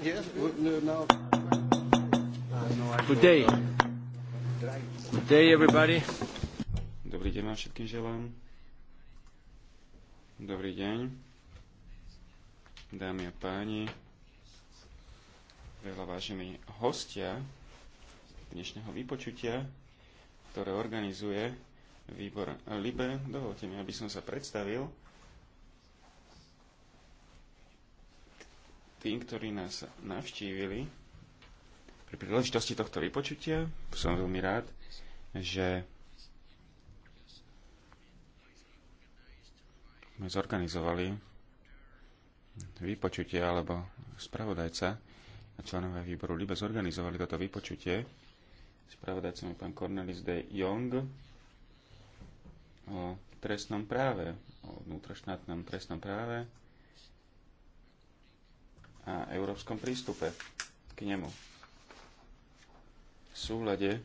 Yes, now. Good day. Good day, everybody. Dobrý deň vám všetkým želám. Dobrý deň. Dámy a páni, veľa vážení hostia dnešného vypočutia, ktoré organizuje výbor LIBE. Dovolte mi, aby som sa predstavil. tým, ktorí nás navštívili pri príležitosti tohto vypočutia. Som veľmi rád, že sme zorganizovali vypočutie, alebo spravodajca a členové výboru LIBE zorganizovali toto vypočutie. Spravodajcom je pán Cornelis de Jong o trestnom práve, o vnútroštátnom trestnom práve a európskom prístupe k nemu. V súlade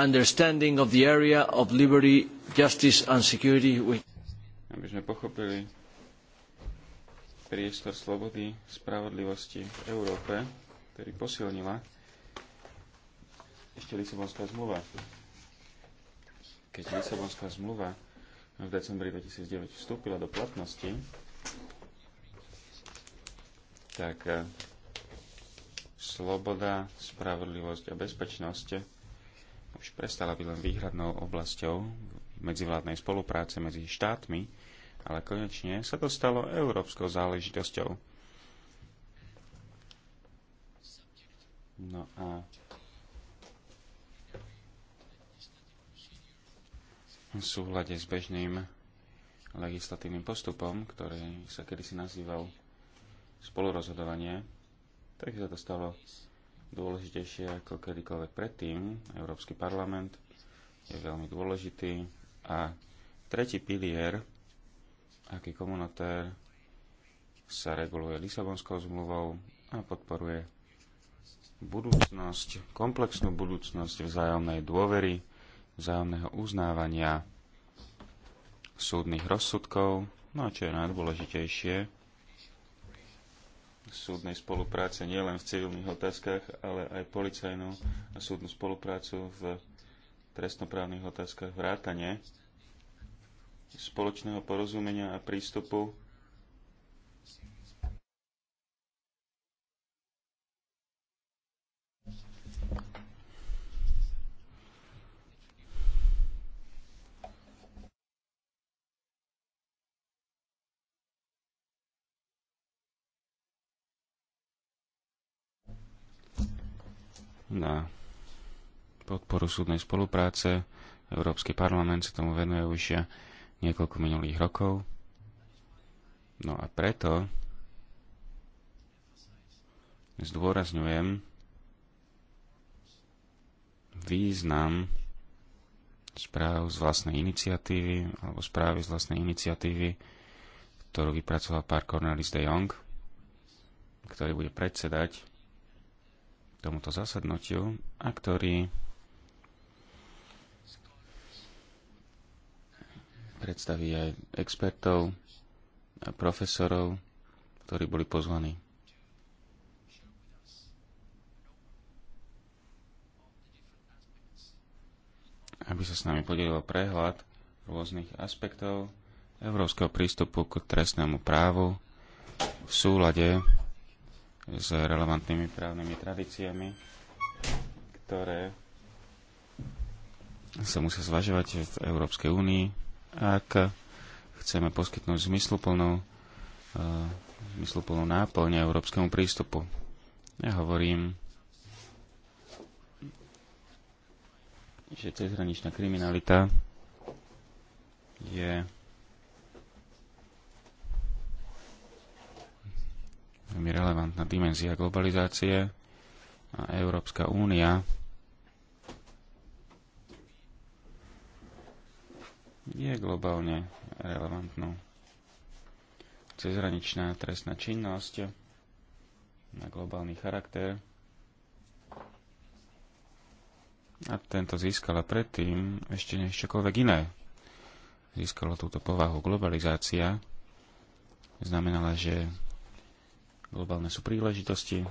understanding of the area of liberty, justice and security. Aby sme pochopili priestor slobody, spravodlivosti v Európe, ktorý posilnila ešte Lisabonská zmluva. Keď Lisabonská zmluva v decembri 2009 vstúpila do platnosti, tak e, sloboda, spravodlivosť a bezpečnosť už prestala byť len výhradnou oblasťou medzivládnej spolupráce medzi štátmi, ale konečne sa to stalo európskou záležitosťou. No a v súhľade s bežným legislatívnym postupom, ktorý sa kedysi nazýval spolurozhodovanie, tak sa to stalo dôležitejšie ako kedykoľvek predtým. Európsky parlament je veľmi dôležitý a tretí pilier, aký komunatér sa reguluje Lisabonskou zmluvou a podporuje budúcnosť, komplexnú budúcnosť vzájomnej dôvery, vzájomného uznávania súdnych rozsudkov, no a čo je najdôležitejšie, súdnej spolupráce nielen v civilných otázkach, ale aj policajnú a súdnu spoluprácu v trestnoprávnych otázkach vrátane spoločného porozumenia a prístupu na podporu súdnej spolupráce. Európsky parlament sa tomu venuje už niekoľko minulých rokov. No a preto zdôrazňujem význam správ z vlastnej iniciatívy alebo správy z vlastnej iniciatívy, ktorú vypracoval pár Cornelis de Jong, ktorý bude predsedať tomuto zasadnutiu a ktorý predstaví aj expertov a profesorov, ktorí boli pozvaní. aby sa s nami podelil prehľad rôznych aspektov európskeho prístupu k trestnému právu v súlade s relevantnými právnymi tradíciami, ktoré sa musia zvažovať v Európskej únii, ak chceme poskytnúť zmysluplnú, e, zmysluplnú náplň európskemu prístupu. Ja hovorím, že cezhraničná kriminalita je veľmi relevantná dimenzia globalizácie a Európska únia je globálne relevantnou. Cezhraničná trestná činnosť na globálny charakter a tento získala predtým ešte než čokoľvek iné. Získalo túto povahu globalizácia, znamenala, že Globálne sú príležitosti,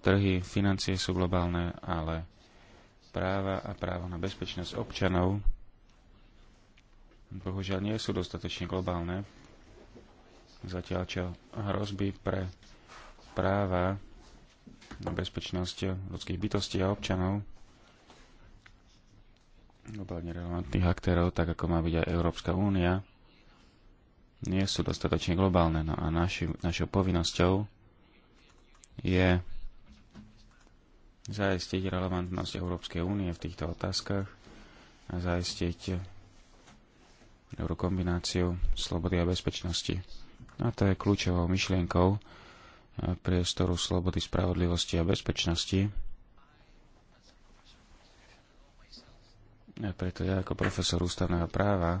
trhy, financie sú globálne, ale práva a právo na bezpečnosť občanov bohužiaľ nie sú dostatočne globálne. Zatiaľ čo hrozby pre práva na bezpečnosť ľudských bytostí a občanov globálne relevantných aktérov, tak ako má byť aj Európska únia, nie sú dostatočne globálne. No a naši, našou povinnosťou je zaistiť relevantnosť Európskej únie v týchto otázkach a zaistiť eurokombináciu slobody a bezpečnosti. A to je kľúčovou myšlienkou priestoru slobody, spravodlivosti a bezpečnosti. A preto ja ako profesor ústavného práva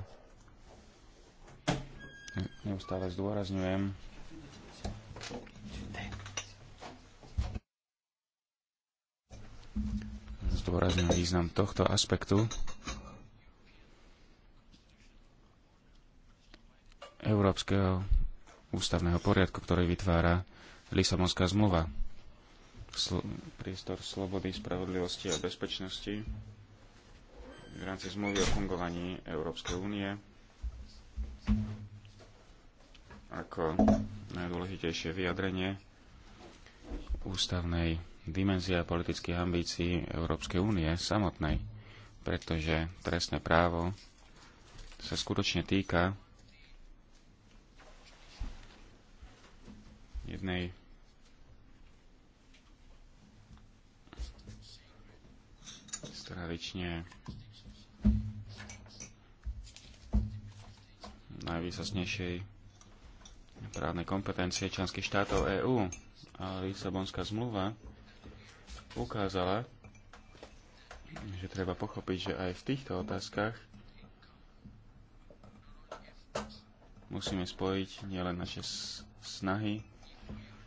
Neustále zdôrazňujem, zdôrazňujem význam tohto aspektu európskeho ústavného poriadku, ktorý vytvára Lisabonská zmluva. Slo- priestor slobody, spravodlivosti a bezpečnosti v rámci zmluvy o fungovaní Európskej únie ako najdôležitejšie vyjadrenie ústavnej dimenzie a politických ambícií Európskej únie samotnej, pretože trestné právo sa skutočne týka jednej z tradične najvýsostnejšej právne kompetencie členských štátov EÚ. A Lisabonská zmluva ukázala, že treba pochopiť, že aj v týchto otázkach musíme spojiť nielen naše snahy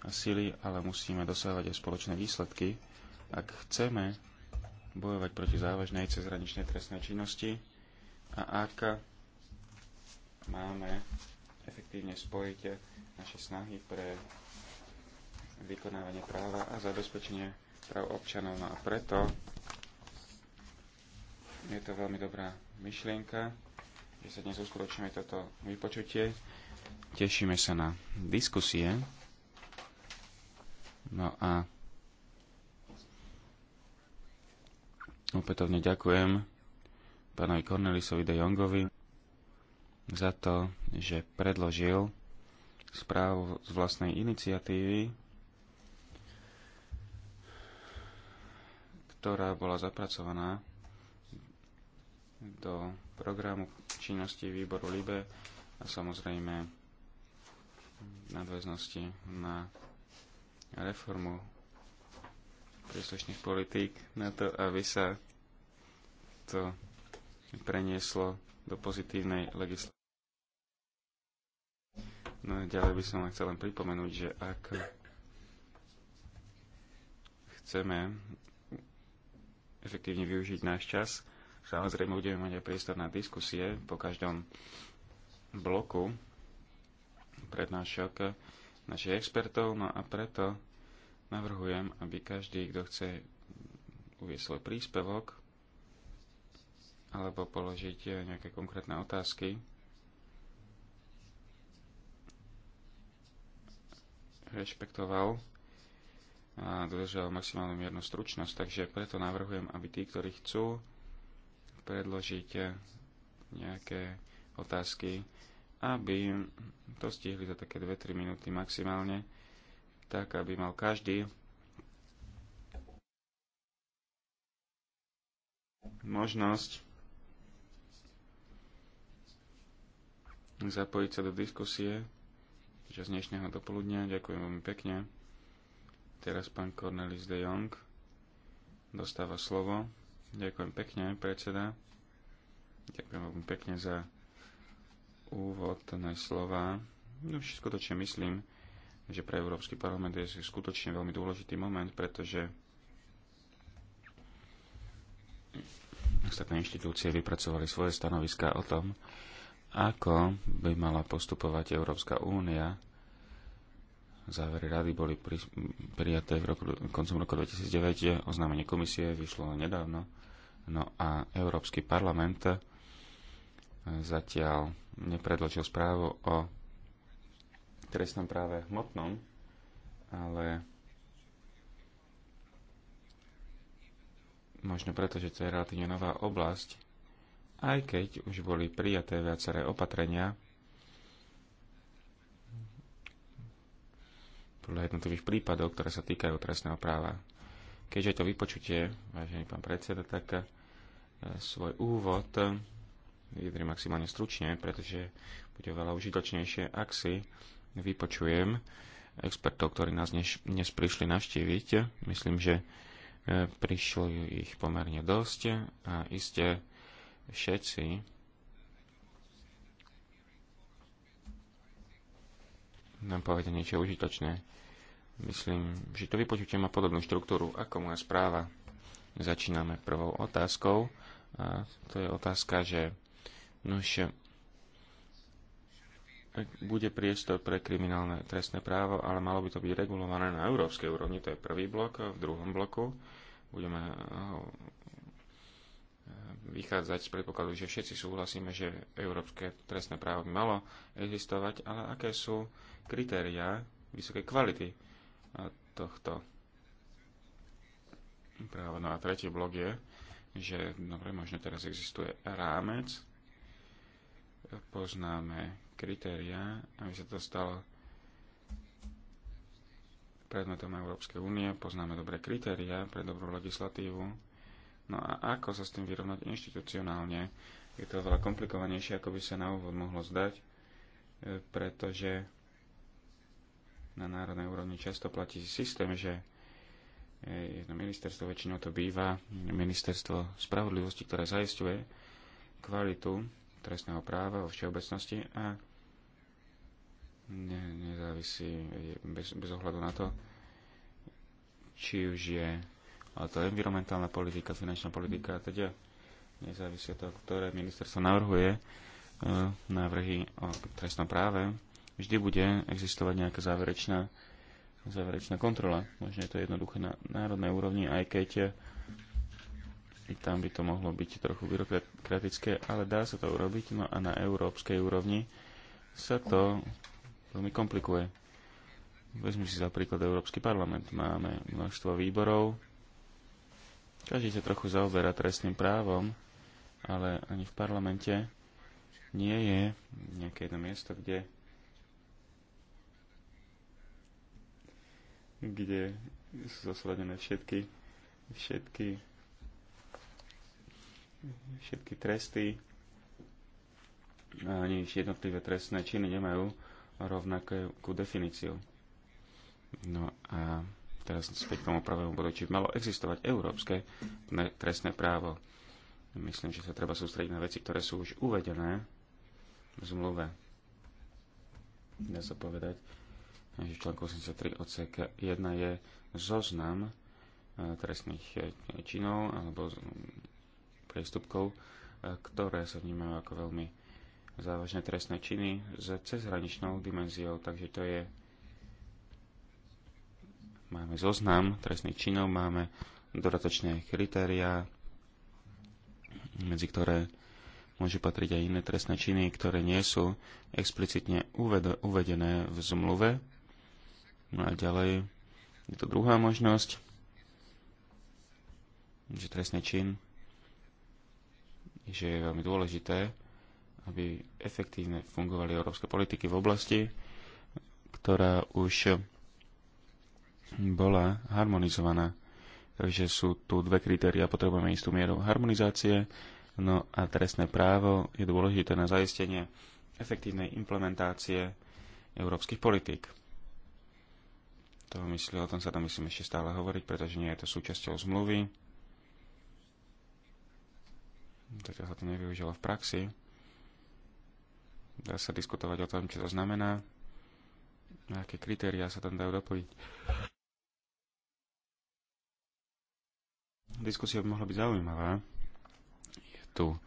a sily, ale musíme dosávať aj spoločné výsledky. Ak chceme bojovať proti závažnej cezhraničnej trestnej činnosti a ak máme efektívne spojíte naše snahy pre vykonávanie práva a zabezpečenie práv občanov. No a preto je to veľmi dobrá myšlienka, že sa dnes uskutočníme toto vypočutie. Tešíme sa na diskusie. No a opätovne ďakujem pánovi Cornelisovi de Jongovi za to, že predložil správu z vlastnej iniciatívy, ktorá bola zapracovaná do programu činnosti výboru LIBE a samozrejme nadväznosti na reformu príslušných politík na to, aby sa to prenieslo do pozitívnej legislatívy. No ďalej by som chcel len pripomenúť, že ak chceme efektívne využiť náš čas, samozrejme budeme mať aj priestor na diskusie po každom bloku prednášok našich expertov, no a preto navrhujem, aby každý, kto chce uvieť svoj príspevok alebo položiť nejaké konkrétne otázky, rešpektoval a dodržal maximálnu miernu stručnosť, takže preto navrhujem, aby tí, ktorí chcú predložiť nejaké otázky, aby to stihli za také 2-3 minúty maximálne, tak aby mal každý možnosť zapojiť sa do diskusie počas dnešného dopoludnia. Ďakujem veľmi pekne. Teraz pán Cornelis de Jong dostáva slovo. Ďakujem pekne, predseda. Ďakujem veľmi pekne za úvodné slova. No, skutočne myslím, že pre Európsky parlament je skutočne veľmi dôležitý moment, pretože ostatné inštitúcie vypracovali svoje stanoviská o tom, ako by mala postupovať Európska únia Závery rady boli pri, prijaté v roku, koncom roku 2009, oznámenie komisie vyšlo nedávno, no a Európsky parlament eh, zatiaľ nepredložil správu o trestnom práve hmotnom, ale možno preto, že to je relatívne nová oblasť, aj keď už boli prijaté viaceré opatrenia, podľa jednotlivých prípadov, ktoré sa týkajú trestného práva. Keďže to vypočutie, vážený pán predseda, tak e, svoj úvod vyjadrím maximálne stručne, pretože bude veľa užitočnejšie, ak si vypočujem expertov, ktorí nás dnes, dnes prišli navštíviť. Myslím, že e, prišlo ich pomerne dosť a iste všetci nám povedia niečo užitočné. Myslím, že to vypočutie má podobnú štruktúru ako moja správa. Začíname prvou otázkou. A to je otázka, že nož, bude priestor pre kriminálne trestné právo, ale malo by to byť regulované na európskej úrovni. To je prvý blok. V druhom bloku budeme eh, vychádzať z predpokladu, že všetci súhlasíme, že európske trestné právo by malo existovať, ale aké sú kritériá vysokej kvality tohto práva. No a tretí blok je, že dobre, možno teraz existuje rámec, poznáme kritériá, aby sa to stalo predmetom Európskej únie, poznáme dobré kritéria pre dobrú legislatívu. No a ako sa s tým vyrovnať inštitucionálne? Je to veľa komplikovanejšie, ako by sa na úvod mohlo zdať, pretože na národnej úrovni často platí systém, že e, jedno ministerstvo, väčšinou to býva ministerstvo spravodlivosti, ktoré zaistuje kvalitu trestného práva vo všeobecnosti a ne, nezávisí bez, bez ohľadu na to, či už je ale to je environmentálna politika, finančná politika a teda nezávisí od toho, ktoré ministerstvo navrhuje e, návrhy o trestnom práve, vždy bude existovať nejaká záverečná, záverečná kontrola. Možno je to jednoduché na národnej úrovni, aj keď i tam by to mohlo byť trochu byrokratické, ale dá sa to urobiť. No a na európskej úrovni sa to veľmi komplikuje. Vezmi si za príklad Európsky parlament. Máme množstvo výborov. Každý sa trochu zaoberá trestným právom, ale ani v parlamente nie je nejaké jedno miesto, kde kde sú zosladené všetky, všetky, všetky tresty. Ani jednotlivé trestné činy nemajú rovnakú definíciu. No a teraz späť k tomu pravému bodu, či malo existovať európske trestné právo. Myslím, že sa treba sústrediť na veci, ktoré sú už uvedené v zmluve. Dá sa povedať, že článku 83 odsek 1 je zoznam e, trestných e, činov alebo priestupkov, e, ktoré sa vnímajú ako veľmi závažné trestné činy s cezhraničnou dimenziou. Takže to je máme zoznam trestných činov, máme dodatočné kritériá, medzi ktoré môžu patriť aj iné trestné činy, ktoré nie sú explicitne uvedené v zmluve, No a ďalej je to druhá možnosť, že trestný čin, že je veľmi dôležité, aby efektívne fungovali európske politiky v oblasti, ktorá už bola harmonizovaná. Takže sú tu dve kritéria, potrebujeme istú mieru harmonizácie, no a trestné právo je dôležité na zaistenie efektívnej implementácie európskych politík to myslí, o tom sa tam myslím ešte stále hovoriť, pretože nie je to súčasťou zmluvy. Takže sa to nevyužilo v praxi. Dá sa diskutovať o tom, čo to znamená, a aké kritériá sa tam dajú doplniť. Diskusia by mohla byť zaujímavá. Je tu e,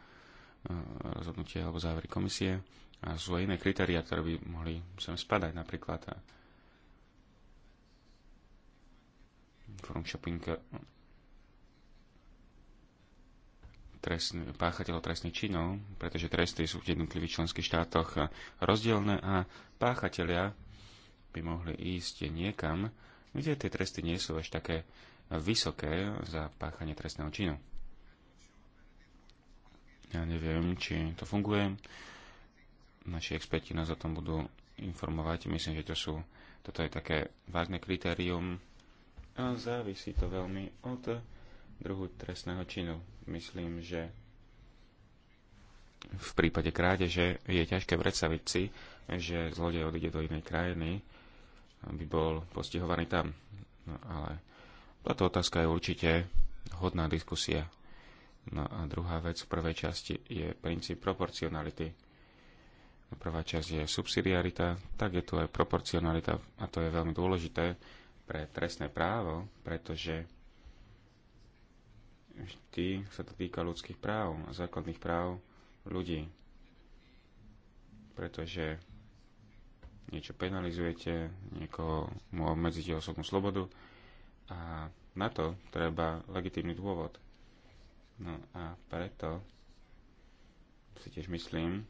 rozhodnutie alebo závery komisie a sú aj iné kritériá, ktoré by mohli sem spadať, napríklad ktorom shopping trestný, páchateľov trestných činov, pretože tresty sú v jednotlivých členských štátoch rozdielne a páchatelia by mohli ísť niekam, kde tie tresty nie sú až také vysoké za páchanie trestného činu. Ja neviem, či to funguje. Naši experti nás o tom budú informovať. Myslím, že to sú, toto je také vážne kritérium, a závisí to veľmi od druhu trestného činu. Myslím, že v prípade krádeže je ťažké predstaviť si, že zlodej odíde do inej krajiny, aby bol postihovaný tam. No, ale táto otázka je určite hodná diskusia. No a druhá vec v prvej časti je princíp proporcionality. Prvá časť je subsidiarita, tak je tu aj proporcionalita a to je veľmi dôležité pre trestné právo, pretože vždy sa to týka ľudských práv a základných práv ľudí. Pretože niečo penalizujete, niekoho mu obmedzíte osobnú slobodu a na to treba legitímny dôvod. No a preto si tiež myslím,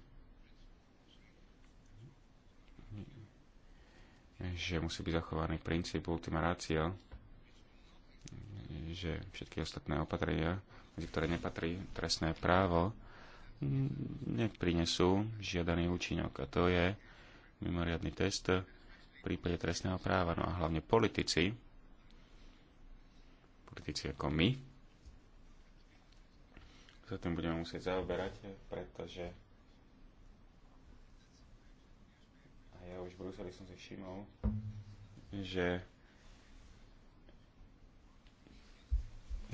že musí byť zachovaný princíp ultima ratio, že všetky ostatné opatrenia, medzi ktoré nepatrí trestné právo, neprinesú žiadaný účinok. A to je mimoriadný test v prípade trestného práva. No a hlavne politici, politici ako my, sa tým budeme musieť zaoberať, pretože ja už v Bruseli som si všimol, že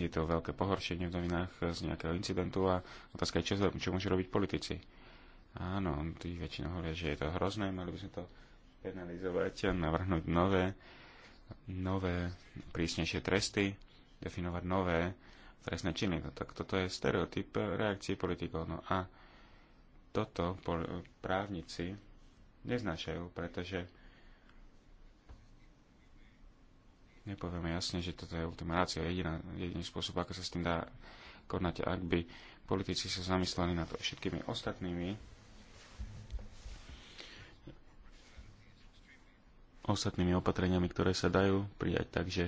je to veľké pohoršenie v novinách z nejakého incidentu a otázka je, čo, čo môžu robiť politici. Áno, tí väčšinou hovoria, že je to hrozné, mali by sme to penalizovať a navrhnúť nové, nové prísnejšie tresty, definovať nové trestné činy. No, tak toto je stereotyp reakcie politikov. No a toto právnici neznášajú, pretože nepovieme jasne, že toto je ultimácia, jediná, jediný spôsob, ako sa s tým dá konať, ak by politici sa zamysleli nad všetkými ostatnými ostatnými opatreniami, ktoré sa dajú prijať. Takže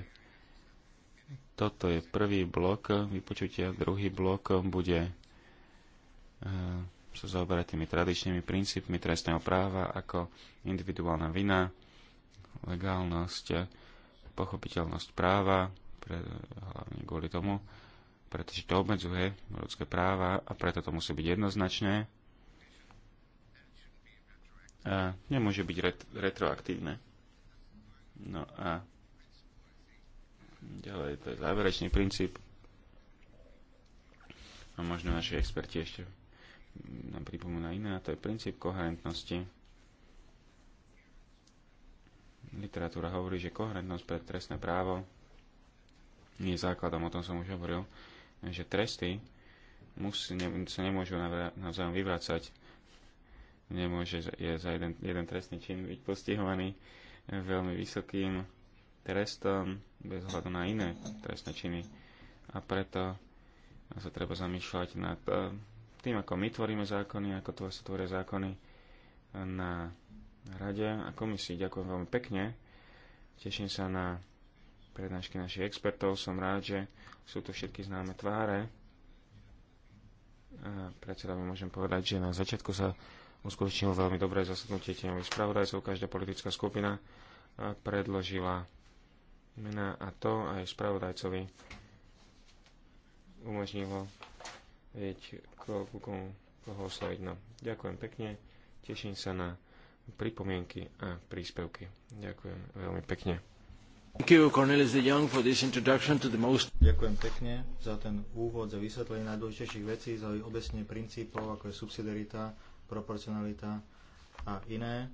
toto je prvý blok vypočutia, druhý blok bude eh, sa zaoberať tými tradičnými princípmi trestného práva ako individuálna vina, legálnosť, pochopiteľnosť práva, pre, hlavne kvôli tomu, pretože to obmedzuje ľudské práva a preto to musí byť jednoznačné a nemôže byť ret- retroaktívne. No a ďalej, to je záverečný princíp a možno naši experti ešte nám pripomína iné, a to je princíp koherentnosti. Literatúra hovorí, že koherentnosť pre trestné právo nie je základom, o tom som už hovoril, že tresty musí, ne, sa nemôžu navzájom vyvracať. Nemôže je za jeden, jeden trestný čin byť postihovaný veľmi vysokým trestom bez hľadu na iné trestné činy. A preto sa treba zamýšľať nad eh, tým, ako my tvoríme zákony, ako to sa tvoria zákony na rade a komisii. Ďakujem veľmi pekne. Teším sa na prednášky našich expertov. Som rád, že sú tu všetky známe tváre. A vám môžem povedať, že na začiatku sa uskutočnilo veľmi dobré zasadnutie tieňových spravodajcov. Každá politická skupina predložila mena a to aj spravodajcovi umožnilo vieť koho, koho osloviť. No, ďakujem pekne, teším sa na pripomienky a príspevky. Ďakujem veľmi pekne. You, most... Ďakujem pekne za ten úvod, za vysvetlenie najdôležitejších vecí, za obecne princípov, ako je subsidiarita, proporcionalita a iné.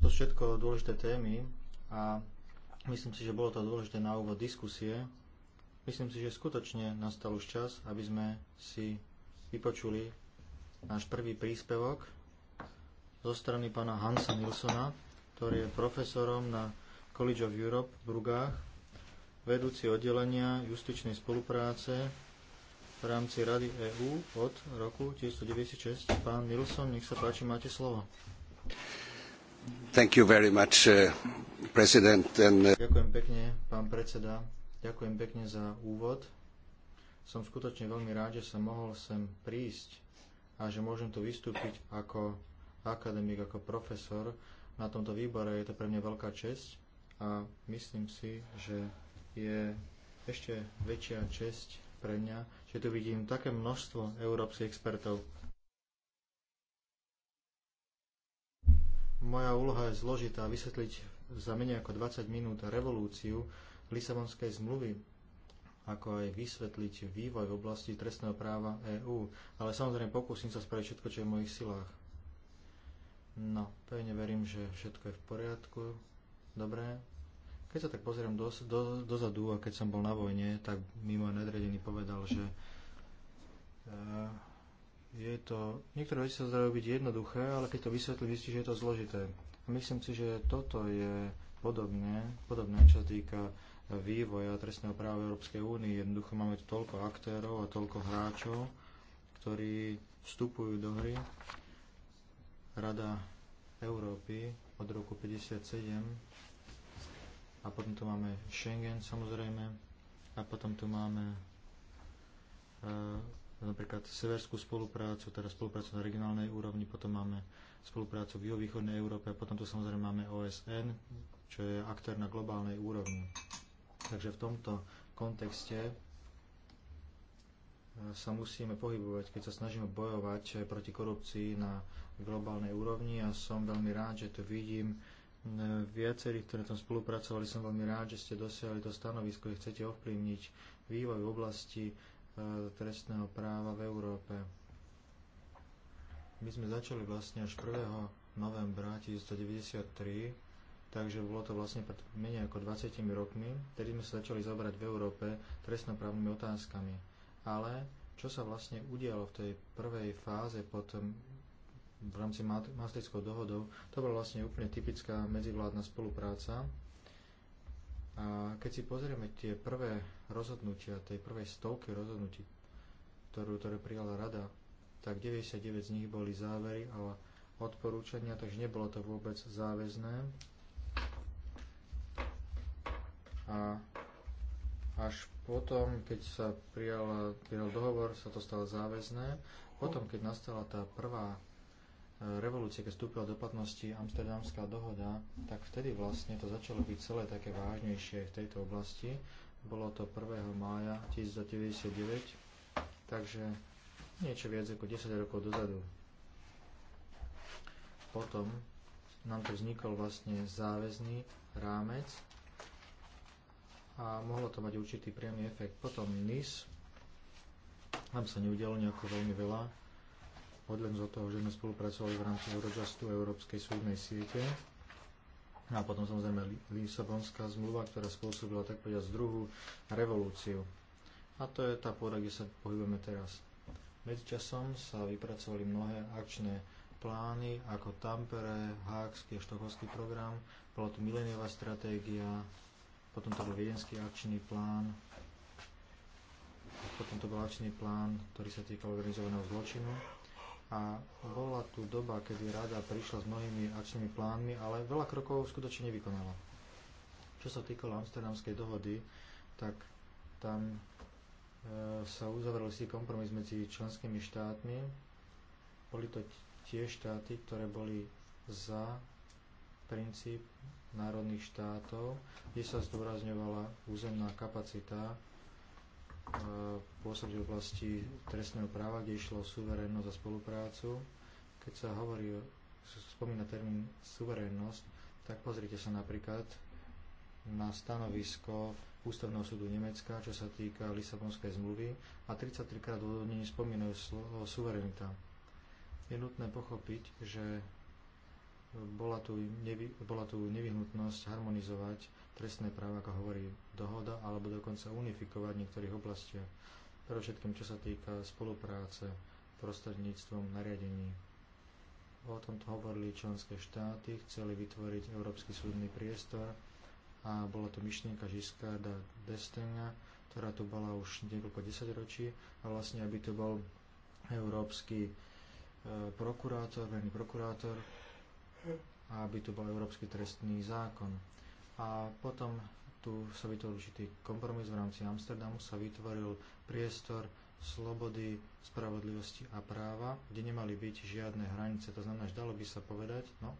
To všetko dôležité témy a Myslím si, že bolo to dôležité na úvod diskusie. Myslím si, že skutočne nastal už čas, aby sme si vypočuli náš prvý príspevok zo strany pána Hansa Nilsona, ktorý je profesorom na College of Europe v Brugách, vedúci oddelenia justičnej spolupráce v rámci Rady EÚ od roku 1996. Pán Nilson, nech sa páči, máte slovo. Uh, uh, Ďakujem pekne, pán predseda. Ďakujem pekne za úvod. Som skutočne veľmi rád, že som mohol sem prísť a že môžem tu vystúpiť ako akademik, ako profesor na tomto výbore. Je to pre mňa veľká česť a myslím si, že je ešte väčšia česť pre mňa, že tu vidím také množstvo európskych expertov. Moja úloha je zložitá vysvetliť za menej ako 20 minút revolúciu Lisabonskej zmluvy, ako aj vysvetliť vývoj v oblasti trestného práva EÚ. Ale samozrejme pokúsim sa spraviť všetko, čo je v mojich silách. No, pevne verím, že všetko je v poriadku. Dobre. Keď sa tak pozriem do, do, dozadu a keď som bol na vojne, tak mi môj nadredený povedal, že e, je to, niektoré veci sa zdajú byť jednoduché, ale keď to vysvetlí, zistí, že je to zložité. myslím si, že toto je podobné, podobné čo sa týka vývoja trestného práva Európskej únie. Jednoducho máme tu toľko aktérov a toľko hráčov, ktorí vstupujú do hry. Rada Európy od roku 57 a potom tu máme Schengen samozrejme a potom tu máme e, napríklad severskú spoluprácu, teda spoluprácu na regionálnej úrovni, potom máme spoluprácu v juhovýchodnej Európe a potom tu samozrejme máme OSN, čo je aktér na globálnej úrovni. Takže v tomto kontexte e, sa musíme pohybovať, keď sa snažíme bojovať e, proti korupcii na globálnej úrovni a som veľmi rád, že tu vidím e, viacerých, ktoré tam spolupracovali. Som veľmi rád, že ste dosiahli to stanovisko, že chcete ovplyvniť vývoj v oblasti E, trestného práva v Európe. My sme začali vlastne až 1. novembra 1993, takže bolo to vlastne pred menej ako 20 rokmi, tedy sme sa začali zabrať v Európe trestnoprávnymi otázkami. Ale čo sa vlastne udialo v tej prvej fáze potom v rámci Maastrichtskou dohodou, to bola vlastne úplne typická medzivládna spolupráca, a keď si pozrieme tie prvé rozhodnutia, tej prvej stovky rozhodnutí, ktorú, ktoré prijala rada, tak 99 z nich boli závery a odporúčania, takže nebolo to vôbec záväzné. A až potom, keď sa prijal, prijal dohovor, sa to stalo záväzné. Potom, keď nastala tá prvá revolúcie, keď vstúpila do platnosti Amsterdamská dohoda, tak vtedy vlastne to začalo byť celé také vážnejšie v tejto oblasti. Bolo to 1. mája 1999, takže niečo viac ako 10 rokov dozadu. Potom nám tu vznikol vlastne záväzný rámec a mohlo to mať určitý priamy efekt. Potom NIS, tam sa neudialo nejako veľmi veľa, odhľadnúť zo toho, že sme spolupracovali v rámci Eurojustu Európskej súdnej siete. A potom samozrejme Lisabonská zmluva, ktorá spôsobila tak povedať druhú revolúciu. A to je tá pôda, kde sa pohybujeme teraz. Medzičasom sa vypracovali mnohé akčné plány, ako Tampere, Hákský a štokholský program, bola tu mileniová stratégia, potom to bol viedenský akčný plán, potom to bol akčný plán, ktorý sa týkal organizovaného zločinu a bola tu doba, kedy rada prišla s mnohými akčnými plánmi, ale veľa krokov skutočne nevykonala. Čo sa týkalo Amsterdamskej dohody, tak tam e, sa uzavrel si kompromis medzi členskými štátmi. Boli to tie štáty, ktoré boli za princíp národných štátov, kde sa zdôrazňovala územná kapacita pôsobí v oblasti trestného práva, kde išlo o suverénnosť a spoluprácu. Keď sa hovorí, spomína termín suverénnosť, tak pozrite sa napríklad na stanovisko Ústavného súdu Nemecka, čo sa týka Lisabonskej zmluvy a 33 krát odvodnení spomínajú slovo suverenita. Je nutné pochopiť, že bola tu, nevy, bola tu nevyhnutnosť harmonizovať trestné právo, ako hovorí dohoda, alebo dokonca unifikovať v niektorých oblastiach. Pre všetkým, čo sa týka spolupráce prostredníctvom nariadení. O tomto hovorili členské štáty, chceli vytvoriť Európsky súdny priestor a bola to myšlienka da Destenga, ktorá tu bola už niekoľko desaťročí a vlastne, aby to bol európsky e, prokurátor, verejný prokurátor a aby tu bol európsky trestný zákon a potom tu sa vytvoril určitý kompromis v rámci Amsterdamu, sa vytvoril priestor slobody, spravodlivosti a práva, kde nemali byť žiadne hranice. To znamená, že dalo by sa povedať, no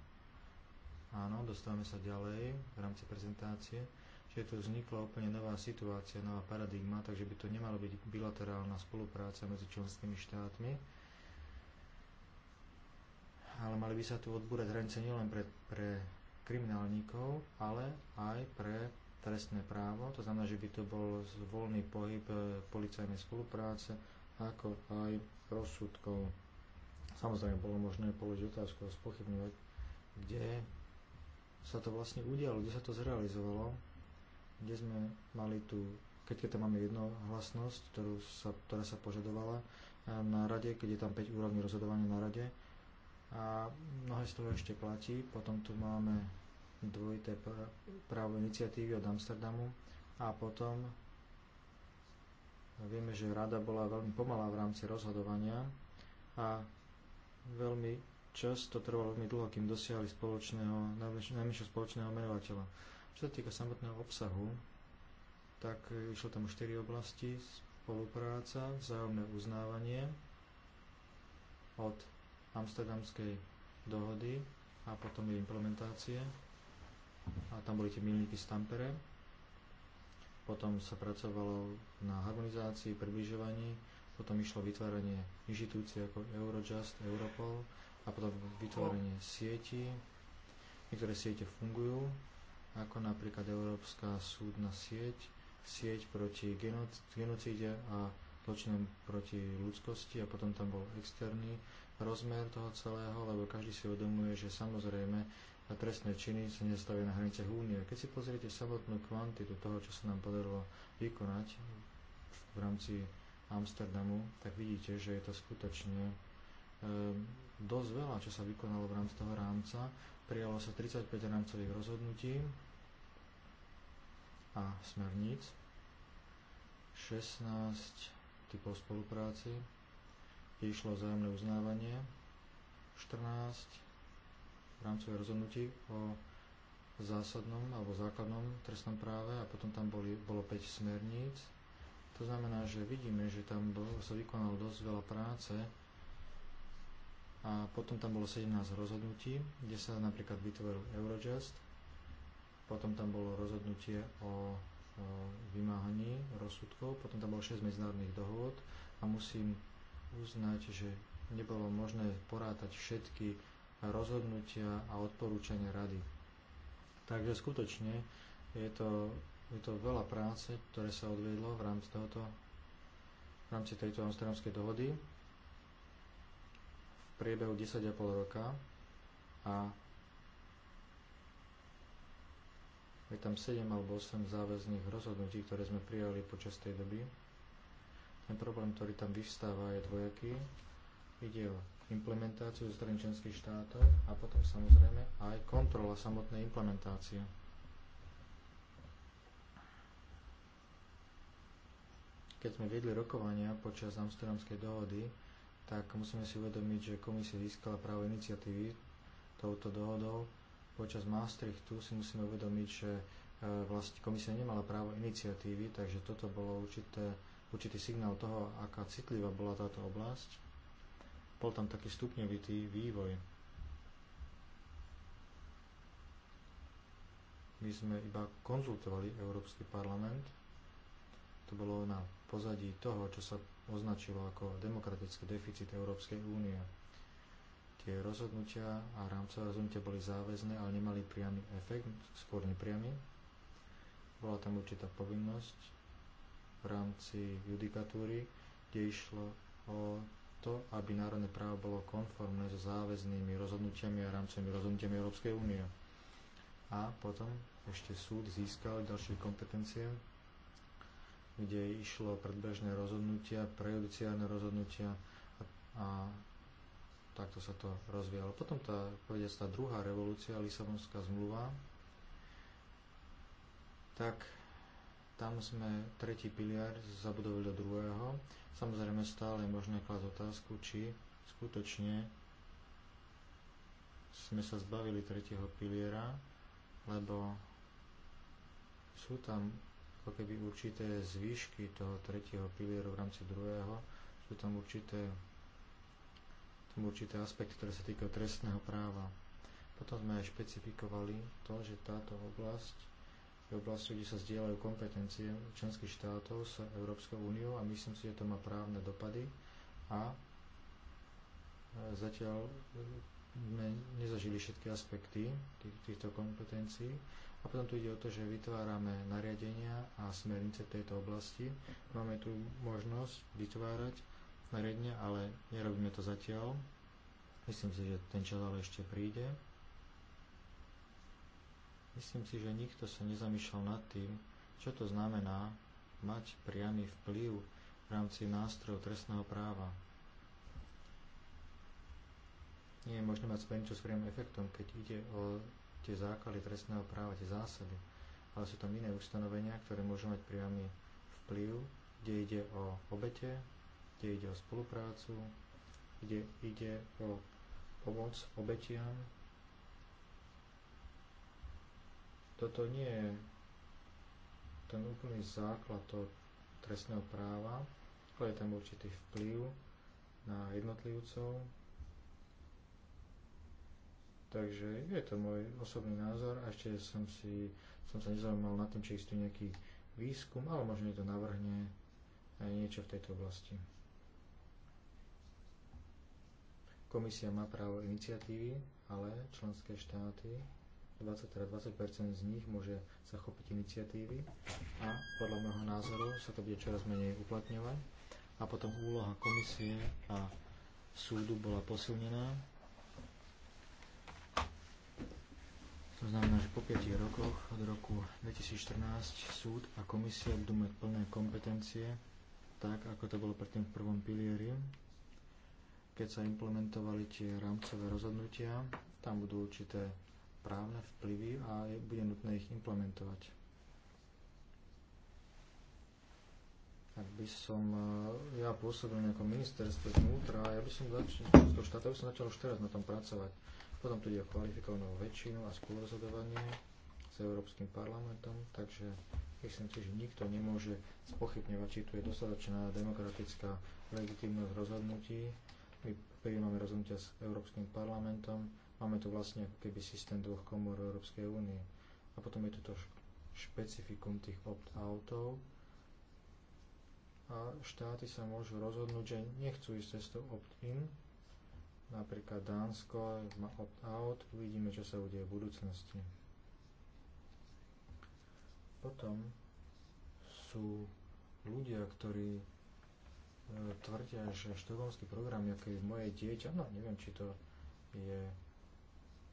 áno, dostávame sa ďalej v rámci prezentácie, že tu vznikla úplne nová situácia, nová paradigma, takže by to nemalo byť bilaterálna spolupráca medzi členskými štátmi, ale mali by sa tu odbúrať hranice nielen pre, pre kriminálníkov, ale aj pre trestné právo. To znamená, že by to bol voľný pohyb e, policajnej spolupráce, ako aj rozsudkov. Samozrejme, bolo možné položiť otázku a spochybňovať, kde sa to vlastne udialo, kde sa to zrealizovalo, kde sme mali tu, keď, keď tam máme jednohlasnosť, ktorú sa, ktorá sa požadovala e, na rade, keď je tam 5 úrovní rozhodovania na rade, a mnohé z toho ešte platí. Potom tu máme dvojité právo iniciatívy od Amsterdamu a potom vieme, že rada bola veľmi pomalá v rámci rozhodovania a veľmi často trvalo veľmi dlho, kým dosiahli spoločného, najmenšieho spoločného menovateľa. Čo sa týka samotného obsahu, tak išlo tam o 4 oblasti, spolupráca, vzájomné uznávanie od Amsterdamskej dohody a potom jej implementácie. A tam boli tie milníky z Tampere. Potom sa pracovalo na harmonizácii, približovaní. Potom išlo vytváranie inštitúcií ako Eurojust, Europol a potom vytvorenie sieti. Niektoré siete fungujú, ako napríklad Európska súdna sieť, sieť proti genocíde a zločinom proti ľudskosti a potom tam bol externý rozmer toho celého, lebo každý si uvedomuje, že samozrejme a trestné činy sa nezastavia na hraniciach únie. Keď si pozriete samotnú kvantitu toho, čo sa nám podarilo vykonať v rámci Amsterdamu, tak vidíte, že je to skutočne e, dosť veľa, čo sa vykonalo v rámci toho rámca. Prijalo sa 35 rámcových rozhodnutí a smerníc, 16 typov spolupráci, kde išlo o vzájomné uznávanie. 14 rámcové rozhodnutí o zásadnom alebo základnom trestnom práve a potom tam boli, bolo 5 smerníc. To znamená, že vidíme, že tam bol, sa vykonalo dosť veľa práce a potom tam bolo 17 rozhodnutí, kde sa napríklad vytvoril Eurojust, potom tam bolo rozhodnutie o, o vymáhaní rozsudkov, potom tam bolo 6 medzinárodných dohôd a musím uznať, že nebolo možné porátať všetky rozhodnutia a odporúčania rady. Takže skutočne je to, je to veľa práce, ktoré sa odviedlo v rámci, tohoto, v rámci tejto amsterdamskej dohody v priebehu 10,5 roka a je tam 7 alebo 8 záväzných rozhodnutí, ktoré sme prijali počas tej doby ten problém, ktorý tam vyvstáva, je dvojaký. Ide o implementáciu zo strany členských štátov a potom samozrejme aj kontrola samotnej implementácie. Keď sme viedli rokovania počas Amsterdamskej dohody, tak musíme si uvedomiť, že komisia získala právo iniciatívy touto dohodou. Počas Maastrichtu si musíme uvedomiť, že vlastne komisia nemala právo iniciatívy, takže toto bolo určité určitý signál toho, aká citlivá bola táto oblasť. Bol tam taký stupňovitý vývoj. My sme iba konzultovali Európsky parlament. To bolo na pozadí toho, čo sa označilo ako demokratický deficit Európskej únie. Tie rozhodnutia a rámcové rozhodnutia boli záväzné, ale nemali priamy efekt, skôr nepriamy. Bola tam určitá povinnosť v rámci judikatúry, kde išlo o to, aby národné právo bolo konformné so záväznými rozhodnutiami a rámcovými rozhodnutiami Európskej únie. A potom ešte súd získal ďalšie kompetencie, kde išlo predbežné rozhodnutia, prejudiciálne rozhodnutia a, a takto sa to rozvíjalo. Potom tá, povediac, tá druhá revolúcia, Lisabonská zmluva, tak tam sme tretí pilier zabudovali do druhého. Samozrejme stále je možné klásť otázku, či skutočne sme sa zbavili tretieho piliera, lebo sú tam ako keby určité zvýšky toho tretieho pilieru v rámci druhého, sú tam určité, tam určité aspekty, ktoré sa týkajú trestného práva. Potom sme aj špecifikovali to, že táto oblasť oblasti, kde sa zdieľajú kompetencie členských štátov s Európskou úniou a myslím si, že to má právne dopady a e, zatiaľ e, sme nezažili všetky aspekty tých, týchto kompetencií. A potom tu ide o to, že vytvárame nariadenia a smernice v tejto oblasti. Máme tu možnosť vytvárať nariadenia, ale nerobíme to zatiaľ. Myslím si, že ten čas ale ešte príde. Myslím si, že nikto sa nezamýšľal nad tým, čo to znamená mať priamy vplyv v rámci nástrojov trestného práva. Nie je možné mať smernicu s priamým efektom, keď ide o tie základy trestného práva, tie zásady, ale sú tam iné ustanovenia, ktoré môžu mať priamy vplyv, kde ide o obete, kde ide o spoluprácu, kde ide o pomoc obetiam, Toto nie je ten úplný základ toho trestného práva, ale je tam určitý vplyv na jednotlivcov. Takže je to môj osobný názor a ešte som, si, som sa nezaujímal nad tým, či existuje nejaký výskum, ale možno to navrhne aj niečo v tejto oblasti. Komisia má právo iniciatívy, ale členské štáty 20, 20% teda z nich môže sa chopiť iniciatívy a podľa môjho názoru sa to bude čoraz menej uplatňovať. A potom úloha komisie a súdu bola posilnená. To znamená, že po 5 rokoch od roku 2014 súd a komisia budú mať plné kompetencie, tak ako to bolo predtým v prvom pilieri, keď sa implementovali tie rámcové rozhodnutia, tam budú určité právne vplyvy a bude nutné ich implementovať. Ak by som, e, ja pôsobil nejako ministerstvo vnútra, ja by som začal, štátu, by som začal už teraz na tom pracovať. Potom tu ide o kvalifikovanú väčšinu a spolurozhodovanie s Európskym parlamentom, takže myslím si, že nikto nemôže spochybňovať, či tu je dostatočná demokratická legitimnosť rozhodnutí. My prijímame rozhodnutia s Európskym parlamentom, Máme tu vlastne ako keby systém dvoch komor Európskej únie. A potom je tu to špecifikum tých opt-outov. A štáty sa môžu rozhodnúť, že nechcú ísť cestou opt-in. Napríklad Dánsko má opt-out. Uvidíme, čo sa udeje v budúcnosti. Potom sú ľudia, ktorí e, tvrdia, že štokholmský program, aký je moje dieťa, no neviem, či to je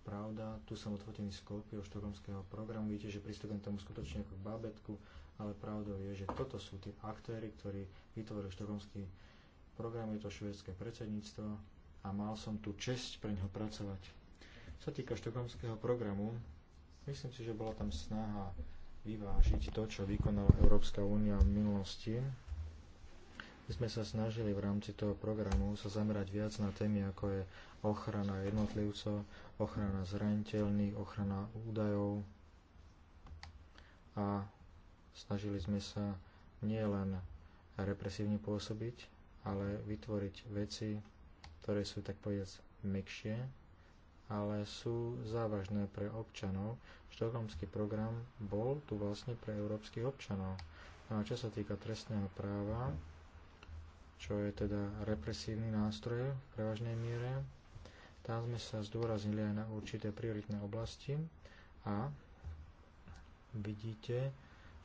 pravda. Tu som odfotený z o štokholmského programu. Vidíte, že pristupujem k tomu skutočne ako k bábetku, ale pravdou je, že toto sú tí aktéry, ktorí vytvorili štokholmský program, je to švedské predsedníctvo a mal som tu česť pre neho pracovať. Čo sa týka štokholmského programu, myslím si, že bola tam snaha vyvážiť to, čo vykonala Európska únia v minulosti. My sme sa snažili v rámci toho programu sa zamerať viac na témy, ako je ochrana jednotlivcov, ochrana zraniteľných, ochrana údajov a snažili sme sa nielen represívne pôsobiť, ale vytvoriť veci, ktoré sú tak povedať mekšie, ale sú závažné pre občanov. Štokholmský program bol tu vlastne pre európskych občanov. No a čo sa týka trestného práva, čo je teda represívny nástroj v prevažnej miere, tam sme sa zdôraznili aj na určité prioritné oblasti a vidíte,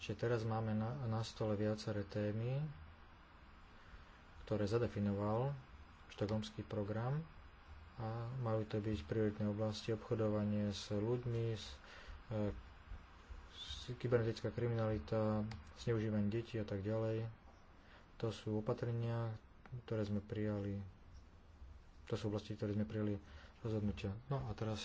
že teraz máme na, na stole viaceré témy, ktoré zadefinoval štokomský program a majú to byť prioritné oblasti obchodovanie s ľuďmi, s, e, s kybernetická kriminalita, zneužívanie detí a tak ďalej. To sú opatrenia, ktoré sme prijali to sú oblasti, ktoré sme prijeli rozhodnutia. No a teraz,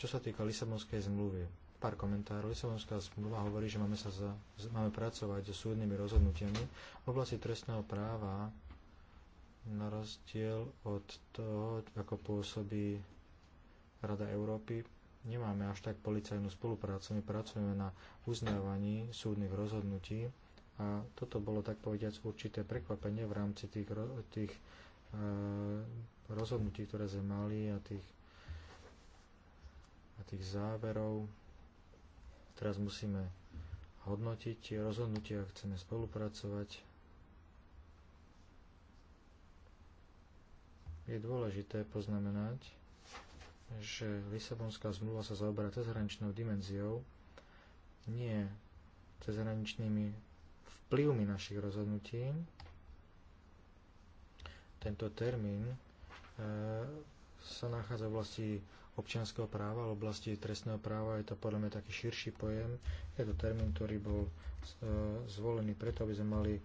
čo sa týka Lisabonskej zmluvy. Pár komentárov. Lisabonská zmluva hovorí, že máme, sa za, máme pracovať so súdnymi rozhodnutiami v oblasti trestného práva na rozdiel od toho, ako pôsobí Rada Európy, nemáme až tak policajnú spoluprácu, my pracujeme na uznávaní súdnych rozhodnutí a toto bolo tak povediac určité prekvapenie v rámci tých, tých e, rozhodnutí, ktoré sme mali a tých, a tých záverov. Teraz musíme hodnotiť tie rozhodnutia, chceme spolupracovať. Je dôležité poznamenať, že Lisabonská zmluva sa zaoberá cezhraničnou dimenziou, nie cezhraničnými vplyvmi našich rozhodnutí. Tento termín E, sa nachádza v oblasti občianského práva, v oblasti trestného práva je to podľa mňa taký širší pojem. Je to termín, ktorý bol e, zvolený preto, aby sme mali e,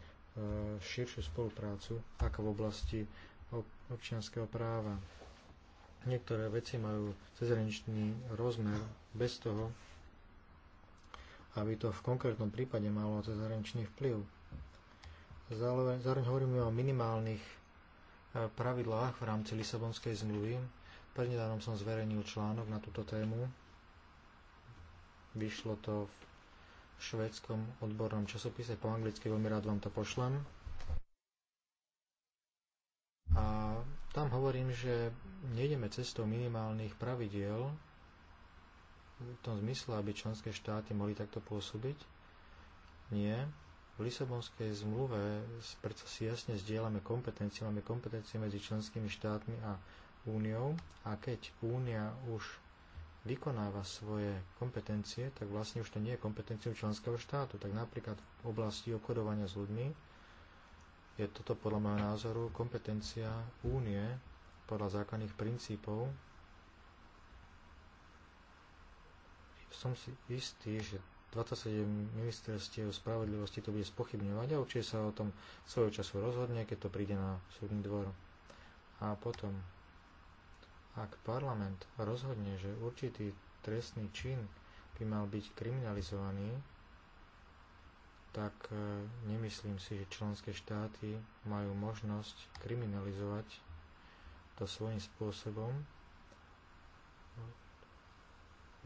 širšiu spoluprácu, ako v oblasti občianského práva. Niektoré veci majú cezhraničný rozmer bez toho, aby to v konkrétnom prípade malo cezhraničný vplyv. Zároveň, zároveň hovoríme o minimálnych pravidlách v rámci Lisabonskej zmluvy. Prednedávnom som zverejnil článok na túto tému. Vyšlo to v švédskom odbornom časopise, po anglicky veľmi rád vám to pošlem. A tam hovorím, že nejdeme cestou minimálnych pravidiel, v tom zmysle, aby členské štáty mohli takto pôsobiť? Nie. V Lisabonskej zmluve predsa si jasne zdieľame kompetencie, máme kompetencie medzi členskými štátmi a úniou a keď únia už vykonáva svoje kompetencie, tak vlastne už to nie je kompetenciou členského štátu. Tak napríklad v oblasti obchodovania s ľuďmi je toto podľa môjho názoru kompetencia únie podľa základných princípov. Som si istý, že 27 ministerstiev spravodlivosti to bude spochybňovať a určite sa o tom svojho času rozhodne, keď to príde na súdny dvor. A potom, ak parlament rozhodne, že určitý trestný čin by mal byť kriminalizovaný, tak e, nemyslím si, že členské štáty majú možnosť kriminalizovať to svojím spôsobom.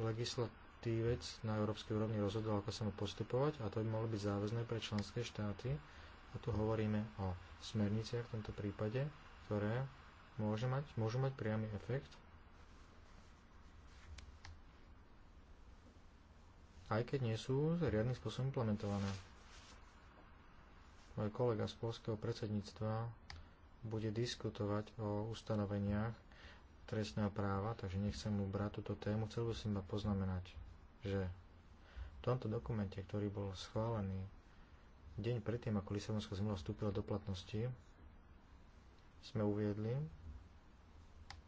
legislatívne vec na európskej úrovni rozhodol, ako sa má postupovať a to by malo byť záväzné pre členské štáty. A tu hovoríme o smerniciach v tomto prípade, ktoré môže mať, môžu mať priamy efekt. Aj keď nie sú riadnym spôsobom implementované. Môj kolega z polského predsedníctva bude diskutovať o ustanoveniach trestného práva, takže nechcem mu brať túto tému, chcel by som iba poznamenať že v tomto dokumente, ktorý bol schválený deň predtým, ako Lisabonská zmluva vstúpila do platnosti, sme uviedli,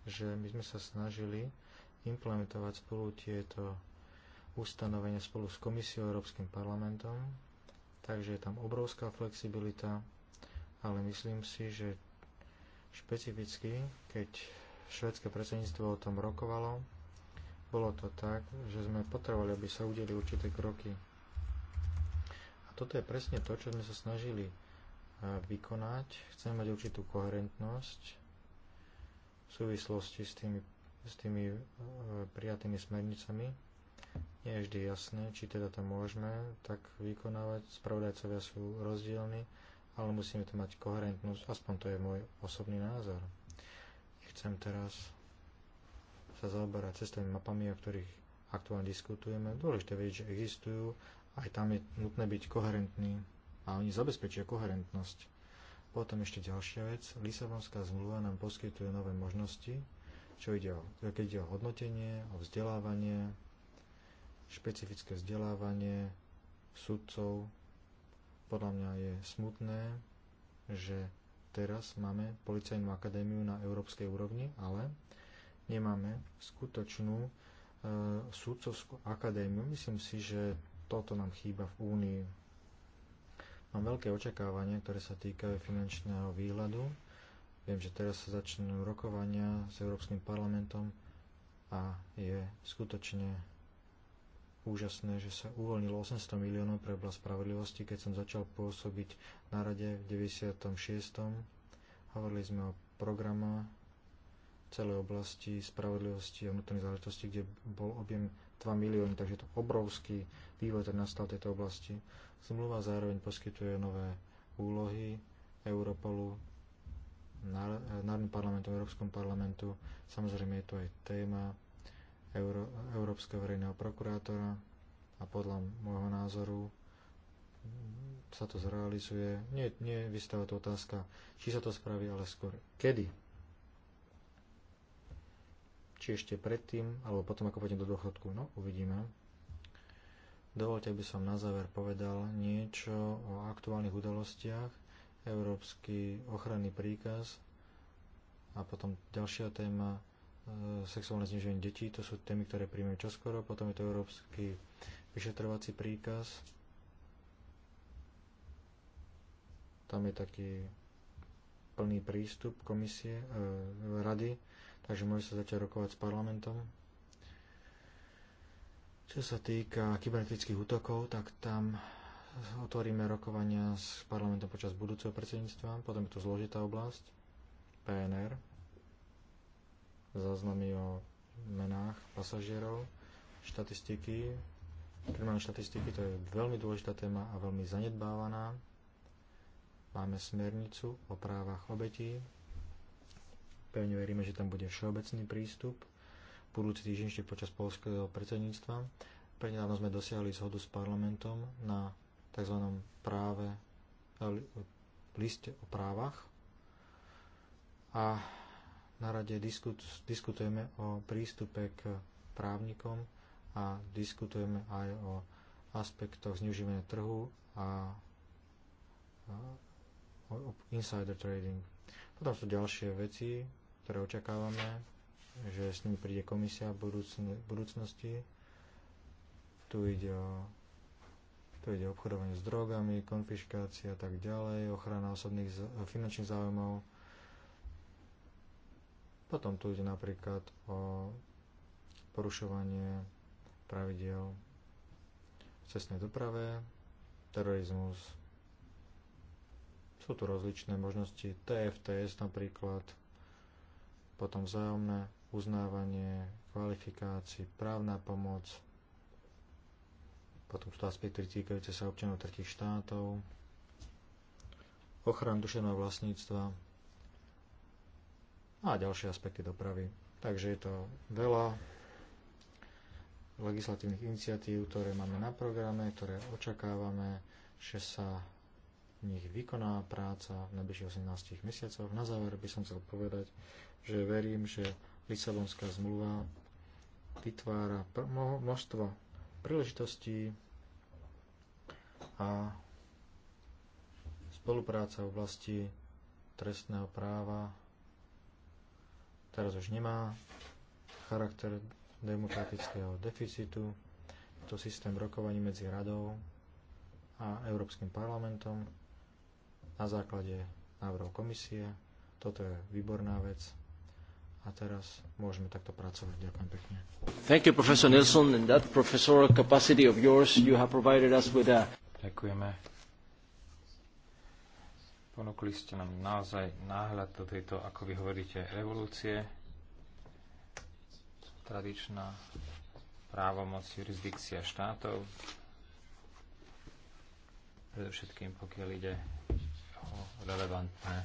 že my sme sa snažili implementovať spolu tieto ustanovenia spolu s Komisiou Európskym parlamentom, takže je tam obrovská flexibilita, ale myslím si, že špecificky, keď švedské predsedníctvo o tom rokovalo, bolo to tak, že sme potrebovali, aby sa udeli určité kroky. A toto je presne to, čo sme sa snažili vykonať. Chceme mať určitú koherentnosť v súvislosti s tými, s tými e, prijatými smernicami. Nie je vždy jasné, či teda to môžeme tak vykonávať. Spravodajcovia sú rozdielni, ale musíme to mať koherentnosť. Aspoň to je môj osobný názor. Chcem teraz sa zaoberá cestovými mapami, o ktorých aktuálne diskutujeme. Dôležité vedieť, že existujú, aj tam je nutné byť koherentný a oni zabezpečia koherentnosť. Potom ešte ďalšia vec. Lisabonská zmluva nám poskytuje nové možnosti, čo ide o, keď ide o hodnotenie, o vzdelávanie, špecifické vzdelávanie sudcov. Podľa mňa je smutné, že teraz máme policajnú akadémiu na európskej úrovni, ale nemáme skutočnú e, sudcovskú akadémiu. Myslím si, že toto nám chýba v Únii. Mám veľké očakávania, ktoré sa týkajú finančného výhľadu. Viem, že teraz sa začnú rokovania s Európskym parlamentom a je skutočne úžasné, že sa uvoľnilo 800 miliónov pre oblasť spravodlivosti, keď som začal pôsobiť na rade v 96. Hovorili sme o programa, celej oblasti spravodlivosti a vnútorných záležitostí, kde bol objem 2 milióny, takže to obrovský vývoj, ktorý nastal v tejto oblasti. Zmluva zároveň poskytuje nové úlohy Europolu, Národným parlamentom, Európskom parlamentu. Samozrejme je tu aj téma Euró- Európskeho verejného prokurátora a podľa môjho názoru sa to zrealizuje. Nie, nie vystáva to otázka, či sa to spraví, ale skôr kedy či ešte predtým, alebo potom, ako pôjdem do dôchodku. No, uvidíme. Dovolte, aby som na záver povedal niečo o aktuálnych udalostiach, európsky ochranný príkaz a potom ďalšia téma e, sexuálne zniženie detí. To sú témy, ktoré príjmem čoskoro. Potom je to európsky vyšetrovací príkaz. Tam je taký plný prístup komisie, e, rady takže môže sa zatiaľ rokovať s parlamentom. Čo sa týka kybernetických útokov, tak tam otvoríme rokovania s parlamentom počas budúceho predsedníctva, potom je tu zložitá oblasť, PNR, záznamy o menách pasažierov, štatistiky, primárne štatistiky, to je veľmi dôležitá téma a veľmi zanedbávaná. Máme smernicu o právach obetí, Pevne veríme, že tam bude všeobecný prístup. Budúci týždeň ešte počas polského predsedníctva. Prednedávno sme dosiahli zhodu s parlamentom na tzv. práve liste o právach a na rade diskutujeme o prístupe k právnikom a diskutujeme aj o aspektoch zneužívania trhu a o insider trading. Potom sú ďalšie veci, ktoré očakávame, že s nimi príde komisia v budúcnosti. Tu ide o tu ide obchodovanie s drogami, konfiškácia a tak ďalej, ochrana osobných finančných záujmov. Potom tu ide napríklad o porušovanie pravidel v cestnej doprave, terorizmus, sú tu rozličné možnosti, TFTS napríklad, potom vzájomné uznávanie, kvalifikácií, právna pomoc, potom sú to aspekty týkajúce sa občanov tretich štátov, ochrana duševného vlastníctva a ďalšie aspekty dopravy. Takže je to veľa legislatívnych iniciatív, ktoré máme na programe, ktoré očakávame, že sa nich vykoná práca v najbližších 18 mesiacoch. Na záver by som chcel povedať, že verím, že Lisabonská zmluva vytvára množstvo príležitostí a spolupráca v oblasti trestného práva teraz už nemá charakter demokratického deficitu. To systém rokovaní medzi radou a Európskym parlamentom na základe návrhov komisie. Toto je výborná vec a teraz môžeme takto pracovať. Ďakujem pekne. Thank you, Professor Nelson. In that professorial capacity of yours, you have provided us with a... Ďakujeme. Ponúkli ste nám naozaj náhľad do tejto, ako vy hovoríte, revolúcie. Tradičná právomoc jurisdikcia štátov. Predovšetkým, pokiaľ ide relevantné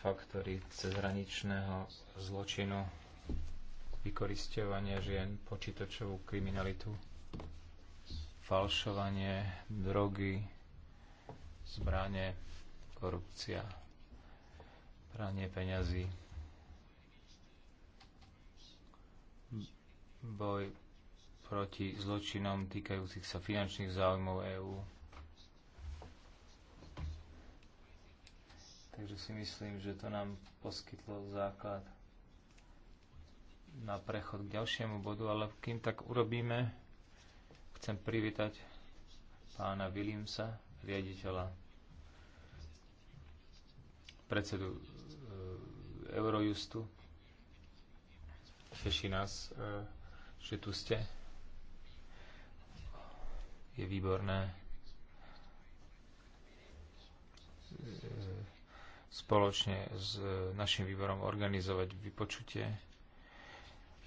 faktory cezhraničného zločinu, vykoristovania žien, počítačovú kriminalitu, falšovanie, drogy, zbranie, korupcia, pranie peňazí, boj proti zločinom týkajúcich sa finančných záujmov EÚ Takže si myslím, že to nám poskytlo základ na prechod k ďalšiemu bodu, ale kým tak urobíme, chcem privítať pána Williamsa, riaditeľa, predsedu e, Eurojustu. Teší nás, e, že tu ste. Je výborné e, spoločne s e, našim výborom organizovať vypočutie.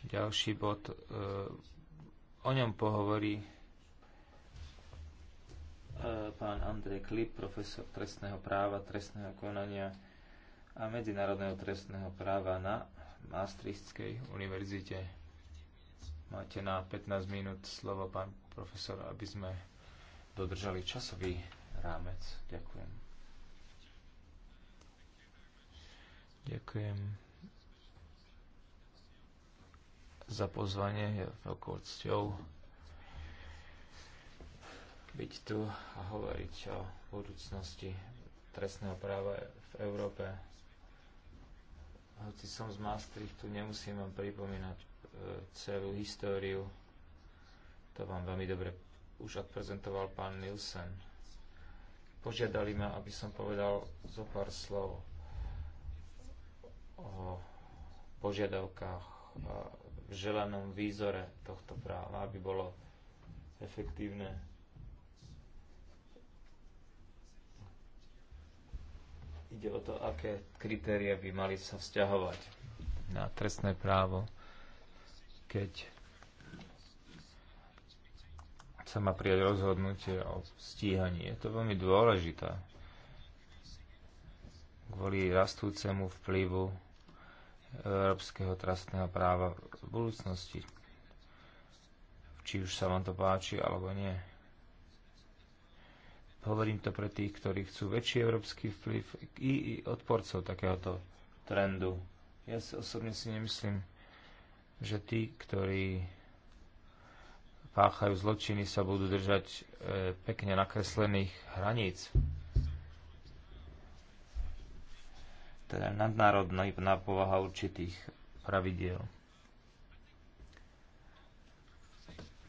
Ďalší bod, e, o ňom pohovorí e, pán Andrej Klip, profesor trestného práva, trestného konania a medzinárodného trestného práva na Maastrichtskej univerzite. Máte na 15 minút slovo, pán profesor, aby sme dodržali časový rámec. Ďakujem. Ďakujem za pozvanie. Je veľkou cťou byť tu a hovoriť o budúcnosti trestného práva v Európe. Hoci som z Maastrichtu, nemusím vám pripomínať e, celú históriu. To vám veľmi dobre už odprezentoval pán Nielsen. Požiadali ma, aby som povedal zo pár slov o požiadavkách a želanom výzore tohto práva, aby bolo efektívne. Ide o to, aké kritéria by mali sa vzťahovať na trestné právo, keď sa má prijať rozhodnutie o stíhaní. Je to veľmi dôležité kvôli rastúcemu vplyvu európskeho trastného práva v budúcnosti. Či už sa vám to páči, alebo nie. Hovorím to pre tých, ktorí chcú väčší európsky vplyv i, i odporcov takéhoto trendu. Ja si osobne si nemyslím, že tí, ktorí páchajú zločiny, sa budú držať e, pekne nakreslených hraníc. teda nadnárodná povaha určitých pravidiel.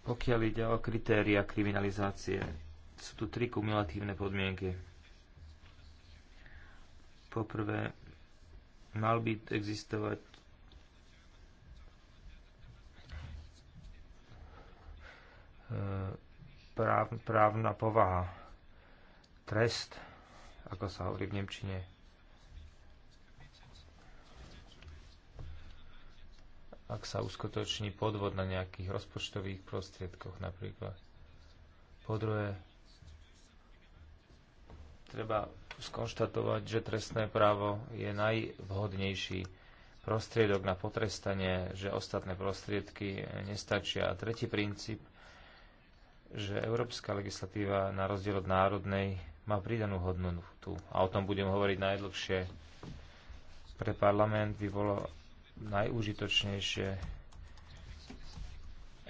Pokiaľ ide o kritéria kriminalizácie, sú tu tri kumulatívne podmienky. Poprvé, mal by existovať práv, právna povaha, trest, ako sa hovorí v Nemčine, ak sa uskutoční podvod na nejakých rozpočtových prostriedkoch napríklad. Po druhé, treba skonštatovať, že trestné právo je najvhodnejší prostriedok na potrestanie, že ostatné prostriedky nestačia. A tretí princíp, že európska legislatíva na rozdiel od národnej má pridanú hodnotu. A o tom budem hovoriť najdlhšie pre parlament by bolo najúžitočnejšie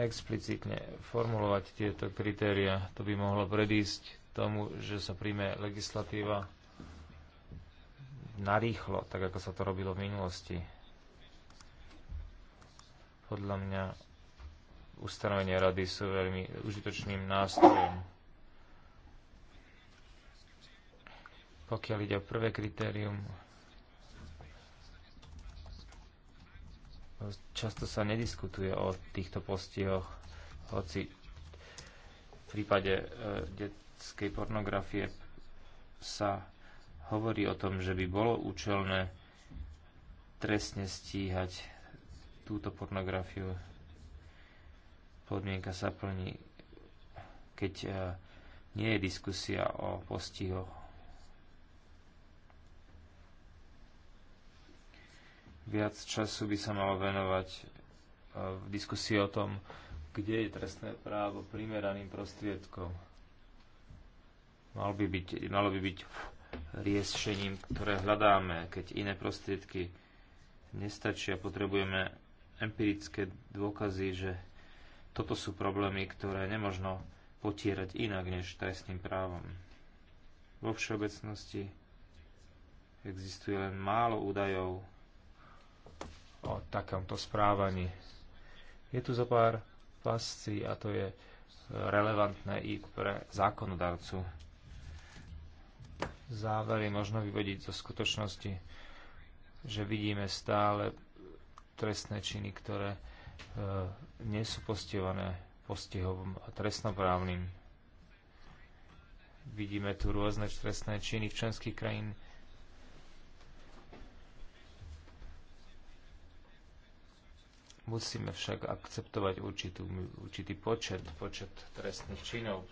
explicitne formulovať tieto kritéria. To by mohlo predísť tomu, že sa príjme legislatíva narýchlo, tak ako sa to robilo v minulosti. Podľa mňa ustanovenia rady sú veľmi užitočným nástrojom. Pokiaľ ide o prvé kritérium, Často sa nediskutuje o týchto postihoch, hoci v prípade e, detskej pornografie sa hovorí o tom, že by bolo účelné trestne stíhať túto pornografiu. Podmienka sa plní, keď e, nie je diskusia o postihoch Viac času by sa malo venovať e, v diskusii o tom, kde je trestné právo primeraným prostriedkom. Malo by byť, malo by byť riešením, ktoré hľadáme, keď iné prostriedky nestačia. Potrebujeme empirické dôkazy, že toto sú problémy, ktoré nemožno potierať inak než trestným právom. Vo všeobecnosti existuje len málo údajov o takomto správaní. Je tu zo pár pasci a to je relevantné i pre zákonodavcu. Závery možno vyvodiť zo skutočnosti, že vidíme stále trestné činy, ktoré e, nie sú postihované postihom trestnoprávnym. Vidíme tu rôzne trestné činy v členských krajín, Musíme však akceptovať určitú, určitý počet, počet trestných činov.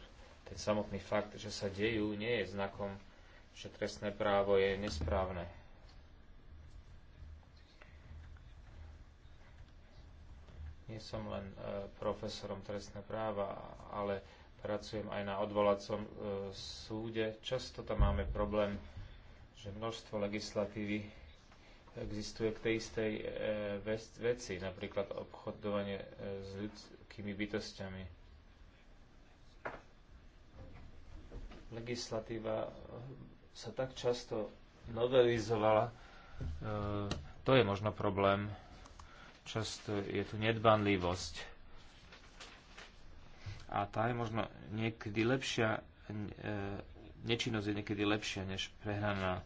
Ten samotný fakt, že sa dejú, nie je znakom, že trestné právo je nesprávne. Nie som len e, profesorom trestné práva, ale pracujem aj na odvolacom e, súde. Často tam máme problém, že množstvo legislatívy existuje k tej istej e, veci, napríklad obchodovanie e, s ľudskými bytostiami. Legislatíva e, sa tak často novelizovala, to je možno problém. Často je tu nedbanlivosť. A tá je možno niekedy lepšia, nečinnosť je niekedy lepšia než prehraná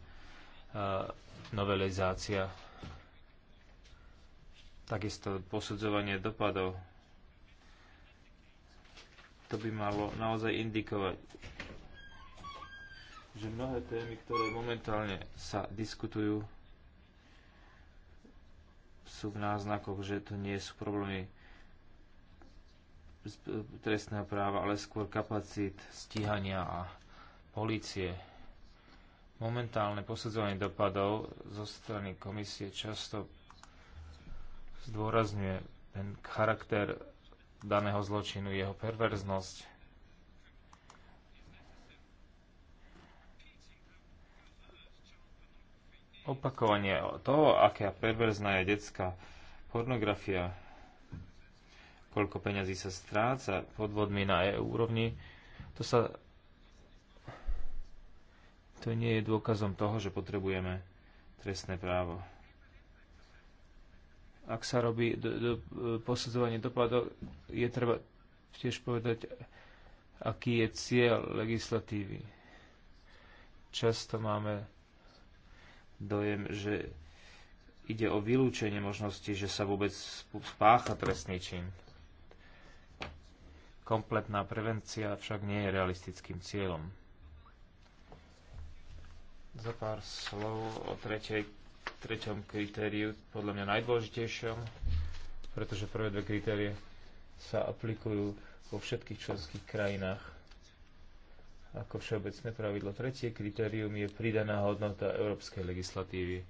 novelizácia, takisto posudzovanie dopadov. To by malo naozaj indikovať, že mnohé témy, ktoré momentálne sa diskutujú, sú v náznakoch, že to nie sú problémy e, trestného práva, ale skôr kapacít stíhania a polície. Momentálne posudzovanie dopadov zo strany komisie často zdôrazňuje ten charakter daného zločinu, jeho perverznosť. Opakovanie toho, aká perverzná je detská pornografia, koľko peňazí sa stráca podvodmi na EU úrovni, to sa to nie je dôkazom toho, že potrebujeme trestné právo. Ak sa robí do, do, posudzovanie dopadov, je treba tiež povedať, aký je cieľ legislatívy. Často máme dojem, že ide o vylúčenie možnosti, že sa vôbec spácha trestný čin. Kompletná prevencia však nie je realistickým cieľom. Za pár slov o tretej, treťom kritériu, podľa mňa najdôležitejšom, pretože prvé dve kritérie sa aplikujú vo všetkých členských krajinách ako všeobecné pravidlo. Tretie kritérium je pridaná hodnota európskej legislatívy.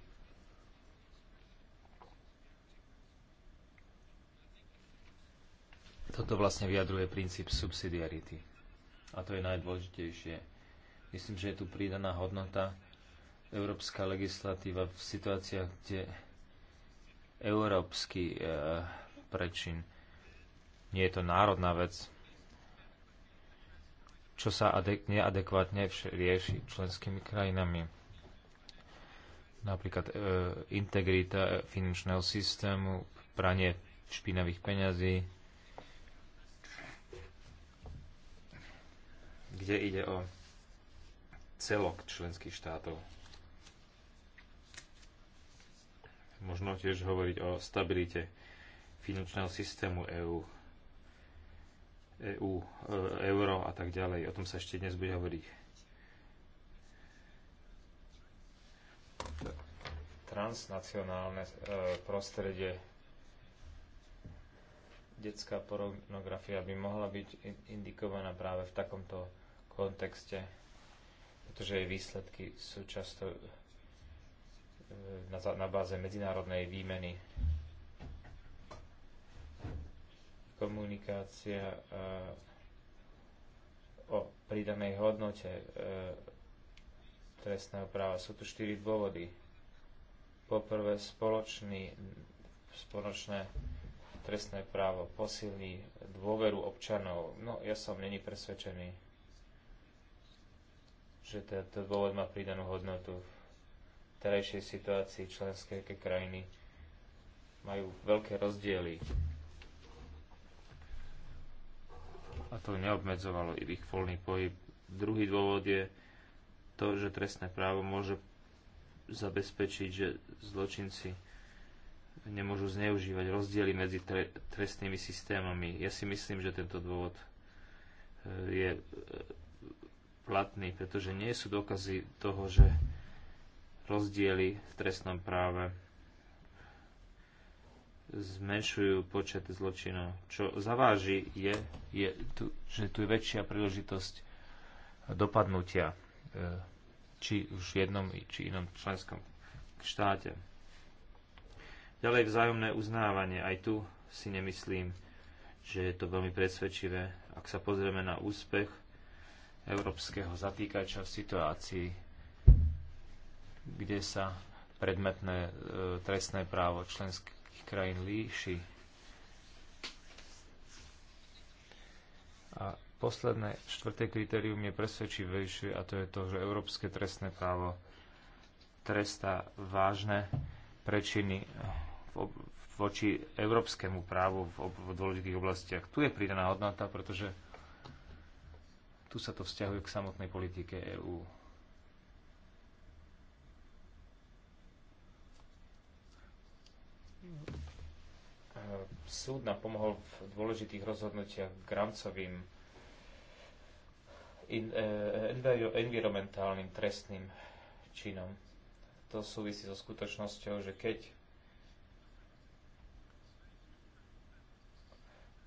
Toto vlastne vyjadruje princíp subsidiarity. A to je najdôležitejšie. Myslím, že je tu pridaná hodnota európska legislatíva v situáciách, kde európsky e, prečin nie je to národná vec, čo sa adek- neadekvátne rieši členskými krajinami. Napríklad e, integrita e, finančného systému, pranie špinavých peňazí, kde ide o celok členských štátov. Možno tiež hovoriť o stabilite finančného systému EÚ, EU, e, euro a tak ďalej. O tom sa ešte dnes bude hovoriť. Transnacionálne e, prostredie detská pornografia by mohla byť indikovaná práve v takomto kontexte, pretože jej výsledky sú často E, na, na báze medzinárodnej výmeny. Komunikácia e, o pridanej hodnote e, trestného práva. Sú tu štyri dôvody. Poprvé, spoločný, spoločné trestné právo posilní dôveru občanov. No, ja som není presvedčený, že tento dôvod má pridanú hodnotu terajšej situácii členské krajiny majú veľké rozdiely. A to neobmedzovalo ich voľný pohyb. Druhý dôvod je to, že trestné právo môže zabezpečiť, že zločinci nemôžu zneužívať rozdiely medzi tre, trestnými systémami. Ja si myslím, že tento dôvod e, je e, platný, pretože nie sú dokazy toho, že rozdiely v trestnom práve zmenšujú počet zločinov. Čo zaváži je, je tu, že tu je väčšia príležitosť dopadnutia e, či už v jednom, či inom členskom štáte. Ďalej vzájomné uznávanie. Aj tu si nemyslím, že je to veľmi presvedčivé. Ak sa pozrieme na úspech európskeho zatýkača v situácii kde sa predmetné e, trestné právo členských krajín líši. A posledné, štvrté kritérium je presvedčivejšie a to je to, že európske trestné právo trestá vážne prečiny voči európskemu právu v, v dôležitých oblastiach. Tu je pridaná hodnota, pretože tu sa to vzťahuje k samotnej politike EÚ. súd nám pomohol v dôležitých rozhodnutiach grancovým rámcovým in, eh, environmentálnym trestným činom. To súvisí so skutočnosťou, že keď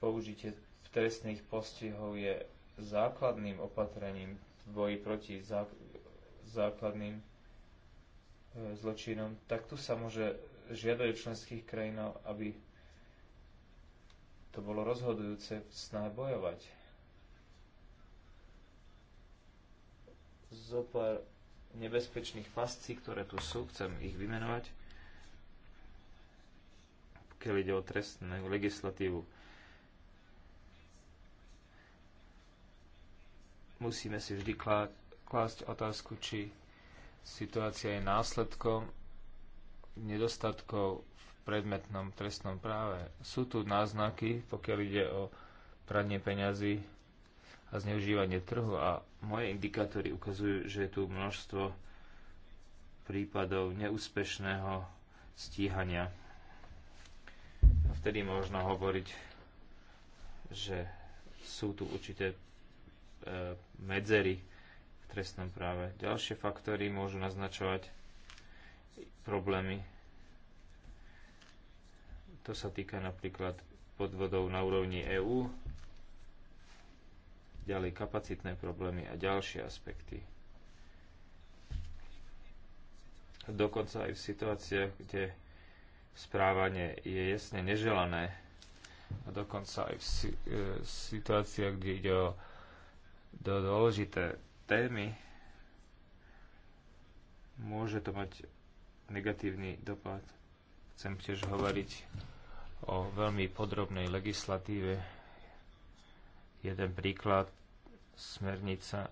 použitie trestných postihov je základným opatrením v boji proti zá, základným e, zločinom, tak tu sa môže žiadať členských krajín, aby to bolo rozhodujúce v snahe bojovať. Zopár nebezpečných pascí, ktoré tu sú, chcem ich vymenovať, pokiaľ ide o trestnú legislatívu. Musíme si vždy klá klásť otázku, či situácia je následkom nedostatkov predmetnom trestnom práve. Sú tu náznaky, pokiaľ ide o pranie peňazí a zneužívanie trhu a moje indikátory ukazujú, že je tu množstvo prípadov neúspešného stíhania. A vtedy možno hovoriť, že sú tu určité e, medzery v trestnom práve. Ďalšie faktory môžu naznačovať problémy to sa týka napríklad podvodov na úrovni EÚ, ďalej kapacitné problémy a ďalšie aspekty. Dokonca aj v situáciách, kde správanie je jasne neželané a dokonca aj v e, situáciách, kde ide o dôležité témy, môže to mať negatívny dopad. Chcem tiež hovoriť o veľmi podrobnej legislatíve. Jeden príklad, smernica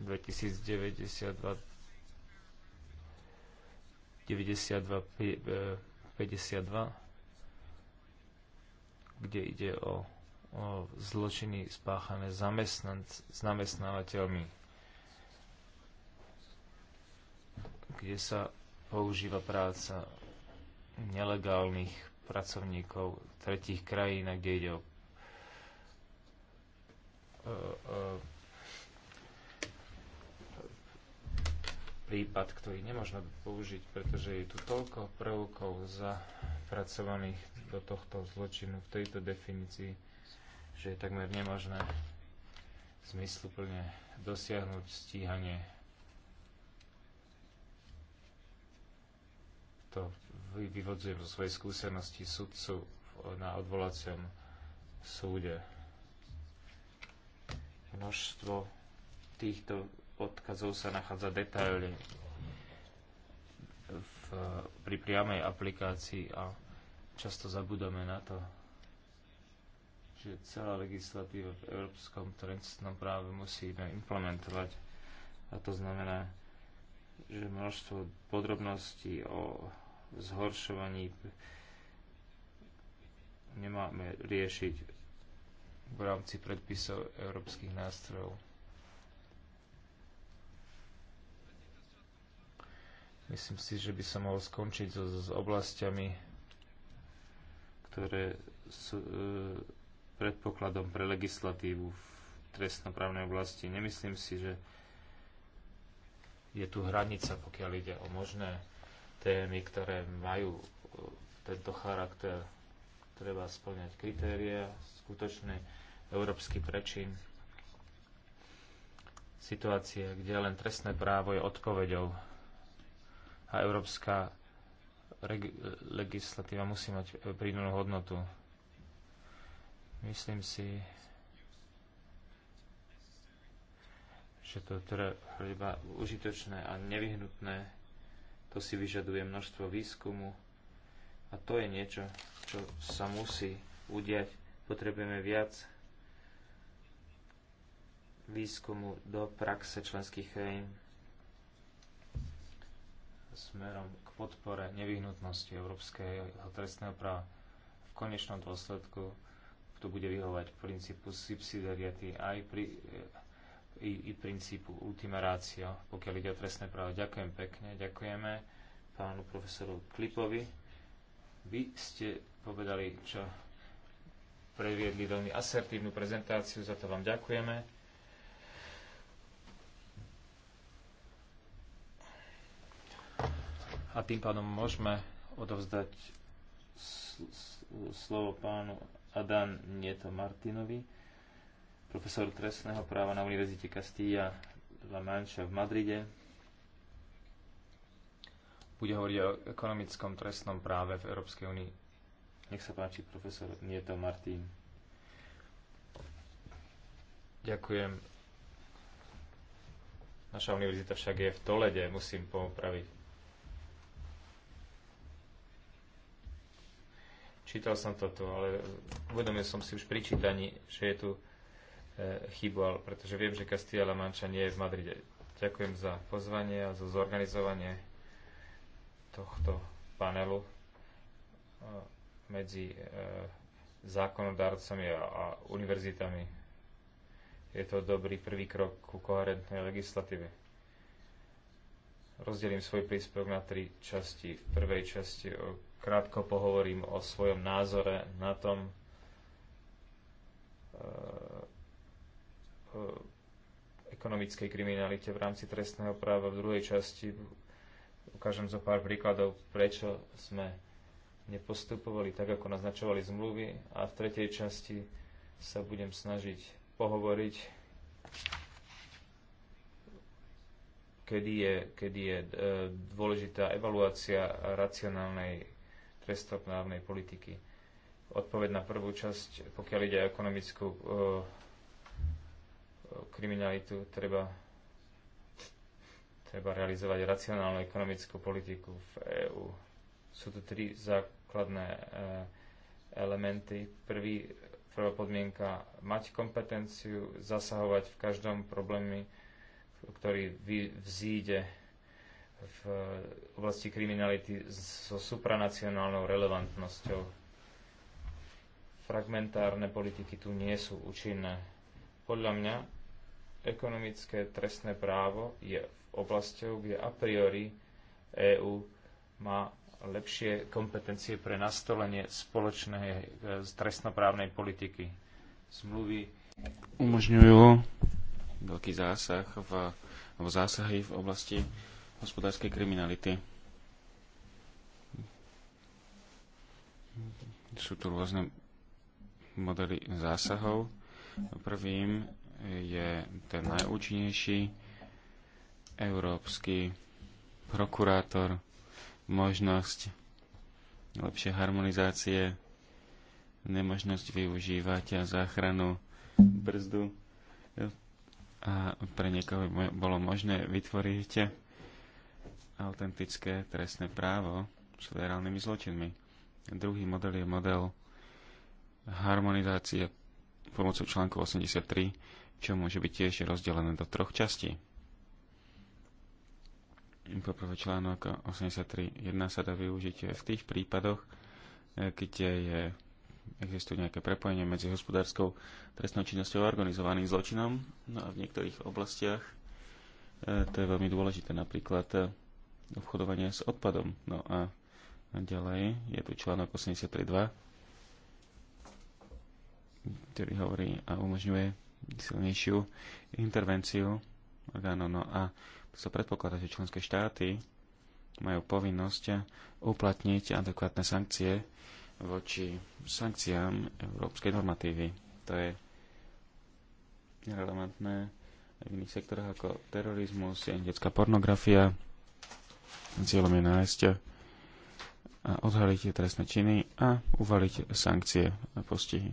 2092 52, kde ide o, o zločiny spáchané s zamestnávateľmi, kde sa používa práca nelegálnych pracovníkov tretích krajín, kde ide o prípad, ktorý nemôžno použiť, pretože je tu toľko prvkov zapracovaných do tohto zločinu v tejto definícii, že je takmer nemožné zmysluplne dosiahnuť stíhanie to vyvodzujem zo svojej skúsenosti sudcu na odvolacom súde. Množstvo týchto odkazov sa nachádza detailne v, pri priamej aplikácii a často zabudame na to, že celá legislatíva v európskom trestnom práve musíme implementovať. A to znamená, že množstvo podrobností o zhoršovaní nemáme riešiť v rámci predpisov európskych nástrojov. Myslím si, že by sa mohol skončiť so, s oblastiami, ktoré sú e, predpokladom pre legislatívu v trestnoprávnej oblasti. Nemyslím si, že je tu hranica, pokiaľ ide o možné témy, ktoré majú e, tento charakter. Treba splňať kritéria, skutočný európsky prečin. Situácie, kde len trestné právo je odpoveďou a európska legislatíva musí mať e, prídenú hodnotu. Myslím si, že to treba užitočné a nevyhnutné to si vyžaduje množstvo výskumu a to je niečo, čo sa musí udiať. Potrebujeme viac výskumu do praxe členských krajín smerom k podpore nevyhnutnosti európskeho trestného práva. V konečnom dôsledku to bude vyhovať princípu subsidiarity aj pri i, i princípu ultima ratio, pokiaľ ide o trestné právo. Ďakujem pekne, ďakujeme pánu profesoru Klipovi. Vy ste povedali, čo previedli veľmi asertívnu prezentáciu, za to vám ďakujeme. A tým pádom môžeme odovzdať slovo pánu Adan Nieto Martinovi profesor trestného práva na Univerzite Castilla La Mancha v Madride. Bude hovoriť o ekonomickom trestnom práve v Európskej únii. Nech sa páči, profesor Nieto Martín. Ďakujem. Naša univerzita však je v Tolede, musím popraviť. Čítal som toto, ale uvedomil som si už pri čítaní, že je tu ale pretože viem, že Castilla-La Mancha nie je v Madride. Ďakujem za pozvanie a za zorganizovanie tohto panelu e, medzi e, zákonodárcami a univerzitami. Je to dobrý prvý krok ku koherentnej legislatíve. Rozdelím svoj príspevok na tri časti. V prvej časti krátko pohovorím o svojom názore na tom, e, Eh, ekonomickej kriminalite v rámci trestného práva. V druhej časti ukážem zo pár príkladov, prečo sme nepostupovali tak, ako naznačovali zmluvy a v tretej časti sa budem snažiť pohovoriť, kedy je, kedy je eh, dôležitá evaluácia racionálnej trestoprávnej politiky. Odpoveď na prvú časť, pokiaľ ide o ekonomickú eh, kriminalitu treba, treba realizovať racionálnu ekonomickú politiku v EÚ. Sú tu tri základné e, elementy. Prvý, prvá podmienka mať kompetenciu, zasahovať v každom probléme, ktorý vy, vzíde v oblasti kriminality so supranacionálnou relevantnosťou. Fragmentárne politiky tu nie sú účinné. Podľa mňa Ekonomické trestné právo je oblasťou, kde a priori EÚ má lepšie kompetencie pre nastolenie spoločnej e, trestnoprávnej politiky. Zmluvy umožňujú veľký zásah v, v zásahy v oblasti hospodárskej kriminality. Sú tu rôzne modely zásahov. Prvým je ten najúčinnejší európsky prokurátor, možnosť lepšie harmonizácie, nemožnosť využívať a záchranu brzdu a pre niekoho bolo možné vytvoriť autentické trestné právo s federálnymi zločinmi. Druhý model je model harmonizácie pomocou článku 83 čo môže byť tiež rozdelené do troch častí. Poprvé článok 83.1 sa dá využiť v tých prípadoch, eh, keď je, existuje nejaké prepojenie medzi hospodárskou trestnou činnosťou a organizovaným zločinom. No a v niektorých oblastiach eh, to je veľmi dôležité, napríklad eh, obchodovanie s odpadom. No a ďalej je tu článok 83.2, ktorý hovorí a umožňuje silnejšiu intervenciu orgánov. No a sa predpokladá, že členské štáty majú povinnosť uplatniť adekvátne sankcie voči sankciám európskej normatívy. To je relevantné aj v iných sektoroch ako terorizmus, detská pornografia. Cieľom je nájsť a odhaliť trestné činy a uvaliť sankcie a postihy.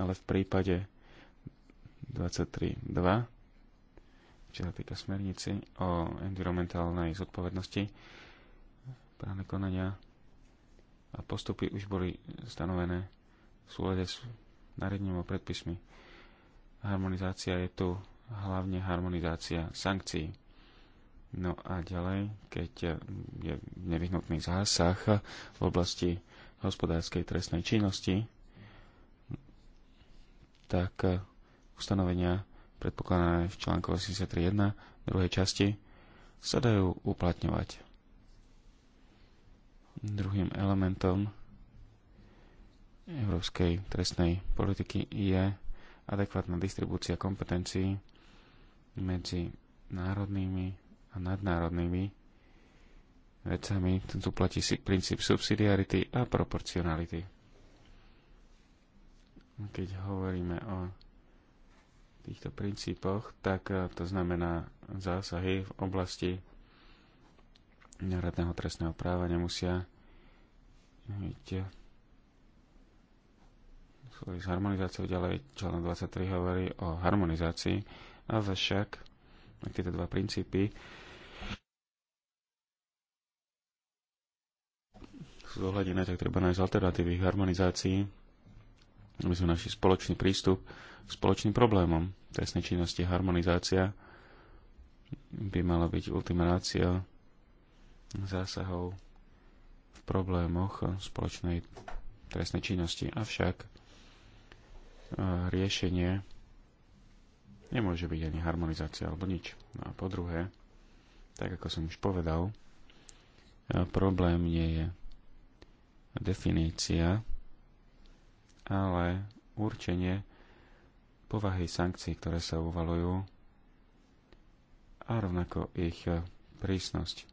Ale v prípade 23.2, čo sa týka smernici o environmentálnej zodpovednosti, právne konania a postupy už boli stanovené v súlade s nariadením a predpismi. Harmonizácia je tu hlavne harmonizácia sankcií. No a ďalej, keď je nevyhnutný zásah v oblasti hospodárskej trestnej činnosti, tak ustanovenia predpokladané v článku 83.1 druhej časti sa dajú uplatňovať. Druhým elementom európskej trestnej politiky je adekvátna distribúcia kompetencií medzi národnými a nadnárodnými vecami. Tu platí si princíp subsidiarity a proporcionality. Keď hovoríme o týchto princípoch, tak e, to znamená zásahy v oblasti národného trestného práva nemusia byť e, s harmonizáciou ďalej článok 23 hovorí o harmonizácii, avšak však tieto dva princípy sú zohľadené, tak treba nájsť alternatívy k harmonizácii, aby sme našli spoločný prístup spoločným problémom trestnej činnosti. Harmonizácia by mala byť ultimácia zásahov v problémoch spoločnej trestnej činnosti. Avšak e, riešenie nemôže byť ani harmonizácia alebo nič. No a po druhé, tak ako som už povedal, e, problém nie je definícia, ale určenie povahy sankcií, ktoré sa uvalujú a rovnako ich e, prísnosť.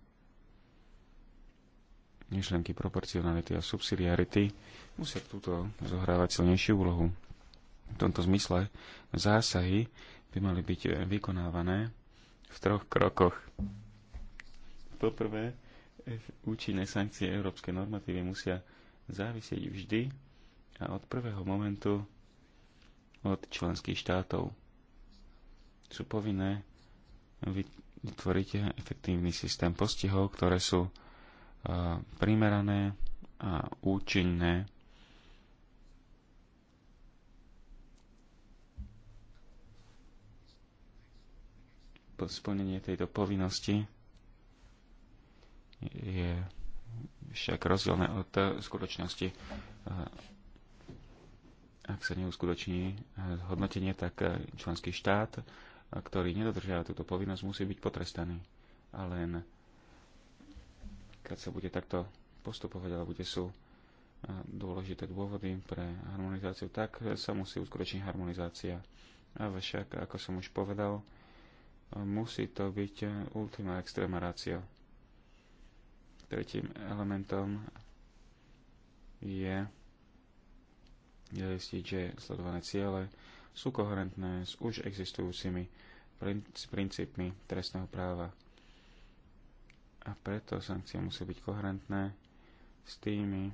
Myšlenky proporcionality a subsidiarity musia túto zohrávať silnejšiu úlohu. V tomto zmysle zásahy by mali byť e, vykonávané v troch krokoch. Poprvé, účinné sankcie európskej normatívy musia závisieť vždy a od prvého momentu od členských štátov. Sú povinné vytvoriť efektívny systém postihov, ktoré sú e, primerané a účinné splnenie tejto povinnosti je však rozdielne od e, skutočnosti e, ak sa neuskutoční eh, hodnotenie, tak eh, členský štát, eh, ktorý nedodržiava túto povinnosť, musí byť potrestaný. A len keď sa bude takto postupovať, alebo bude sú dôležité dôvody pre harmonizáciu, tak sa musí uskutočniť harmonizácia. Avšak, ako som už povedal, musí to byť ultima extrema ratio. Tretím elementom je zistiť, že sledované ciele sú koherentné s už existujúcimi princípmi trestného práva. A preto sankcie musí byť koherentné s tými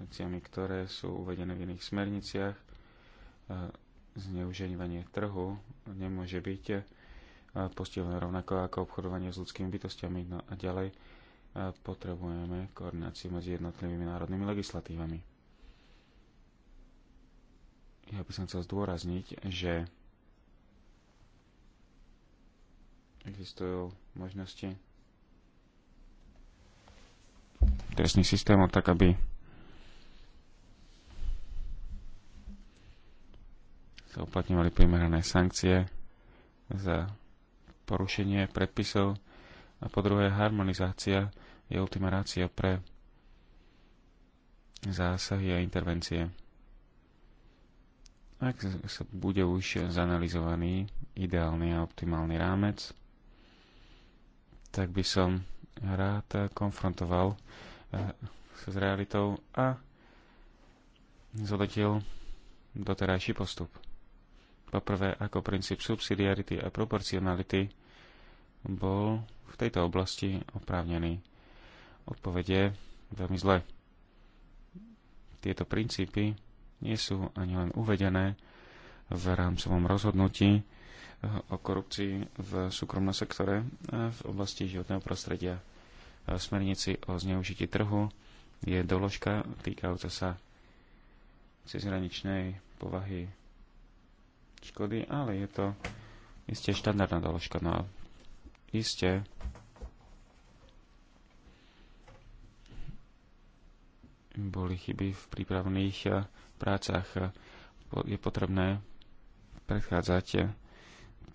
sankciami, ktoré sú uvedené v iných smerniciach. Zneužívanie trhu nemôže byť postihované rovnako ako obchodovanie s ľudskými bytostiami no a ďalej potrebujeme koordináciu medzi jednotlivými národnými legislatívami ja by som chcel zdôrazniť, že existujú možnosti trestných systémov tak, aby sa uplatňovali primerané sankcie za porušenie predpisov a po druhé harmonizácia je ultimarácia pre zásahy a intervencie. Ak sa bude už zanalizovaný ideálny a optimálny rámec, tak by som rád konfrontoval eh, sa s realitou a zhodnotil doterajší postup. Poprvé, ako princíp subsidiarity a proporcionality bol v tejto oblasti oprávnený. Odpovede veľmi zle. Tieto princípy nie sú ani len uvedené v rámcovom rozhodnutí eh, o korupcii v súkromnom sektore eh, v oblasti životného prostredia. Eh, v smernici o zneužití trhu je doložka týkajúca sa cezhraničnej povahy škody, ale je to isté štandardná doložka. No a isté boli chyby v prípravných prácach. Eh, je potrebné predchádzať eh,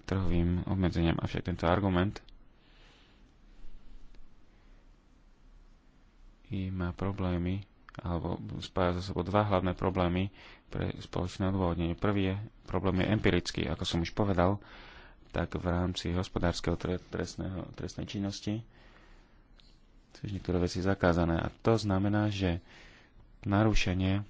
trhovým obmedzeniam, avšak tento argument i má problémy, alebo spája za sebou dva hlavné problémy pre spoločné odôvodnenie. Prvý je, problém je empirický, ako som už povedal, tak v rámci hospodárskeho trestného, trestnej činnosti sú niektoré veci zakázané. A to znamená, že narušenie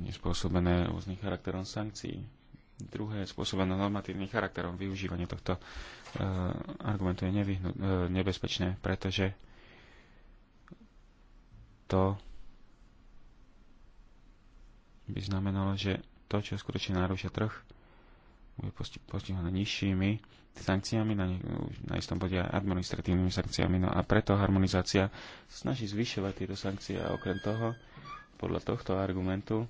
spôsobené rôznym charakterom sankcií. Druhé je spôsobené normatívnym charakterom. Využívanie tohto e, argumentu je nevyhnu- e, nebezpečné, pretože to by znamenalo, že to, čo skutočne narúša trh, bude postihnuté nižšími sankciami, na, na istom bode aj administratívnymi sankciami. No a preto harmonizácia snaží zvyšovať tieto sankcie a okrem toho, podľa tohto argumentu,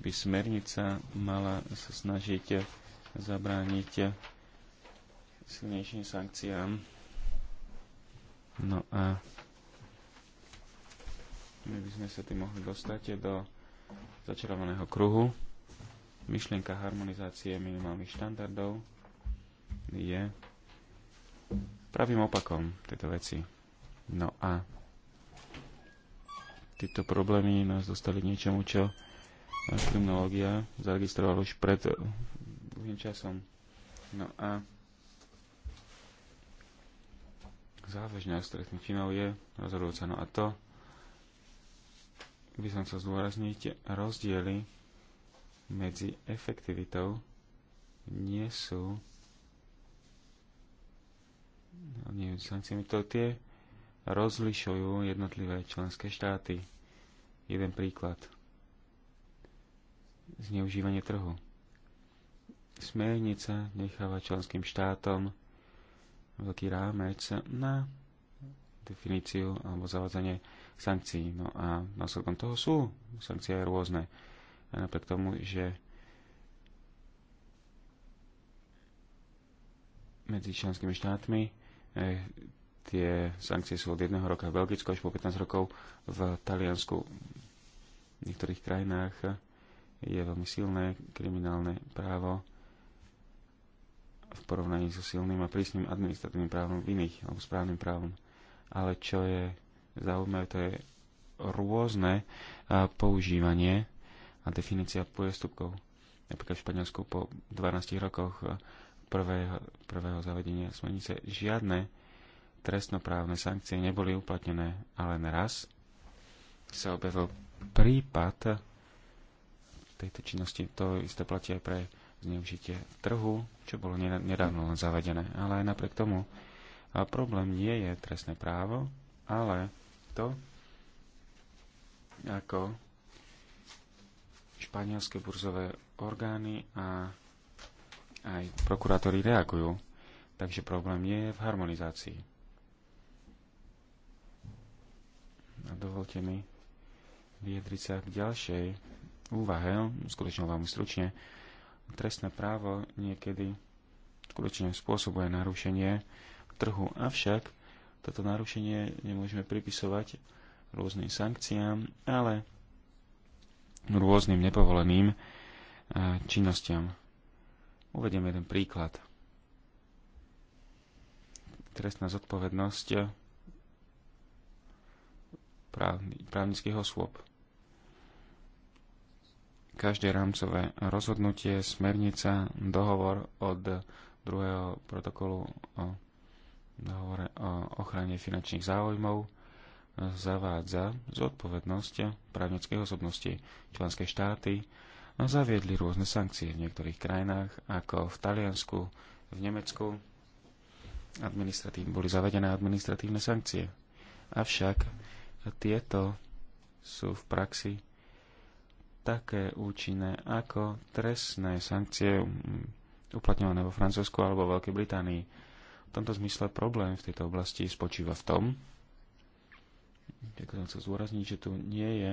by smernica mala sa snažiť zabrániť silnejším sankciám. No a my by sme sa tým mohli dostať do začarovaného kruhu. Myšlienka harmonizácie minimálnych štandardov je pravým opakom tejto veci. No a tieto problémy nás dostali k niečomu, čo kriminológia zaregistroval už pred eh, dlhým časom. No a závažná stretných činov je rozhodujúca. No a to by som chcel zdôrazniť, rozdiely medzi efektivitou nie sú neviem, no, sankciami, to tie rozlišujú jednotlivé členské štáty. Jeden príklad zneužívanie trhu. Smernica necháva členským štátom veľký rámec na definíciu alebo zavadzanie sankcií. No a následkom toho sú sankcie aj rôzne. A napriek tomu, že medzi členskými štátmi eh, tie sankcie sú od jedného roka v Belgicku až po 15 rokov v Taliansku, v niektorých krajinách je veľmi silné kriminálne právo v porovnaní so silným a prísnym administratívnym právom v iných, alebo správnym právom. Ale čo je zaujímavé, to je rôzne používanie a definícia priestupkov. Napríklad v Španielsku po 12 rokoch prvého, prvého zavedenia smernice žiadne trestnoprávne sankcie neboli uplatnené, ale raz sa objavil prípad tejto činnosti. To isté platí aj pre zneužitie trhu, čo bolo nedávno len zavedené. Ale aj napriek tomu a problém nie je trestné právo, ale to, ako španielské burzové orgány a aj prokurátori reagujú. Takže problém nie je v harmonizácii. A dovolte mi vyjadriť sa k ďalšej úvahe, skutočne veľmi stručne, trestné právo niekedy skutočne spôsobuje narušenie trhu. Avšak toto narušenie nemôžeme pripisovať rôznym sankciám, ale rôznym nepovoleným e, činnostiam. Uvediem jeden príklad. Trestná zodpovednosť právnických osôb každé rámcové rozhodnutie, smernica, dohovor od druhého protokolu o dohovore o ochrane finančných záujmov zavádza zodpovednosť právnickej osobnosti. Členské štáty zaviedli rôzne sankcie v niektorých krajinách, ako v Taliansku, v Nemecku. boli zavedené administratívne sankcie. Avšak tieto sú v praxi také účinné ako trestné sankcie mm, uplatňované vo Francúzsku alebo Veľkej Británii. V tomto zmysle problém v tejto oblasti spočíva v tom, som chcel zúrazniť, že tu nie je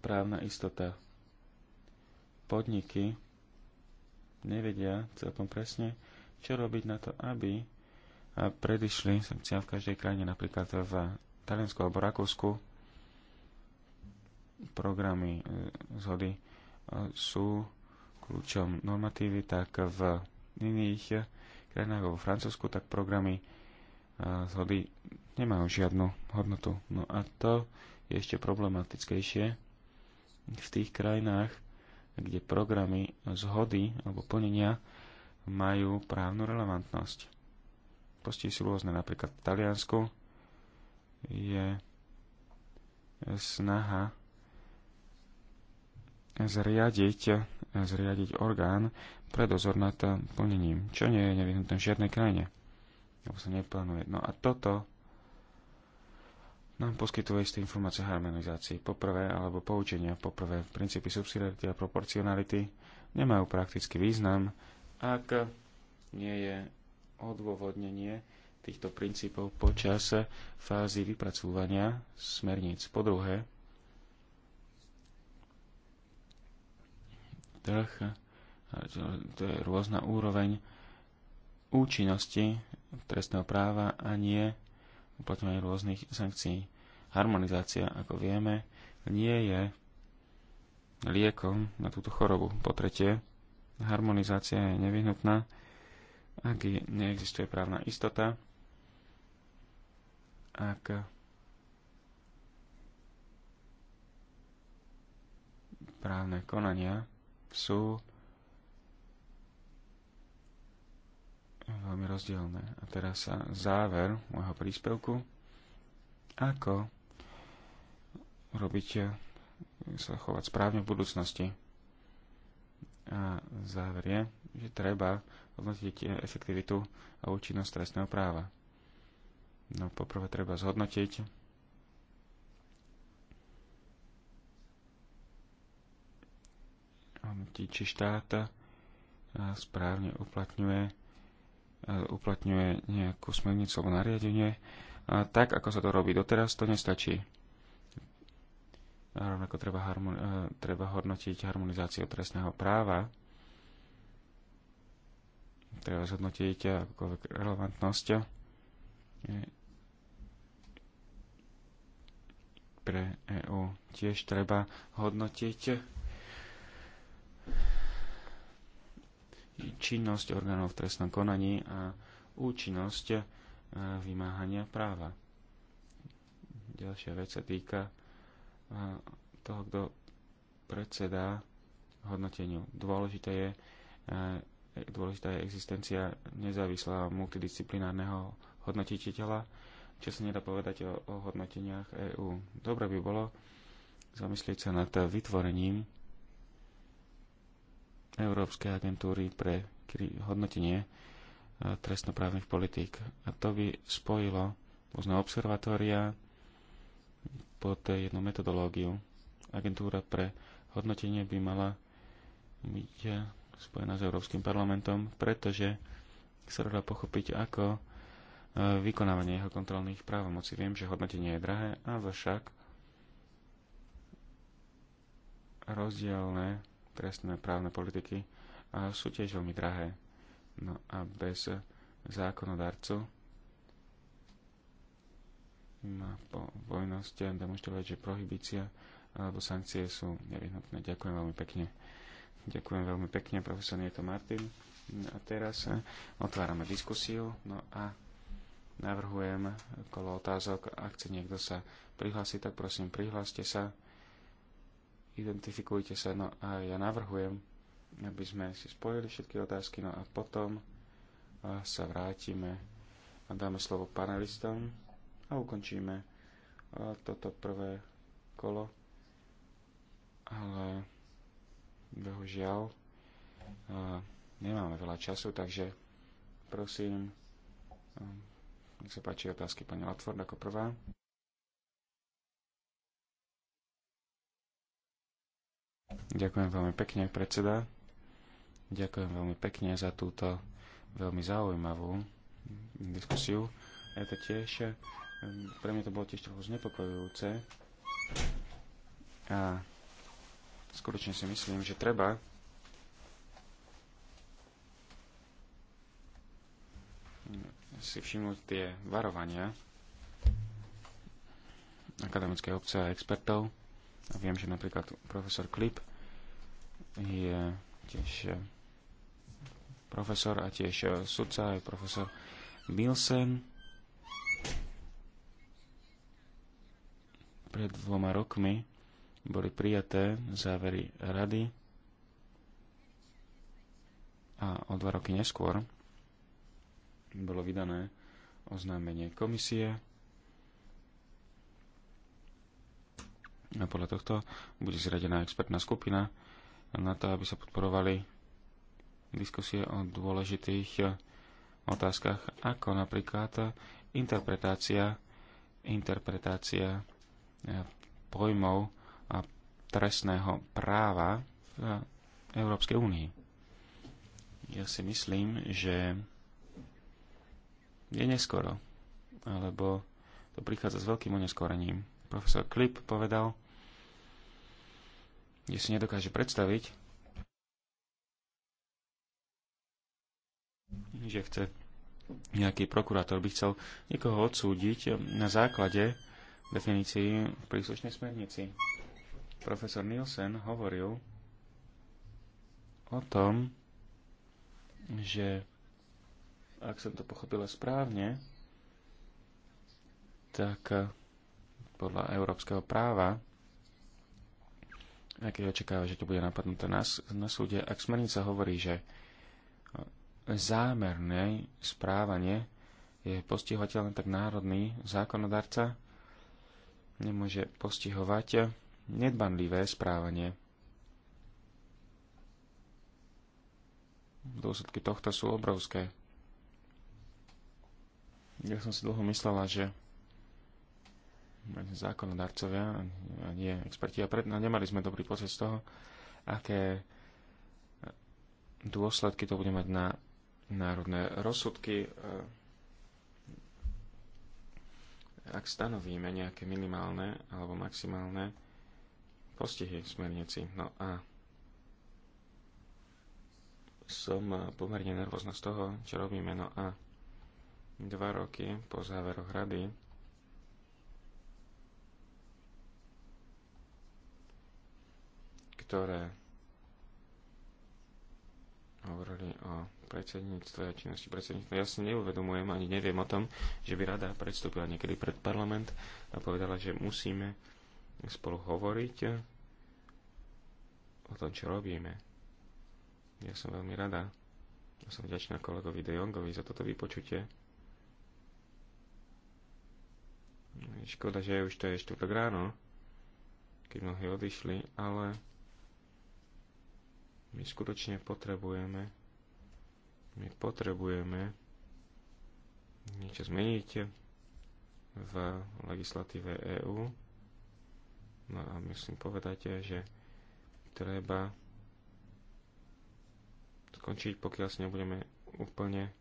právna istota. Podniky nevedia celkom presne, čo robiť na to, aby predišli sankcia v každej krajine, napríklad v Taliansku alebo Rakúsku, programy e, zhody e, sú kľúčom normatívy, tak v iných krajinách vo Francúzsku, tak programy e, zhody nemajú žiadnu hodnotu. No a to je ešte problematickejšie v tých krajinách, kde programy zhody alebo plnenia majú právnu relevantnosť. Postí sú rôzne, napríklad v Taliansku je snaha zriadiť, zriadiť orgán pre dozor nad plnením, čo nie je nevyhnutné v žiadnej krajine, lebo sa neplánuje. No a toto nám poskytuje isté informácie o harmonizácii. Poprvé, alebo poučenia, poprvé, princípy subsidiarity a proporcionality nemajú praktický význam, ak nie je odôvodnenie týchto princípov počas fázy vypracúvania smerníc. Po druhé, trh, to je rôzna úroveň účinnosti trestného práva a nie uplatňovanie rôznych sankcií. Harmonizácia, ako vieme, nie je liekom na túto chorobu. Po tretie, harmonizácia je nevyhnutná, ak neexistuje právna istota, ak právne konania sú veľmi rozdielne. A teraz sa záver môjho príspevku. Ako robiť eh, sa chovať správne v budúcnosti. A záver je, že treba hodnotiť eh, efektivitu a účinnosť trestného práva. No poprvé treba zhodnotiť, či štát eh, správne uplatňuje, eh, uplatňuje nejakú smernicu alebo nariadenie, a tak ako sa to robí doteraz, to nestačí. A rovnako treba, harmoni- eh, treba hodnotiť harmonizáciu trestného práva, treba zhodnotiť akúkoľvek relevantnosť pre EU. Tiež treba hodnotiť činnosť orgánov v trestnom konaní a účinnosť e, vymáhania práva. Ďalšia vec sa týka e, toho, kto predsedá hodnoteniu. Dôležité je, e, dôležitá je existencia nezávislého multidisciplinárneho hodnotiteľa, čo sa nedá povedať o, o hodnoteniach EÚ. Dobre by bolo zamyslieť sa nad vytvorením Európskej agentúry pre hodnotenie e, trestnoprávnych politík. A to by spojilo rôzne observatória pod jednu metodológiu. Agentúra pre hodnotenie by mala byť e, spojená s Európskym parlamentom, pretože sa dá pochopiť ako e, vykonávanie jeho kontrolných právomocí. Viem, že hodnotenie je drahé, avšak rozdielne trestné právne politiky a sú tiež veľmi drahé. No a bez zákonodarcu má po vojnosti demonstrovať, že prohibícia alebo sankcie sú nevyhnutné. Ďakujem veľmi pekne. Ďakujem veľmi pekne, profesor Nieto Martin. No a teraz eh, otvárame diskusiu. No a navrhujem kolo otázok. Ak chce niekto sa prihlásiť, tak prosím, prihláste sa identifikujte sa. No a ja navrhujem, aby sme si spojili všetky otázky, no a potom sa vrátime a dáme slovo panelistom a ukončíme toto prvé kolo. Ale bohužiaľ nemáme veľa času, takže prosím, nech sa páči otázky pani Latford ako prvá. Ďakujem veľmi pekne, predseda. Ďakujem veľmi pekne za túto veľmi zaujímavú diskusiu. Ja to tiež, eh, pre mňa to bolo tiež trochu znepokojujúce. A skutočne si myslím, že treba si všimnúť tie varovania akademické obce a expertov, a viem, že napríklad profesor Klip je tiež eh, profesor a tiež eh, sudca, je profesor Bilsen. Pred dvoma rokmi boli prijaté závery rady a o dva roky neskôr bolo vydané oznámenie komisie, A podľa tohto bude zradená expertná skupina na to, aby sa podporovali diskusie o dôležitých eh, otázkach, ako napríklad eh, interpretácia, interpretácia eh, pojmov a trestného práva v Európskej únii. Ja si myslím, že je neskoro, alebo to prichádza s veľkým oneskorením profesor Klip povedal, kde si nedokáže predstaviť, že chce nejaký prokurátor by chcel niekoho odsúdiť na základe definícií v príslušnej smernici. Profesor Nielsen hovoril o tom, že ak som to pochopila správne, tak podľa európskeho práva, aj keď očakáva, že to bude napadnuté na, na súde, ak smernica hovorí, že zámerné správanie je postihovateľné, tak národný zákonodarca nemôže postihovať nedbanlivé správanie. Dôsledky tohto sú obrovské. Ja som si dlho myslela, že zákonodarcovia a nie experti. A pred, no, nemali sme dobrý pocit z toho, aké dôsledky to bude mať na národné rozsudky. Ak stanovíme nejaké minimálne alebo maximálne postihy smernici. No a som pomerne nervózna z toho, čo robíme. No a dva roky po záveroch rady ktoré hovorili o predsedníctve a činnosti predsedníctva. Ja si neuvedomujem ani neviem o tom, že by rada predstúpila niekedy pred parlament a povedala, že musíme spolu hovoriť o tom, čo robíme. Ja som veľmi rada. Ja som vďačná kolegovi De Jongovi za toto vypočutie. Škoda, že už to je štvrtok ráno, keď mnohí odišli, ale my skutočne potrebujeme, my potrebujeme niečo zmeniť v legislatíve EÚ. No a myslím povedať, že treba skončiť, pokiaľ si nebudeme úplne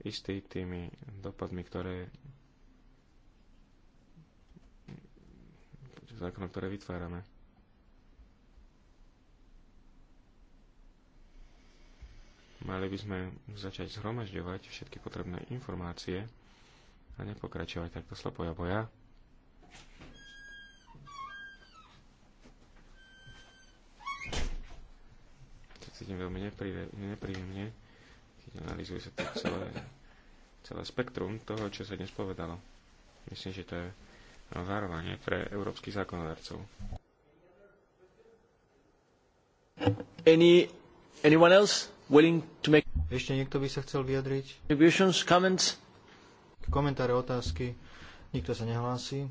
istý tými dopadmi, ktoré zákon, ktoré vytvárame. Mali by sme začať zhromažďovať všetky potrebné informácie a nepokračovať takto slepoja boja. To cítim veľmi nepríjemne, keď analýzuje sa to celé, celé spektrum toho, čo sa dnes povedalo. Myslím, že to je varovanie pre európskych zákonodarcov. Any, anyone else? Ešte niekto by sa chcel vyjadriť? Komentáre, otázky. Nikto sa nehlási.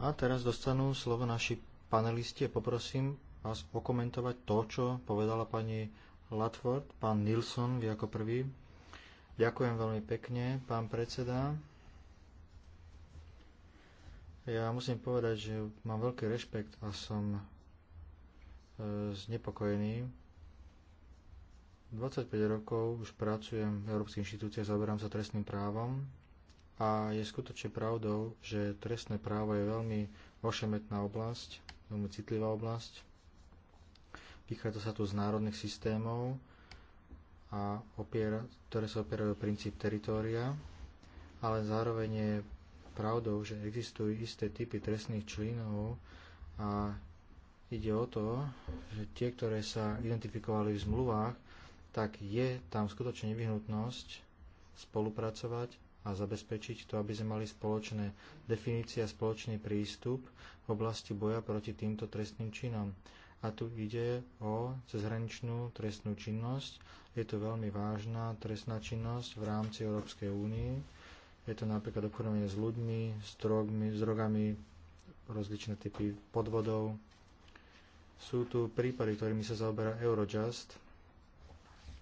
A teraz dostanú slovo naši panelisti a poprosím vás okomentovať to, čo povedala pani Latford. Pán Nilsson, vy ako prvý. Ďakujem veľmi pekne, pán predseda. Ja musím povedať, že mám veľký rešpekt a som e, znepokojený 25 rokov už pracujem v Európskej inštitúcie, zaoberám sa trestným právom a je skutočne pravdou, že trestné právo je veľmi ošemetná oblasť, veľmi citlivá oblasť. Vychádza sa tu z národných systémov, a opiera, ktoré sa opierajú o princíp teritória, ale zároveň je pravdou, že existujú isté typy trestných členov a ide o to, že tie, ktoré sa identifikovali v zmluvách, tak je tam skutočne nevyhnutnosť spolupracovať a zabezpečiť to, aby sme mali spoločné definície a spoločný prístup v oblasti boja proti týmto trestným činom. A tu ide o cezhraničnú trestnú činnosť. Je to veľmi vážna trestná činnosť v rámci Európskej únie. Je to napríklad obchodovanie s ľuďmi, s, drogmi, s drogami, rozličné typy podvodov. Sú tu prípady, ktorými sa zaoberá Eurojust,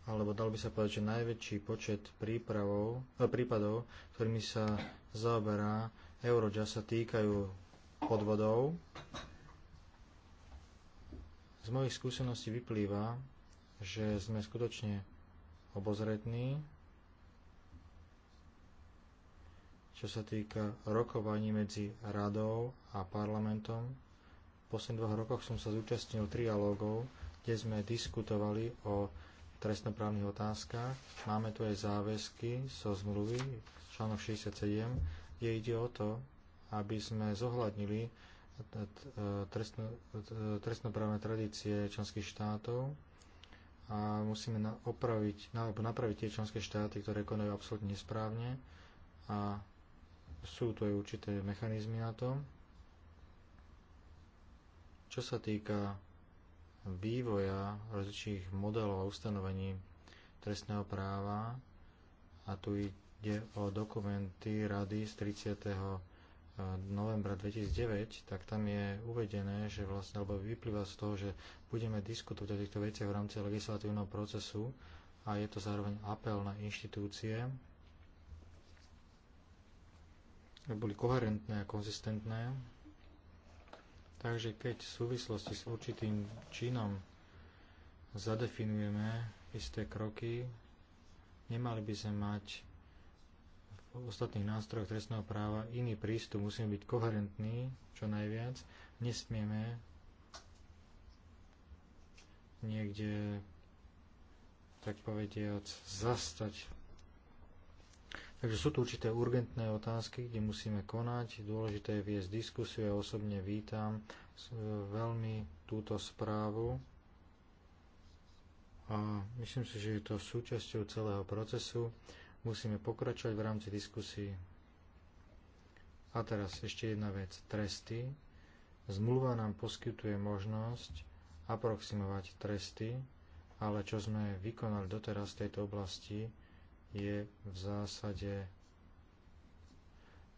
alebo dal by sa povedať, že najväčší počet prípravov, eh, prípadov, ktorými sa zaoberá Eurojust, sa týkajú podvodov. Z mojich skúseností vyplýva, že sme skutočne obozretní, čo sa týka rokovaní medzi radou a parlamentom. V posledných dvoch rokoch som sa zúčastnil trialógov, kde sme diskutovali o trestnoprávnych otázkach. Máme tu aj záväzky zo so zmluvy, článok 67, kde ide o to, aby sme zohľadnili trestno, trestnoprávne tradície členských štátov a musíme opraviť, alebo napraviť tie členské štáty, ktoré konajú absolútne nesprávne a sú tu aj určité mechanizmy na to. Čo sa týka vývoja rozličných modelov a ustanovení trestného práva a tu ide o dokumenty rady z 30. E, novembra 2009, tak tam je uvedené, že vlastne, alebo vyplýva z toho, že budeme diskutovať o týchto veciach v rámci legislatívneho procesu a je to zároveň apel na inštitúcie, aby boli koherentné a konzistentné Takže keď v súvislosti s určitým činom zadefinujeme isté kroky, nemali by sme mať v ostatných nástrojoch trestného práva iný prístup. Musíme byť koherentní čo najviac. Nesmieme niekde tak povediac zastať Takže sú tu určité urgentné otázky, kde musíme konať. Dôležité je viesť diskusiu. Ja osobne vítam veľmi túto správu. A myslím si, že je to súčasťou celého procesu. Musíme pokračovať v rámci diskusí. A teraz ešte jedna vec. Tresty. Zmluva nám poskytuje možnosť aproximovať tresty, ale čo sme vykonali doteraz v tejto oblasti, je v zásade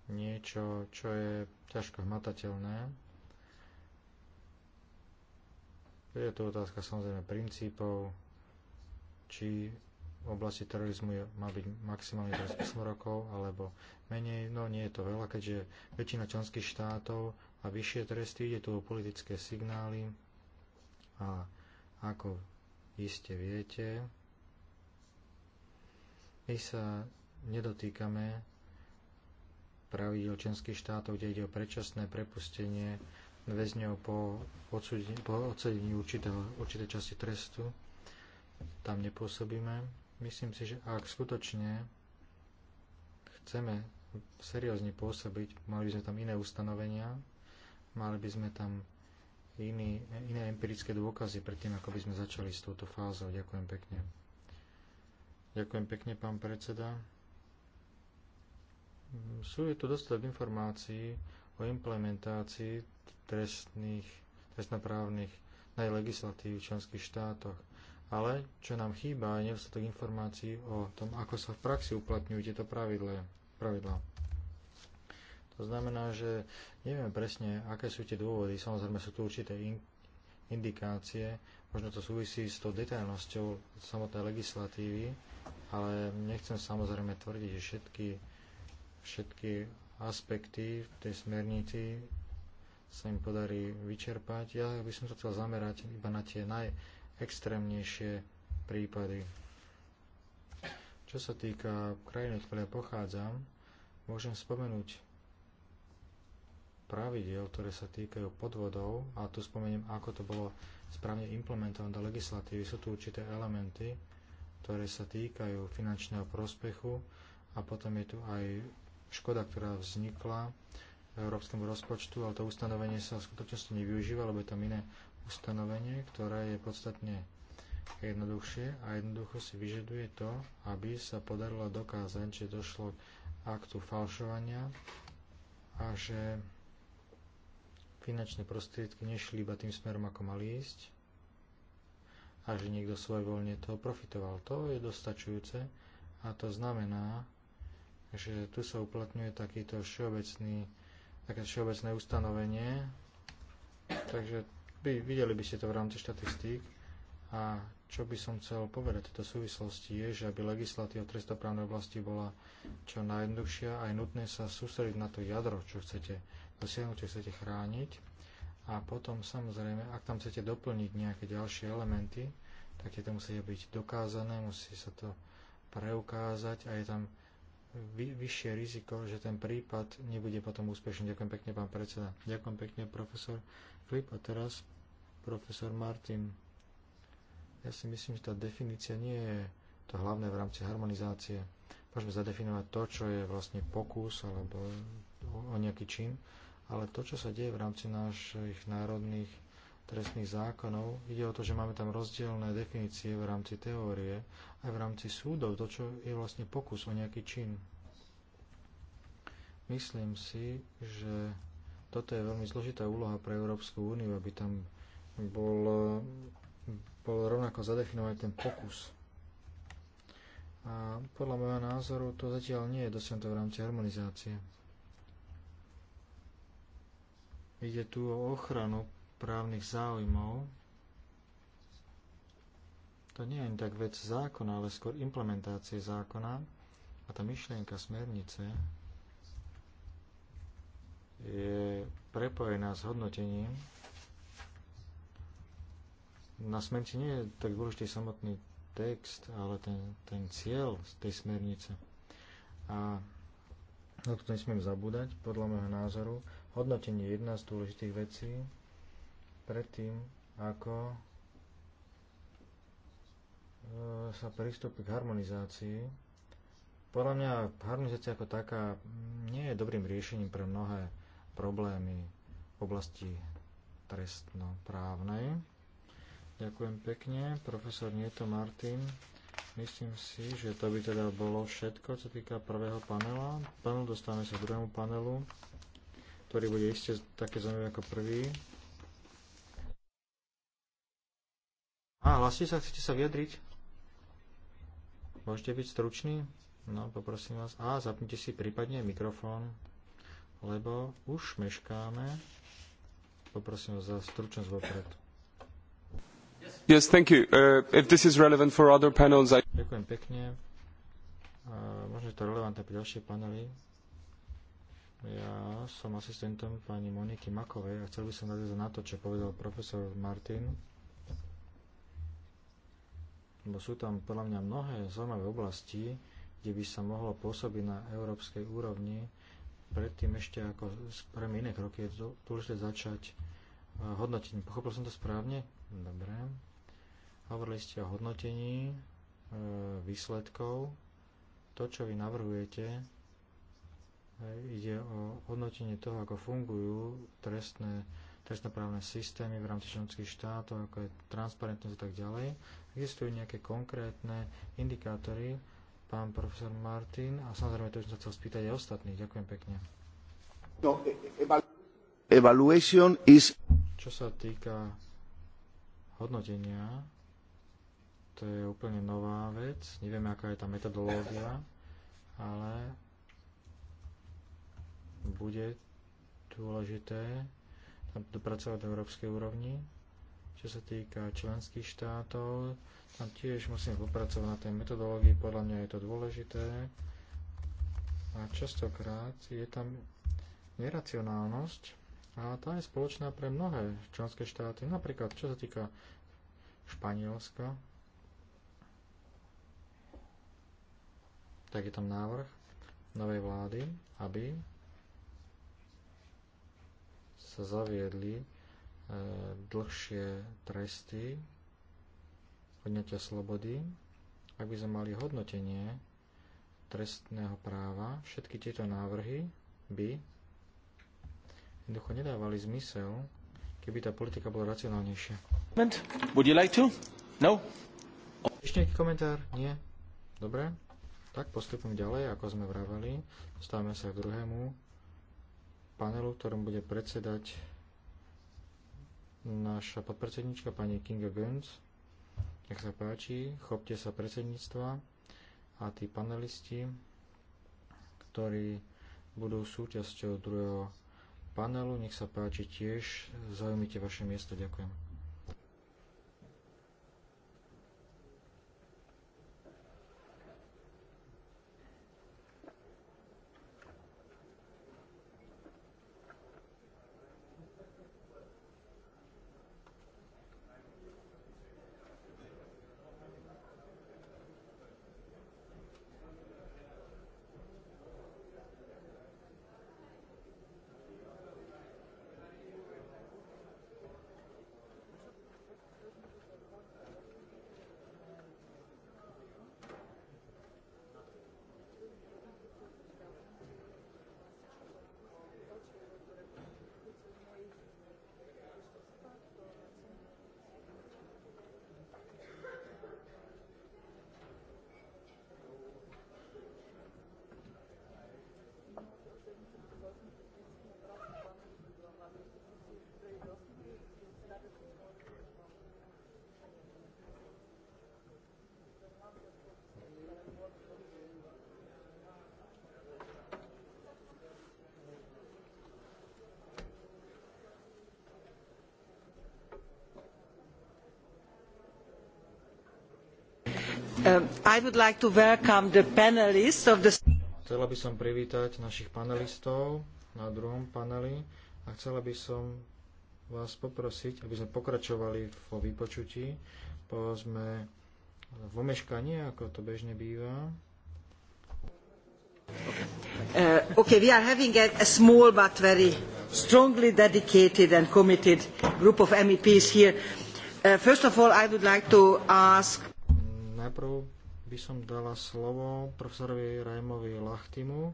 niečo, čo je ťažko hmatateľné. Je to otázka samozrejme princípov, či v oblasti terorizmu je, má byť maximálne 28 rokov alebo menej, no nie je to veľa, keďže väčšina členských štátov a vyššie tresty ide tu o politické signály a ako iste viete, my sa nedotýkame pravidel členských štátov, kde ide o predčasné prepustenie väzňov po, po odsedení určitej, určitej časti trestu. Tam nepôsobíme. Myslím si, že ak skutočne chceme seriózne pôsobiť, mali by sme tam iné ustanovenia, mali by sme tam iný, iné empirické dôkazy predtým, ako by sme začali s touto fázou. Ďakujem pekne. Ďakujem pekne, pán predseda. Sú je tu dostatok informácií o implementácii trestných, trestnoprávnych legislatív v členských štátoch. Ale čo nám chýba je nedostatok informácií o tom, ako sa v praxi uplatňujú tieto pravidlá. pravidlá. To znamená, že nevieme presne, aké sú tie dôvody. Samozrejme sú tu určité in- indikácie, možno to súvisí s tou detailnosťou samotnej legislatívy, ale nechcem samozrejme tvrdiť, že všetky, všetky aspekty v tej smernici sa im podarí vyčerpať. Ja by som sa chcel zamerať iba na tie najextrémnejšie prípady. Čo sa týka krajiny, od ktorej pochádzam, môžem spomenúť pravidel, ktoré sa týkajú podvodov a tu spomeniem, ako to bolo správne implementované do legislatívy. Sú tu určité elementy, ktoré sa týkajú finančného prospechu a potom je tu aj škoda, ktorá vznikla európskemu rozpočtu, ale to ustanovenie sa v skutočnosti nevyužíva, lebo je tam iné ustanovenie, ktoré je podstatne jednoduchšie a jednoducho si vyžaduje to, aby sa podarilo dokázať, že došlo k aktu falšovania a že finančné prostriedky nešli iba tým smerom, ako mali ísť a že niekto svojvoľne toho profitoval. To je dostačujúce a to znamená, že tu sa uplatňuje takýto všeobecný, také všeobecné ustanovenie, takže by, videli by ste to v rámci štatistík a čo by som chcel povedať v tejto súvislosti je, že aby legislatíva v trestoprávnej oblasti bola čo najjednoduchšia, aj nutné sa sústrediť na to jadro, čo chcete dosiahnuť, čo chcete chrániť a potom samozrejme, ak tam chcete doplniť nejaké ďalšie elementy, tak to musia byť dokázané, musí sa to preukázať a je tam vy, vyššie riziko, že ten prípad nebude potom úspešný. Ďakujem pekne, pán predseda. Ďakujem pekne, profesor Flip. A teraz profesor Martin. Ja si myslím, že tá definícia nie je to hlavné v rámci harmonizácie. Môžeme zadefinovať to, čo je vlastne pokus alebo o nejaký čin ale to, čo sa deje v rámci našich národných trestných zákonov, ide o to, že máme tam rozdielne definície v rámci teórie aj v rámci súdov, to, čo je vlastne pokus o nejaký čin. Myslím si, že toto je veľmi zložitá úloha pre Európsku úniu, aby tam bol, bol rovnako zadefinovať ten pokus. A podľa môjho názoru to zatiaľ nie je dosiahnuté v rámci harmonizácie. Ide tu o ochranu právnych záujmov. To nie je tak vec zákona, ale skôr implementácie zákona a tá myšlienka smernice je prepojená s hodnotením. Na smernici nie je tak dôležitý samotný text, ale ten, ten cieľ z tej smernice. A na no to nesmiem zabúdať, podľa môjho názoru, Hodnotenie je jedna z dôležitých vecí predtým, ako e, sa pristúpi k harmonizácii. Podľa mňa harmonizácia ako taká nie je dobrým riešením pre mnohé problémy v oblasti trestnoprávnej. Ďakujem pekne, profesor Nieto Martin. Myslím si, že to by teda bolo všetko, čo týka prvého panela. Panel dostávame sa k druhému panelu ktorý bude iste také zaujímavé ako prvý. A, hlasí sa, chcete sa vyjadriť? Môžete byť stručný? No, poprosím vás. A, zapnite si prípadne mikrofón, lebo už meškáme. Poprosím vás za stručnosť vopred. Yes, thank you. Uh, if this is relevant for other panels, I... Ďakujem pekne. Uh, možno je to relevantné pre ďalšie panely. Ja som asistentom pani Moniky Makovej a chcel by som nadviazať na to, čo povedal profesor Martin. Bo sú tam podľa mňa mnohé zaujímavé oblasti, kde by sa mohlo pôsobiť na európskej úrovni. Predtým ešte ako spravíme iné kroky, je dôležité začať e, hodnotením. Pochopil som to správne? Dobre. Hovorili ste o hodnotení e, výsledkov. To, čo vy navrhujete, ide o hodnotenie toho, ako fungujú trestné, trestnoprávne systémy v rámci členských štátov, ako je transparentnosť a tak ďalej. Existujú nejaké konkrétne indikátory, pán profesor Martin, a samozrejme to, čo som sa chcel spýtať aj ostatných. Ďakujem pekne. No, e, evaluation is... Čo sa týka hodnotenia, to je úplne nová vec. Nevieme, aká je tá metodológia, ale bude dôležité tam dopracovať do európskej úrovni. Čo sa týka členských štátov, tam tiež musím popracovať na tej metodológii, podľa mňa je to dôležité. A častokrát je tam neracionálnosť a tá je spoločná pre mnohé členské štáty. Napríklad, čo sa týka Španielska, tak je tam návrh novej vlády, aby sa zaviedli e, dlhšie tresty odňatia slobody, aby sme mali hodnotenie trestného práva, všetky tieto návrhy by jednoducho nedávali zmysel, keby tá politika bola racionálnejšia. Would you like to? No? Ešte nejaký komentár? Nie? Dobre. Tak postupujem ďalej, ako sme vraveli. Stávame sa k druhému panelu, ktorom bude predsedať naša podpredsednička pani Kinga Gönz. Nech sa páči, chopte sa predsedníctva a tí panelisti, ktorí budú súčasťou druhého panelu, nech sa páči tiež, zaujímite vaše miesto. Ďakujem. Um, I Chcela by som privítať našich panelistov na druhom paneli a chcela by som vás poprosiť, aby sme pokračovali vo vypočutí, Povedzme v omeškaní, ako to bežne býva. Uh, okay, we are having a, a small but very strongly dedicated and committed group of MEPs here. Uh, first of all, I would like to ask Najprv by som dala slovo profesorovi Rajmovi Lachtimu,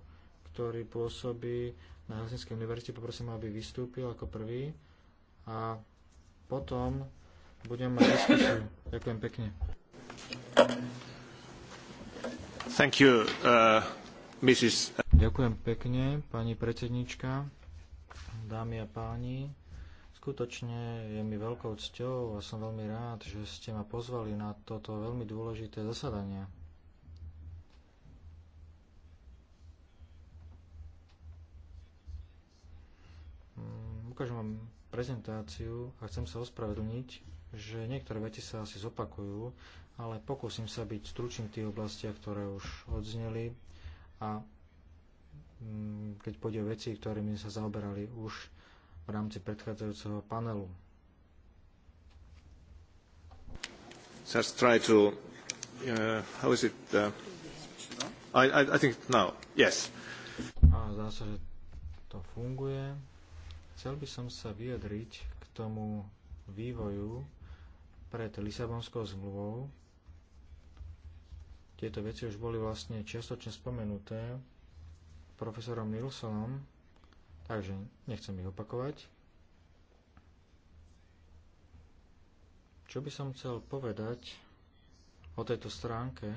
ktorý pôsobí na Helsinskej univerzite. Poprosím, aby vystúpil ako prvý a potom budem mať diskusiu. Ďakujem pekne. Thank you, uh, Mrs. Ďakujem pekne, pani predsednička, dámy a páni. Skutočne je mi veľkou cťou a som veľmi rád, že ste ma pozvali na toto veľmi dôležité zasadanie. Mm, ukážem vám prezentáciu a chcem sa ospravedlniť, že niektoré veci sa asi zopakujú, ale pokúsim sa byť stručný v tých oblastiach, ktoré už odzneli a mm, keď pôjde o veci, ktorými sa zaoberali už v rámci predchádzajúceho panelu. Just try to, uh, how is it, uh, I, I, I think now, yes. A zdá sa, že to funguje. Chcel by som sa vyjadriť k tomu vývoju pred Lisabonskou zmluvou. Tieto veci už boli vlastne čiastočne spomenuté profesorom Nilsonom takže nechcem ich opakovať. Čo by som chcel povedať o tejto stránke,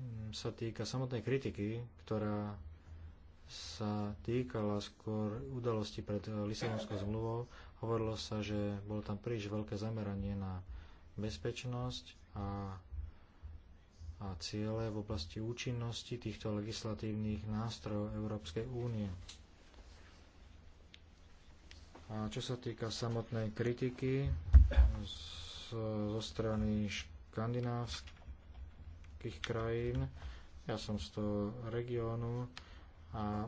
mm, sa týka samotnej kritiky, ktorá sa týkala skôr udalosti pred Lisabonskou zmluvou. Hovorilo sa, že bolo tam príliš veľké zameranie na bezpečnosť a a ciele v oblasti účinnosti týchto legislatívnych nástrojov Európskej únie. A čo sa týka samotnej kritiky zo strany škandinávskych krajín, ja som z toho regiónu a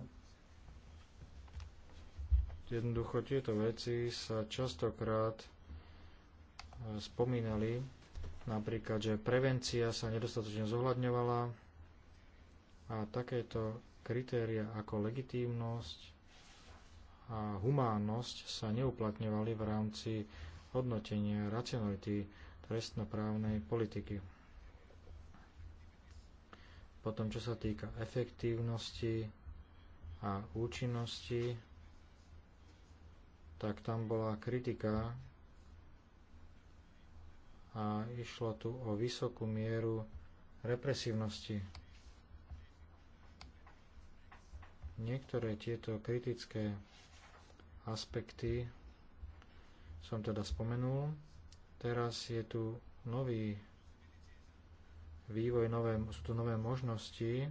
jednoducho tieto veci sa častokrát spomínali napríklad, že prevencia sa nedostatočne zohľadňovala a takéto kritéria ako legitímnosť a humánnosť sa neuplatňovali v rámci hodnotenia racionality trestnoprávnej politiky. Potom, čo sa týka efektívnosti a účinnosti, tak tam bola kritika a išlo tu o vysokú mieru represívnosti. Niektoré tieto kritické aspekty som teda spomenul. Teraz je tu nový vývoj, nové, sú tu nové možnosti.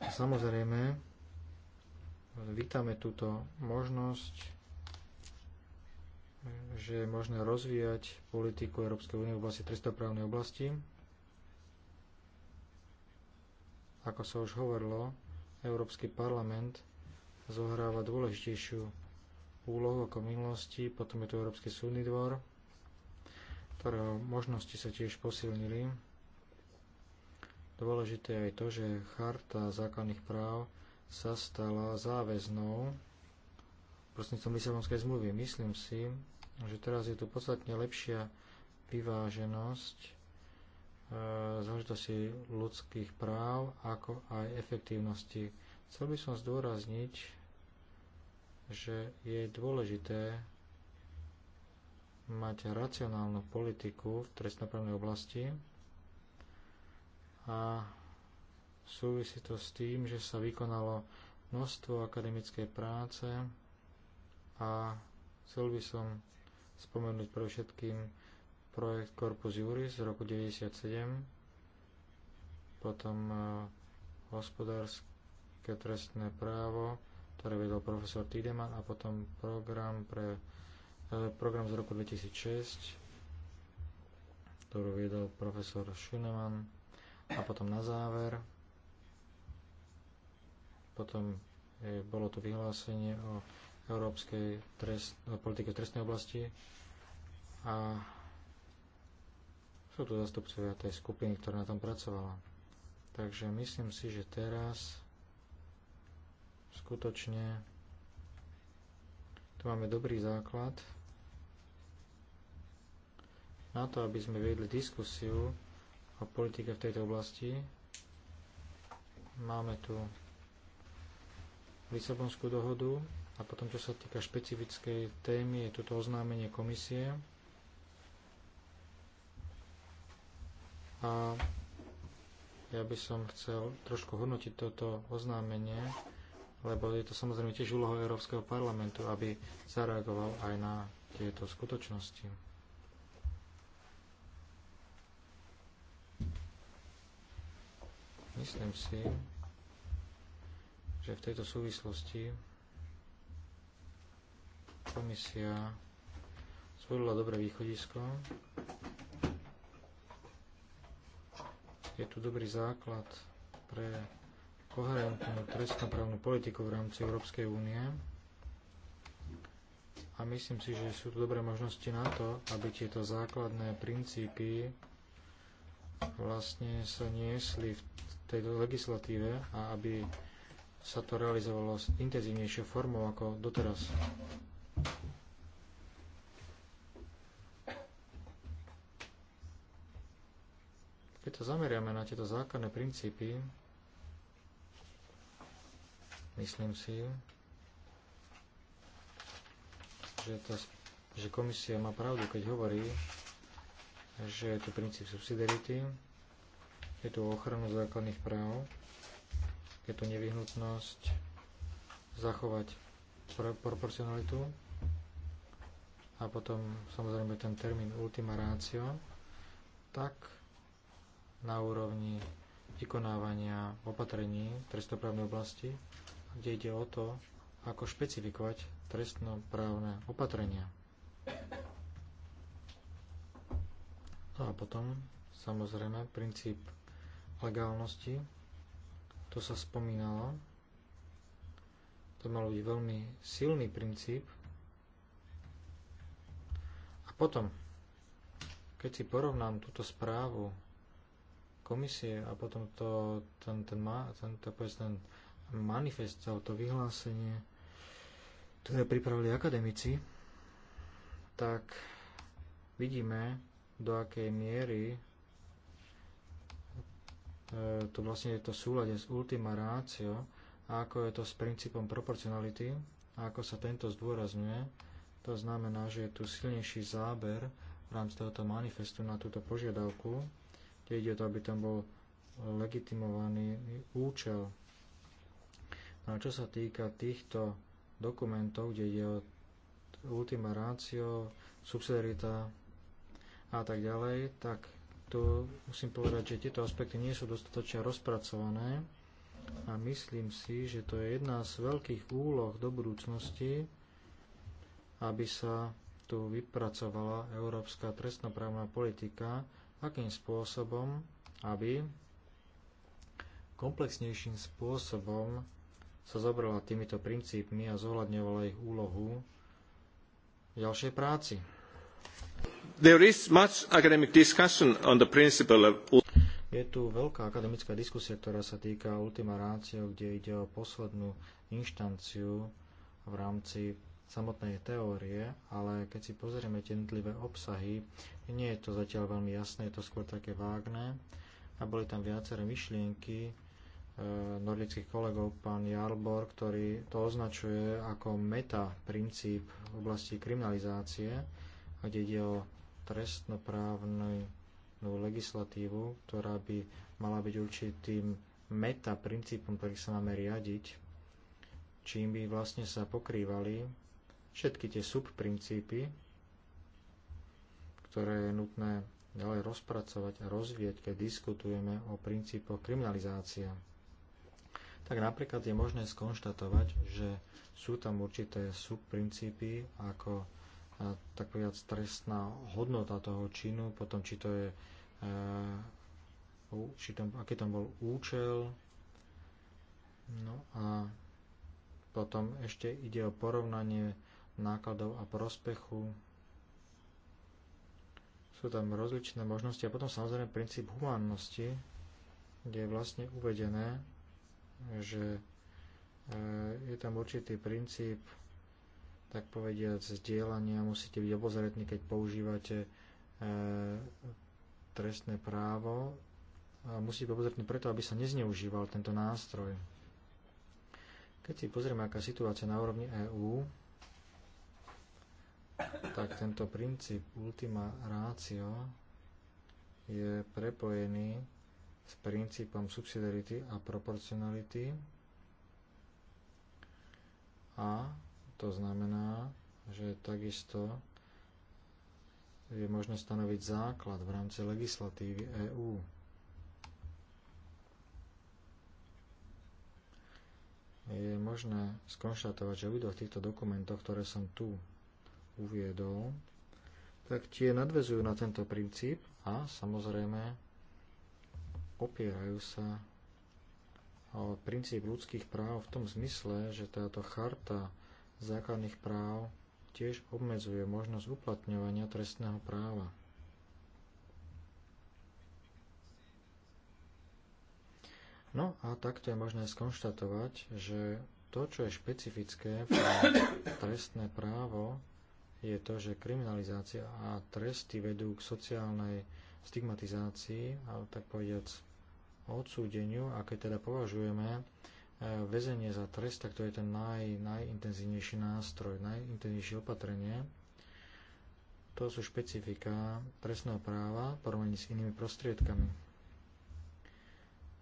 Samozrejme, vítame túto možnosť že je možné rozvíjať politiku Európskej únie v oblasti trestnoprávnej oblasti. Ako sa už hovorilo, Európsky parlament zohráva dôležitejšiu úlohu ako v minulosti, potom je tu Európsky súdny dvor, ktorého možnosti sa tiež posilnili. Dôležité je aj to, že charta základných práv sa stala záväznou prostredníctvom Lisabonskej zmluvy. Myslím si, že teraz je tu podstatne lepšia vyváženosť z e, zážitosti ľudských práv, ako aj efektívnosti. Chcel by som zdôrazniť, že je dôležité mať racionálnu politiku v trestnoprávnej oblasti a súvisí to s tým, že sa vykonalo množstvo akademickej práce a chcel by som spomenúť pre všetkým projekt Corpus Juris z roku 1997, potom e, hospodárske trestné právo, ktoré vedol profesor Tiedemann a potom program, pre, e, program z roku 2006, ktorú viedol profesor Schunemann a potom na záver potom e, bolo to vyhlásenie o európskej trest, politike v trestnej oblasti a sú tu zastupcovia tej skupiny, ktorá na tom pracovala. Takže myslím si, že teraz skutočne tu máme dobrý základ na to, aby sme vedli diskusiu o politike v tejto oblasti. Máme tu Lisabonskú dohodu, a potom, čo sa týka špecifickej témy, je toto oznámenie komisie. A ja by som chcel trošku hodnotiť toto oznámenie, lebo je to samozrejme tiež úloha Európskeho parlamentu, aby zareagoval aj na tieto skutočnosti. Myslím si, že v tejto súvislosti Komisia zvolila dobré východisko. Je tu dobrý základ pre koherentnú trestnoprávnu politiku v rámci Európskej únie a myslím si, že sú tu dobré možnosti na to, aby tieto základné princípy vlastne sa niesli v tejto legislatíve a aby sa to realizovalo s intenzívnejšou formou ako doteraz. Keď to zameriame na tieto základné princípy, myslím si, že, to, že komisia má pravdu, keď hovorí, že je tu princíp subsidiarity, je tu ochranu základných práv, je tu nevyhnutnosť zachovať proporcionalitu a potom samozrejme ten termín ultima ratio, tak na úrovni vykonávania opatrení v trestnoprávnej oblasti, kde ide o to, ako špecifikovať trestnoprávne opatrenia. No a potom, samozrejme, princíp legálnosti, to sa spomínalo, to mal byť veľmi silný princíp. A potom, keď si porovnám túto správu komisie a potom to, ten, ten, ten, to, ten manifest alebo to vyhlásenie, ktoré pripravili akademici, tak vidíme, do akej miery e, tu vlastne je to súlade s ultima ratio a ako je to s princípom proporcionality a ako sa tento zdôrazňuje. To znamená, že je tu silnejší záber v rámci tohoto manifestu na túto požiadavku kde ide o to, aby tam bol legitimovaný účel. No a čo sa týka týchto dokumentov, kde ide o ultima ratio, subsidiarita a tak ďalej, tak tu musím povedať, že tieto aspekty nie sú dostatočne rozpracované a myslím si, že to je jedna z veľkých úloh do budúcnosti, aby sa tu vypracovala európska trestnoprávna politika, akým spôsobom, aby komplexnejším spôsobom sa zobrala týmito princípmi a zohľadňovala ich úlohu v ďalšej práci. There is much academic discussion on the principle of... Je tu veľká akademická diskusia, ktorá sa týka ultima ratio, kde ide o poslednú inštanciu v rámci samotnej teórie, ale keď si pozrieme tie jednotlivé obsahy, nie je to zatiaľ veľmi jasné, je to skôr také vágne a boli tam viaceré myšlienky e, nordických kolegov, pán Jarlbor, ktorý to označuje ako meta princíp v oblasti kriminalizácie, kde ide o trestnoprávnu legislatívu, ktorá by mala byť určitým meta princípom, ktorý sa máme riadiť, čím by vlastne sa pokrývali všetky tie subprincípy, ktoré je nutné ďalej rozpracovať a rozvieť, keď diskutujeme o princípoch kriminalizácie. Tak napríklad je možné skonštatovať, že sú tam určité subprincípy ako tak povedať trestná hodnota toho činu, potom či to je e, či tam, aký tam bol účel no a potom ešte ide o porovnanie nákladov a prospechu. Sú tam rozličné možnosti a potom samozrejme princíp humánnosti, kde je vlastne uvedené, že e, je tam určitý princíp, tak povediať, zdieľania. Musíte byť obozretní, keď používate e, trestné právo. A musíte byť obozretní preto, aby sa nezneužíval tento nástroj. Keď si pozrieme, aká situácia na úrovni EÚ, tak tento princíp ultima ratio je prepojený s princípom subsidiarity a proporcionality a to znamená, že takisto je možné stanoviť základ v rámci legislatívy EÚ. Je možné skonštatovať, že v týchto dokumentoch, ktoré som tu uviedol, tak tie nadvezujú na tento princíp a samozrejme opierajú sa o princíp ľudských práv v tom zmysle, že táto charta základných práv tiež obmedzuje možnosť uplatňovania trestného práva. No a takto je možné skonštatovať, že to, čo je špecifické pre trestné právo, je to, že kriminalizácia a tresty vedú k sociálnej stigmatizácii, a tak povediac odsúdeniu a keď teda považujeme e, väzenie za trest, tak to je ten naj, najintenzívnejší nástroj, najintenzívnejšie opatrenie. To sú špecifika trestného práva porovnaní s inými prostriedkami.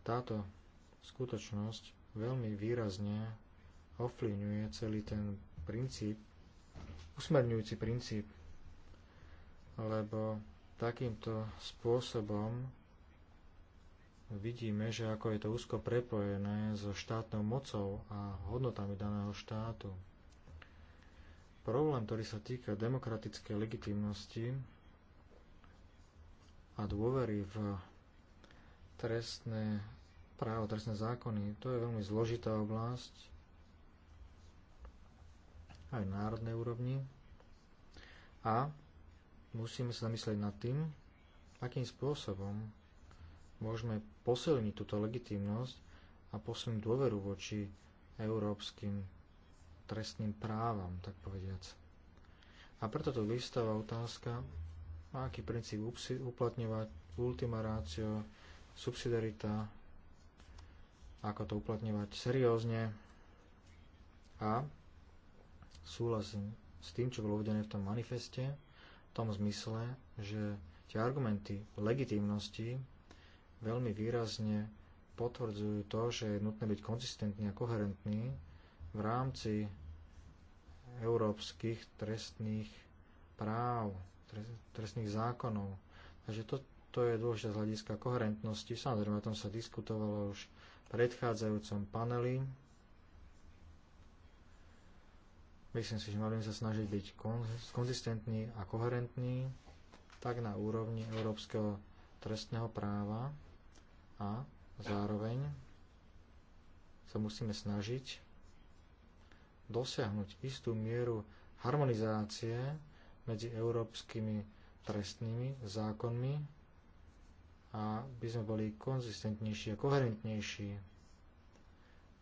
Táto skutočnosť veľmi výrazne ovplyvňuje celý ten princíp usmerňujúci princíp, lebo takýmto spôsobom vidíme, že ako je to úzko prepojené so štátnou mocou a hodnotami daného štátu. Problém, ktorý sa týka demokratickej legitimnosti a dôvery v trestné právo, trestné zákony, to je veľmi zložitá oblasť, aj národnej úrovni a musíme sa zamyslieť nad tým, akým spôsobom môžeme posilniť túto legitimnosť a posilniť dôveru voči európskym trestným právam, tak povediac. A preto tu vystáva otázka, aký princíp uplatňovať, ultima ratio, subsidiarita, ako to uplatňovať seriózne a súhlasím s tým, čo bolo uvedené v tom manifeste, v tom zmysle, že tie argumenty legitimnosti veľmi výrazne potvrdzujú to, že je nutné byť konzistentný a koherentný v rámci európskych trestných práv, trestných zákonov. Takže to, to je dôležité z hľadiska koherentnosti. Samozrejme, o tom sa diskutovalo už v predchádzajúcom paneli Myslím si, že mali sa snažiť byť konzistentní a koherentní tak na úrovni európskeho trestného práva a zároveň sa musíme snažiť dosiahnuť istú mieru harmonizácie medzi európskymi trestnými zákonmi a by sme boli konzistentnejší a koherentnejší.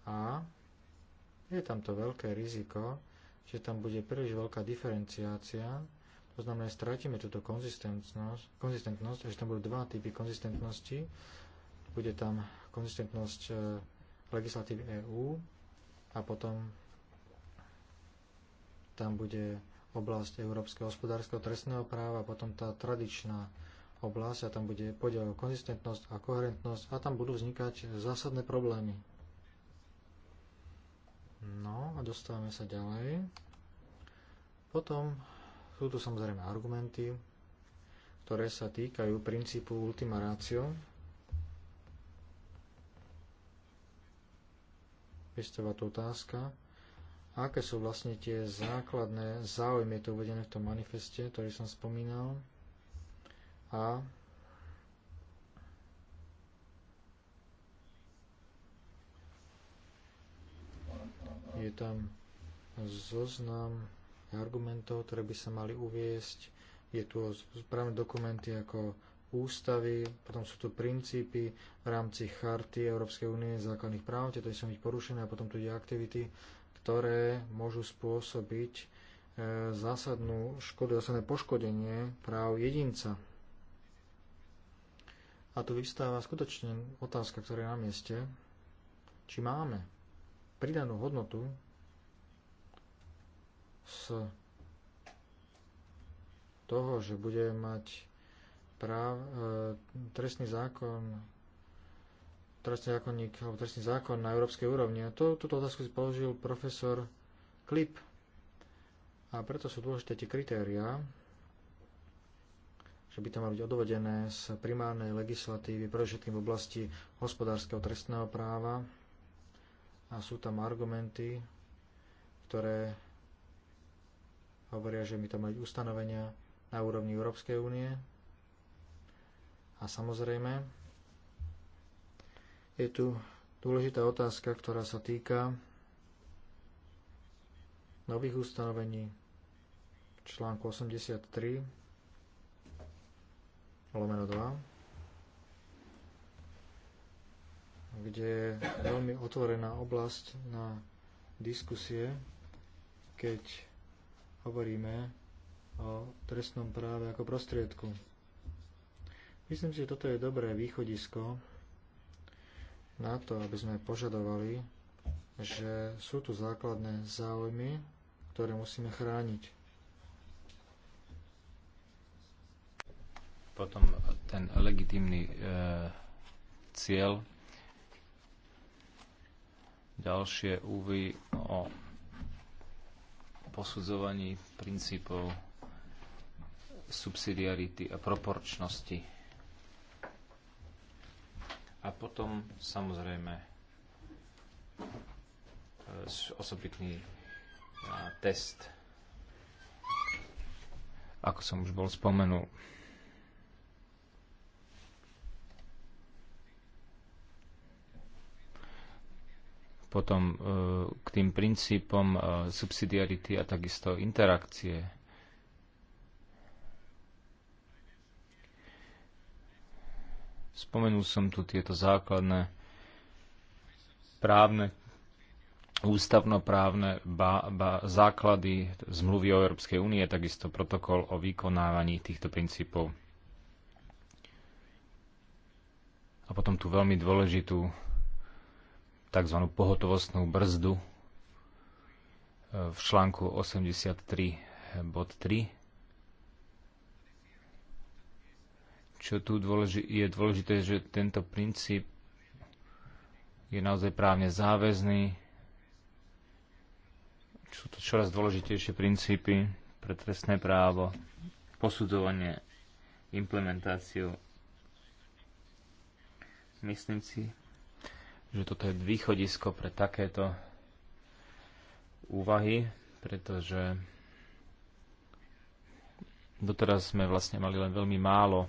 A je tam to veľké riziko, že tam bude príliš veľká diferenciácia, to znamená, že stratíme túto konzistentnosť, konzistentnosť, že tam budú dva typy konzistentnosti. Bude tam konzistentnosť e, legislatívy EÚ a potom tam bude oblasť Európskeho hospodárskeho trestného práva, a potom tá tradičná oblasť a tam bude podiel konzistentnosť a koherentnosť a tam budú vznikať zásadné problémy. No a dostávame sa ďalej. Potom sú tu samozrejme argumenty, ktoré sa týkajú princípu ultima ratio. Vystáva tu otázka, aké sú vlastne tie základné záujmy, je to uvedené v tom manifeste, ktorý som spomínal. A Je tam zoznam argumentov, ktoré by sa mali uviesť. Je tu práve dokumenty ako ústavy, potom sú tu princípy v rámci charty Európskej únie základných práv, tieto sú byť porušené a potom tu ide aktivity, ktoré môžu spôsobiť e, zásadnú škodu, zásadné poškodenie práv jedinca. A tu vystáva skutočne otázka, ktorá je na mieste, či máme pridanú hodnotu z toho, že bude mať práv, e, trestný zákon trestný zákonník alebo trestný zákon na európskej úrovni. A to, túto otázku si položil profesor Klip. A preto sú dôležité tie kritériá, že by to malo byť odvodené z primárnej legislatívy, predovšetkým v oblasti hospodárskeho trestného práva, a sú tam argumenty, ktoré hovoria, že by tam mali ustanovenia na úrovni Európskej únie. A samozrejme, je tu dôležitá otázka, ktorá sa týka nových ustanovení článku 83 lomeno 2 kde je veľmi otvorená oblasť na diskusie, keď hovoríme o trestnom práve ako prostriedku. Myslím si, že toto je dobré východisko na to, aby sme požadovali, že sú tu základné záujmy, ktoré musíme chrániť. Potom ten legitímny e, cieľ ďalšie úvy o posudzovaní princípov subsidiarity a proporčnosti. A potom samozrejme e, osobitný e, test, ako som už bol spomenul. potom e, k tým princípom e, subsidiarity a takisto interakcie. Spomenul som tu tieto základné právne, ústavnoprávne ba, ba, základy zmluvy o Európskej únie, takisto protokol o vykonávaní týchto princípov. A potom tú veľmi dôležitú tzv. pohotovostnú brzdu e, v článku 83 bod 3 čo tu je dôležité, že tento princíp je naozaj právne záväzný. Sú to čoraz dôležitejšie princípy pre trestné právo, posudzovanie, implementáciu. Myslím si, že toto je východisko pre takéto úvahy, pretože doteraz sme vlastne mali len veľmi málo e,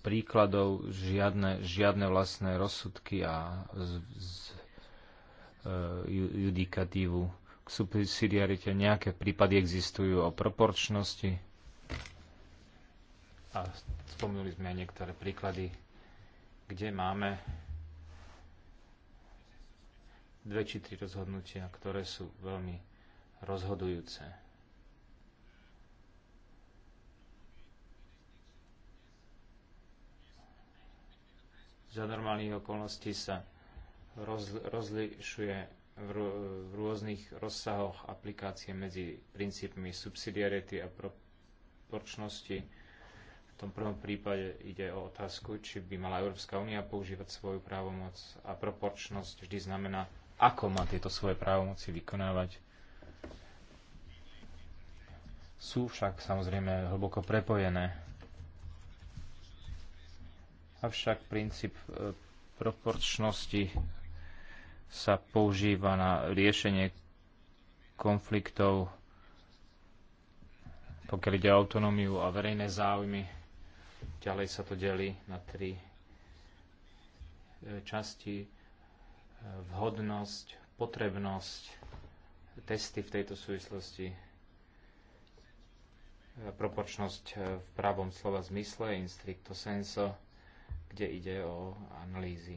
príkladov, žiadne, žiadne vlastné rozsudky a z, z, e, judikatívu k subsidiarite. Nejaké prípady existujú o proporčnosti a spomínali sme aj niektoré príklady kde máme dve či tri rozhodnutia, ktoré sú veľmi rozhodujúce. Za normálnych okolností sa roz, rozlišuje v, v rôznych rozsahoch aplikácie medzi princípmi subsidiarity a proporčnosti v tom prvom prípade ide o otázku, či by mala Európska únia používať svoju právomoc a proporčnosť vždy znamená, ako má tieto svoje právomoci vykonávať. Sú však samozrejme hlboko prepojené. Avšak princíp e, proporčnosti sa používa na riešenie konfliktov, pokiaľ ide o autonómiu a verejné záujmy Ďalej sa to delí na tri e, časti. E, vhodnosť, potrebnosť, testy v tejto súvislosti, e, proporčnosť v pravom slova zmysle, in stricto senso, kde ide o analýzy.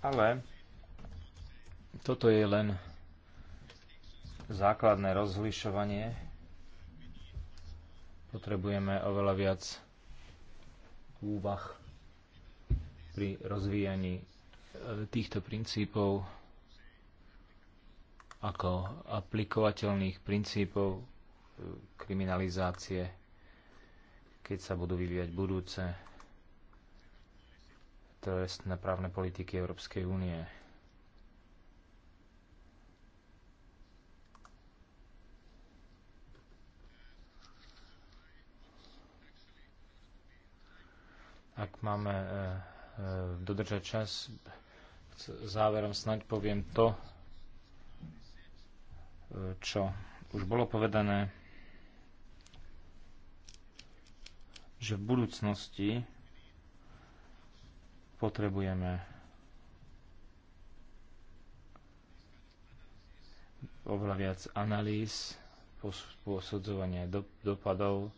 Ale toto je len základné rozlišovanie Potrebujeme oveľa viac úvah pri rozvíjaní e, týchto princípov ako aplikovateľných princípov e, kriminalizácie, keď sa budú vyvíjať budúce trestné právne politiky Európskej únie. Ak máme e, e, dodržať čas, záverom snaď poviem to, e, čo už bolo povedané, že v budúcnosti potrebujeme oveľa viac analýz, posudzovanie dopadov,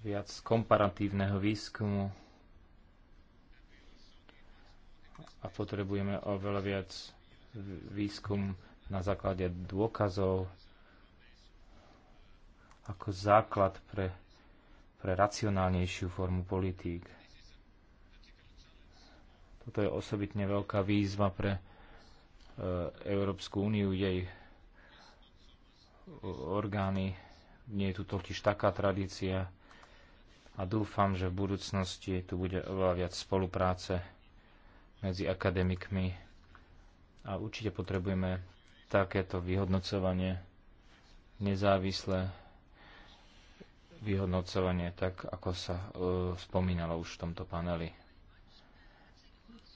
viac komparatívneho výskumu a potrebujeme oveľa viac výskum na základe dôkazov ako základ pre, pre racionálnejšiu formu politík. Toto je osobitne veľká výzva pre e, Európsku úniu, jej orgány. Nie je tu totiž taká tradícia a dúfam, že v budúcnosti tu bude oveľa viac spolupráce medzi akademikmi a určite potrebujeme takéto vyhodnocovanie, nezávislé vyhodnocovanie, tak ako sa e, spomínalo už v tomto paneli.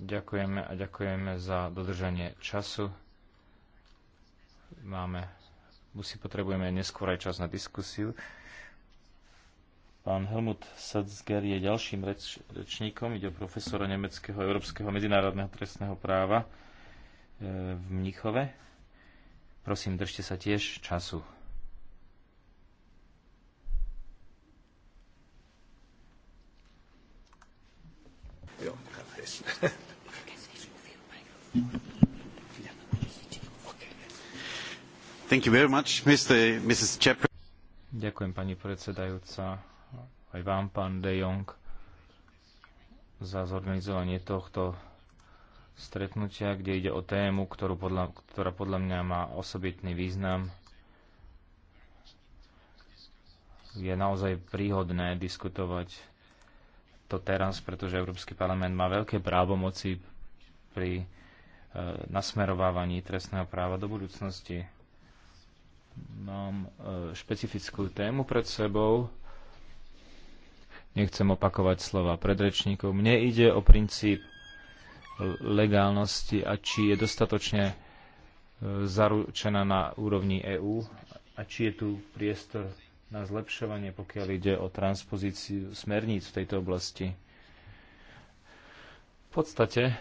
Ďakujeme a ďakujeme za dodržanie času. Máme, musí potrebujeme neskôr aj čas na diskusiu. Pán Helmut Sadzger je ďalším reč, rečníkom, ide o profesora nemeckého európskeho medzinárodného trestného práva e, v Mnichove. Prosím, držte sa tiež času. Thank you very much, Mr. Mrs. Ďakujem, pani predsedajúca aj vám, pán De Jong, za zorganizovanie tohto stretnutia, kde ide o tému, ktorú podľa, ktorá podľa mňa má osobitný význam. Je naozaj príhodné diskutovať to teraz, pretože Európsky parlament má veľké právomoci pri e, nasmerovávaní trestného práva do budúcnosti. Mám e, špecifickú tému pred sebou Nechcem opakovať slova predrečníkov. Mne ide o princíp legálnosti a či je dostatočne e, zaručená na úrovni EÚ a či je tu priestor na zlepšovanie, pokiaľ ide o transpozíciu smerníc v tejto oblasti. V podstate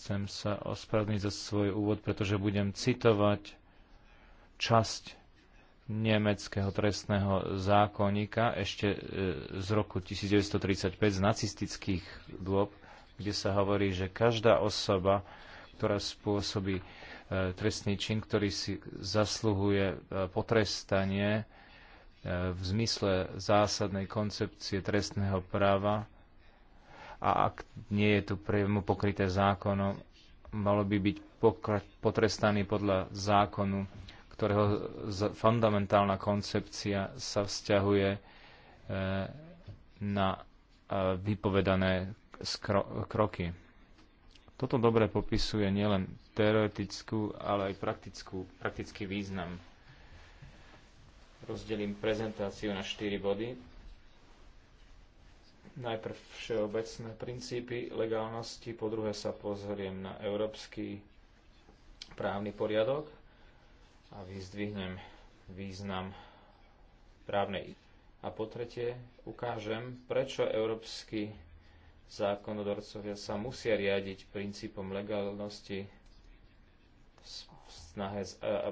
chcem sa ospravedlniť za svoj úvod, pretože budem citovať časť nemeckého trestného zákonníka ešte e, z roku 1935 z nacistických dôb, kde sa hovorí, že každá osoba, ktorá spôsobí e, trestný čin, ktorý si zasluhuje e, potrestanie v zmysle zásadnej koncepcie trestného práva a ak nie je tu priamo pokryté zákonom, malo by byť potrestaný podľa zákonu ktorého fundamentálna koncepcia sa vzťahuje e, na e, vypovedané kroky. Toto dobre popisuje nielen teoretickú, ale aj praktickú, praktický význam. Rozdelím prezentáciu na štyri body. Najprv všeobecné princípy legálnosti, po druhé sa pozriem na európsky právny poriadok, a vyzdvihnem význam právnej. A po tretie, ukážem, prečo európsky zákonodorcovia sa musia riadiť princípom legálnosti v snahe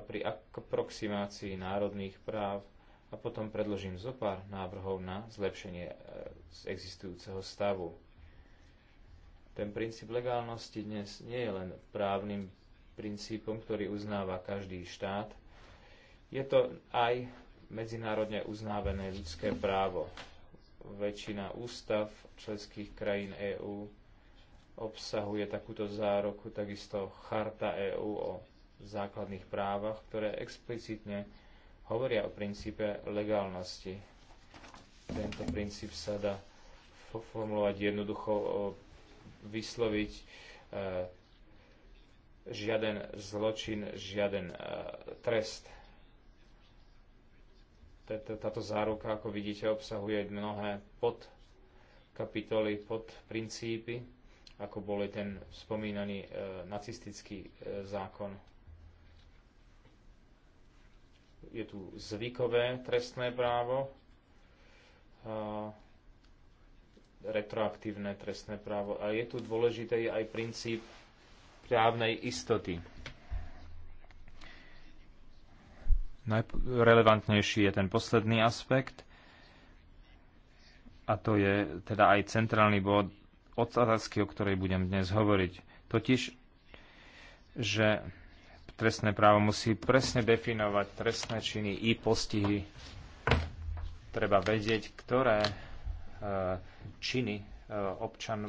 pri aproximácii národných práv a potom predložím zo pár návrhov na zlepšenie e, z existujúceho stavu. Ten princíp legálnosti dnes nie je len právnym princípom, ktorý uznáva každý štát. Je to aj medzinárodne uznávené ľudské právo. Väčšina ústav členských krajín EÚ obsahuje takúto zároku, takisto Charta EÚ o základných právach, ktoré explicitne hovoria o princípe legálnosti. Tento princíp sa dá formulovať jednoducho, vysloviť e, žiaden zločin, žiaden e, trest. Táto záruka, ako vidíte, obsahuje mnohé podkapitoly, podprincípy, ako bol ten spomínaný e, nacistický e, zákon. Je tu zvykové trestné právo, retroaktívne trestné právo. A je tu dôležitý aj princíp právnej istoty. Najrelevantnejší je ten posledný aspekt, a to je teda aj centrálny bod otázky, o ktorej budem dnes hovoriť. Totiž, že trestné právo musí presne definovať trestné činy i postihy. Treba vedieť, ktoré e, činy e, občan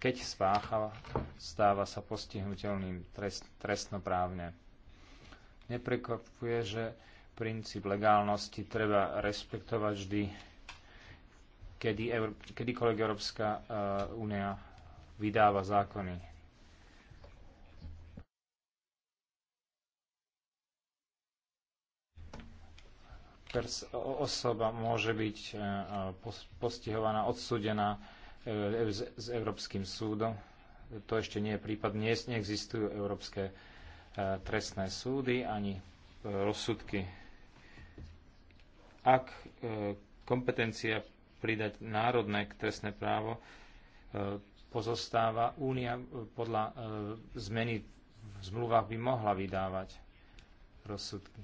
keď spácha, stáva sa postihnutelným trest, trestnoprávne. Neprekvapuje, že princíp legálnosti treba rešpektovať vždy, kedy kedykoľvek Európska e, únia vydáva zákony. Pers- osoba môže byť e, e, postihovaná, odsudená E, s Európskym súdom. To ešte nie je prípad. Dnes neexistujú európske e, trestné súdy ani e, rozsudky. Ak kompetencia pridať národné trestné právo pozostáva, Únia podľa zmeny v zmluvách by mohla vydávať rozsudky.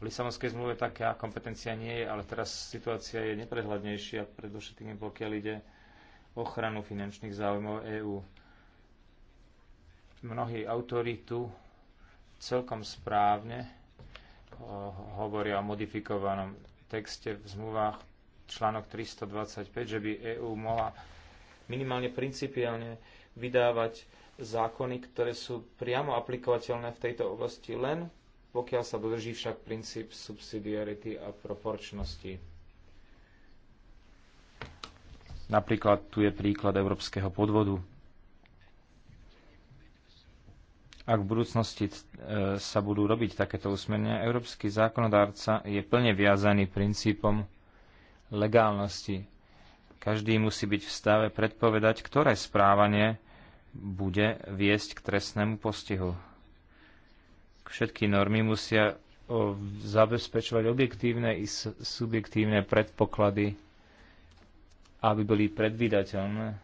V Lisabonskej zmluve taká kompetencia nie je, ale teraz situácia je neprehľadnejšia, predovšetkým pokiaľ ide ochranu finančných záujmov EÚ. Mnohí autori tu celkom správne hovoria o modifikovanom texte v zmluvách článok 325, že by EÚ mohla minimálne principiálne vydávať zákony, ktoré sú priamo aplikovateľné v tejto oblasti len pokiaľ sa dodrží však princíp subsidiarity a proporčnosti. Napríklad tu je príklad európskeho podvodu. Ak v budúcnosti e, sa budú robiť takéto usmernenia, európsky zákonodárca je plne viazaný princípom legálnosti. Každý musí byť v stave predpovedať, ktoré správanie bude viesť k trestnému postihu. Všetky normy musia zabezpečovať objektívne i subjektívne predpoklady, aby boli predvídateľné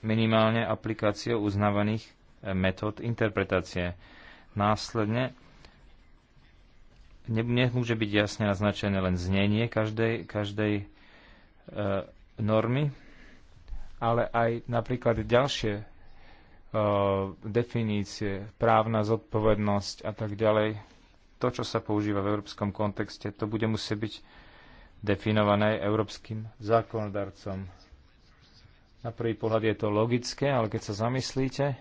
minimálne aplikáciou uznávaných e, metód interpretácie. Následne nemôže byť jasne naznačené len znenie každej, každej e, normy, ale aj napríklad ďalšie Eh, definície, právna zodpovednosť a tak ďalej. To, čo sa používa v európskom kontexte, to bude musieť byť definované európskym zákonodarcom. Na prvý pohľad je to logické, ale keď sa zamyslíte,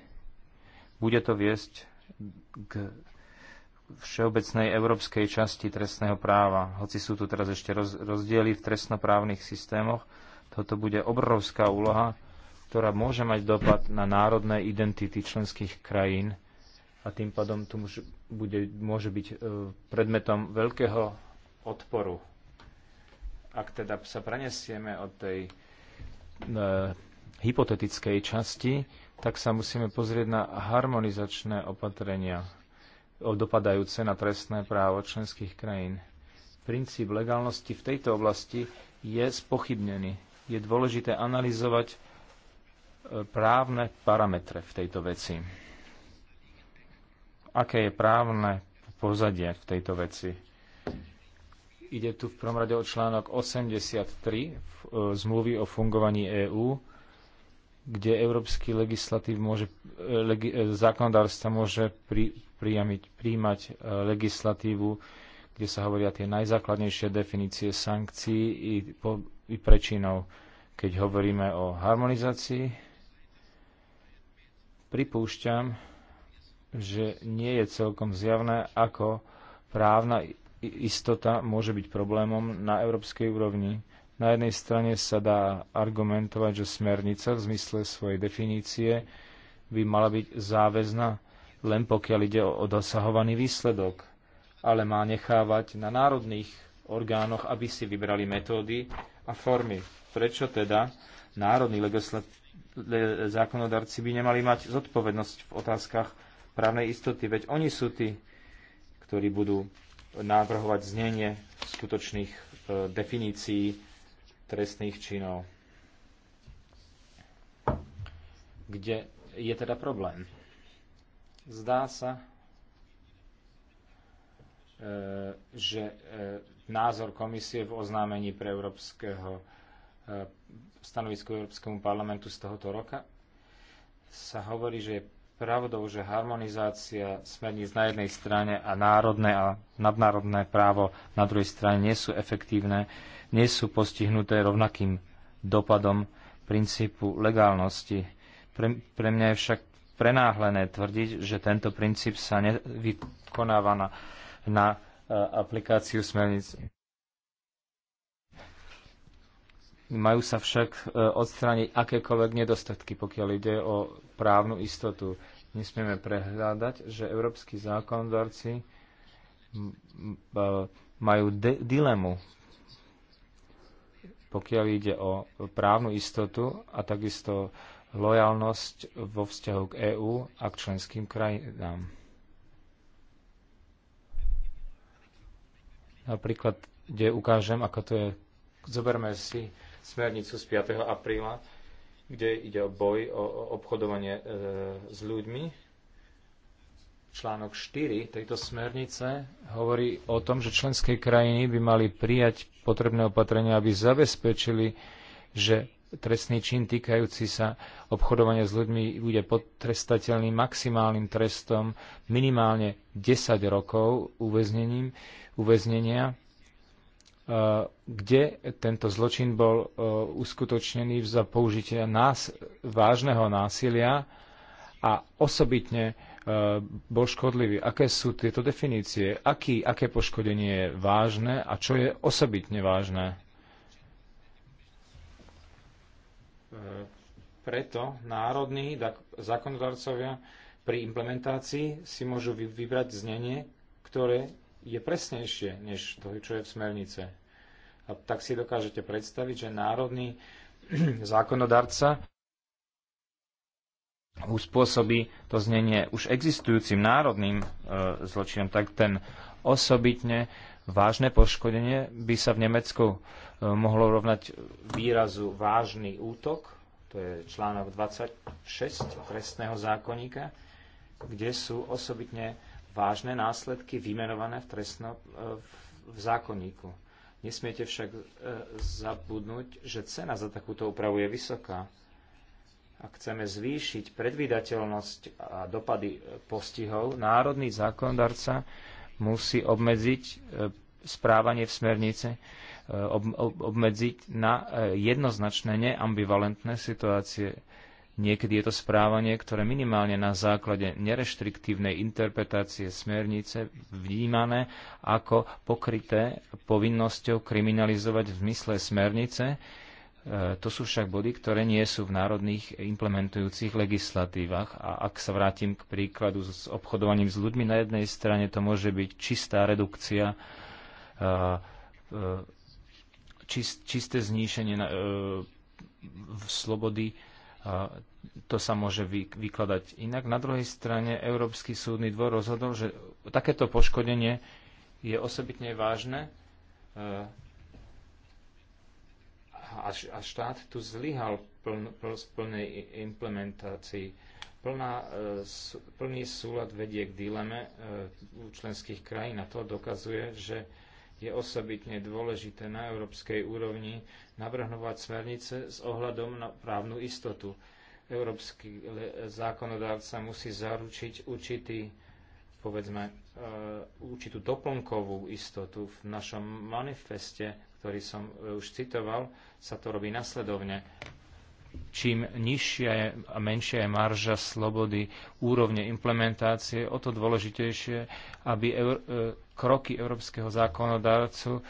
bude to viesť k všeobecnej európskej časti trestného práva. Hoci sú tu teraz ešte rozdiely v trestnoprávnych systémoch, toto bude obrovská úloha, ktorá môže mať dopad na národné identity členských krajín a tým pádom tu môže, bude, môže byť e, predmetom veľkého odporu. Ak teda sa prenesieme od tej e, hypotetickej časti, tak sa musíme pozrieť na harmonizačné opatrenia dopadajúce na trestné právo členských krajín. Princíp legálnosti v tejto oblasti je spochybnený. Je dôležité analyzovať právne parametre v tejto veci. Aké je právne pozadie v tejto veci? Ide tu v prvom rade o článok 83 eh, zmluvy o fungovaní EÚ, kde európsky legislatív môže, eh, legi, eh, zákonodárstva môže pri, prijamiť, príjmať legislatívu, kde sa hovoria tie najzákladnejšie definície sankcií i, po, i prečinov. Keď hovoríme o harmonizácii, Pripúšťam, že nie je celkom zjavné, ako právna istota môže byť problémom na európskej úrovni. Na jednej strane sa dá argumentovať, že smernica v zmysle svojej definície by mala byť záväzná len pokiaľ ide o dosahovaný výsledok, ale má nechávať na národných orgánoch, aby si vybrali metódy a formy. Prečo teda národní legislatív zákonodarci by nemali mať zodpovednosť v otázkach právnej istoty, veď oni sú tí, ktorí budú návrhovať znenie skutočných e, definícií trestných činov. Kde je teda problém? Zdá sa, e, že e, názor komisie v oznámení pre Európskeho stanovisku Európskemu parlamentu z tohoto roka sa hovorí, že je pravdou, že harmonizácia smerníc na jednej strane a národné a nadnárodné právo na druhej strane nie sú efektívne, nie sú postihnuté rovnakým dopadom princípu legálnosti. Pre, pre mňa je však prenáhlené tvrdiť, že tento princíp sa nevykonáva na, na e, aplikáciu smerníc Majú sa však e, odstrániť akékoľvek nedostatky, pokiaľ ide o právnu istotu. Nesmieme prehľadať, že európsky zákonodárci majú dilemu, pokiaľ ide o právnu istotu a takisto lojalnosť vo vzťahu k EÚ a k členským krajinám. Napríklad, kde ukážem, ako to je, zoberme si smernicu z 5. apríla, kde ide o boj o obchodovanie e, s ľuďmi, článok 4 tejto smernice hovorí o tom, že členské krajiny by mali prijať potrebné opatrenia, aby zabezpečili, že trestný čin týkajúci sa obchodovania s ľuďmi bude potrestateľný maximálnym trestom minimálne 10 rokov uväznením, uväznenia Eh, kde tento zločin bol eh, uskutočnený za použitia nás, vážneho násilia a osobitne eh, bol škodlivý. Aké sú tieto definície? Aký, aké poškodenie je vážne a čo je osobitne vážne? Preto národní zákonodarcovia pri implementácii si môžu vybrať znenie, ktoré je presnejšie než to, čo je v smernice. A tak si dokážete predstaviť, že národný zákonodarca uspôsobí to znenie už existujúcim národným e, zločinom, tak ten osobitne vážne poškodenie by sa v Nemecku e, mohlo rovnať výrazu vážny útok, to je článok 26 trestného zákonníka, kde sú osobitne vážne následky vymenované v trestnom e, v zákonníku. Nesmiete však e, zabudnúť, že cena za takúto úpravu je vysoká. Ak chceme zvýšiť predvídateľnosť a dopady e, postihov, národný zákonodarca musí obmedziť správanie v smernice, obmedziť na jednoznačné neambivalentné situácie Niekedy je to správanie, ktoré minimálne na základe nereštriktívnej interpretácie smernice vnímané ako pokryté povinnosťou kriminalizovať v zmysle smernice. E, to sú však body, ktoré nie sú v národných implementujúcich legislatívach. A ak sa vrátim k príkladu s obchodovaním s ľuďmi, na jednej strane to môže byť čistá redukcia e, e, čist, čisté zníšenie e, slobody to sa môže vykladať inak. Na druhej strane Európsky súdny dvor rozhodol, že takéto poškodenie je osobitne vážne eh, a štát tu zlyhal v plnej implementácii. Plná, eh, plný súlad vedie k dileme eh, členských krajín a to dokazuje, že je osobitne dôležité na európskej úrovni navrhnovať smernice s ohľadom na právnu istotu. Európsky zákonodávca musí zaručiť určitý, povedzme, eh, určitú doplnkovú istotu. V našom manifeste, ktorý som už citoval, sa to robí nasledovne čím nižšia je a menšia je marža slobody úrovne implementácie, o to dôležitejšie, aby eur, e, kroky európskeho zákonodárcu e,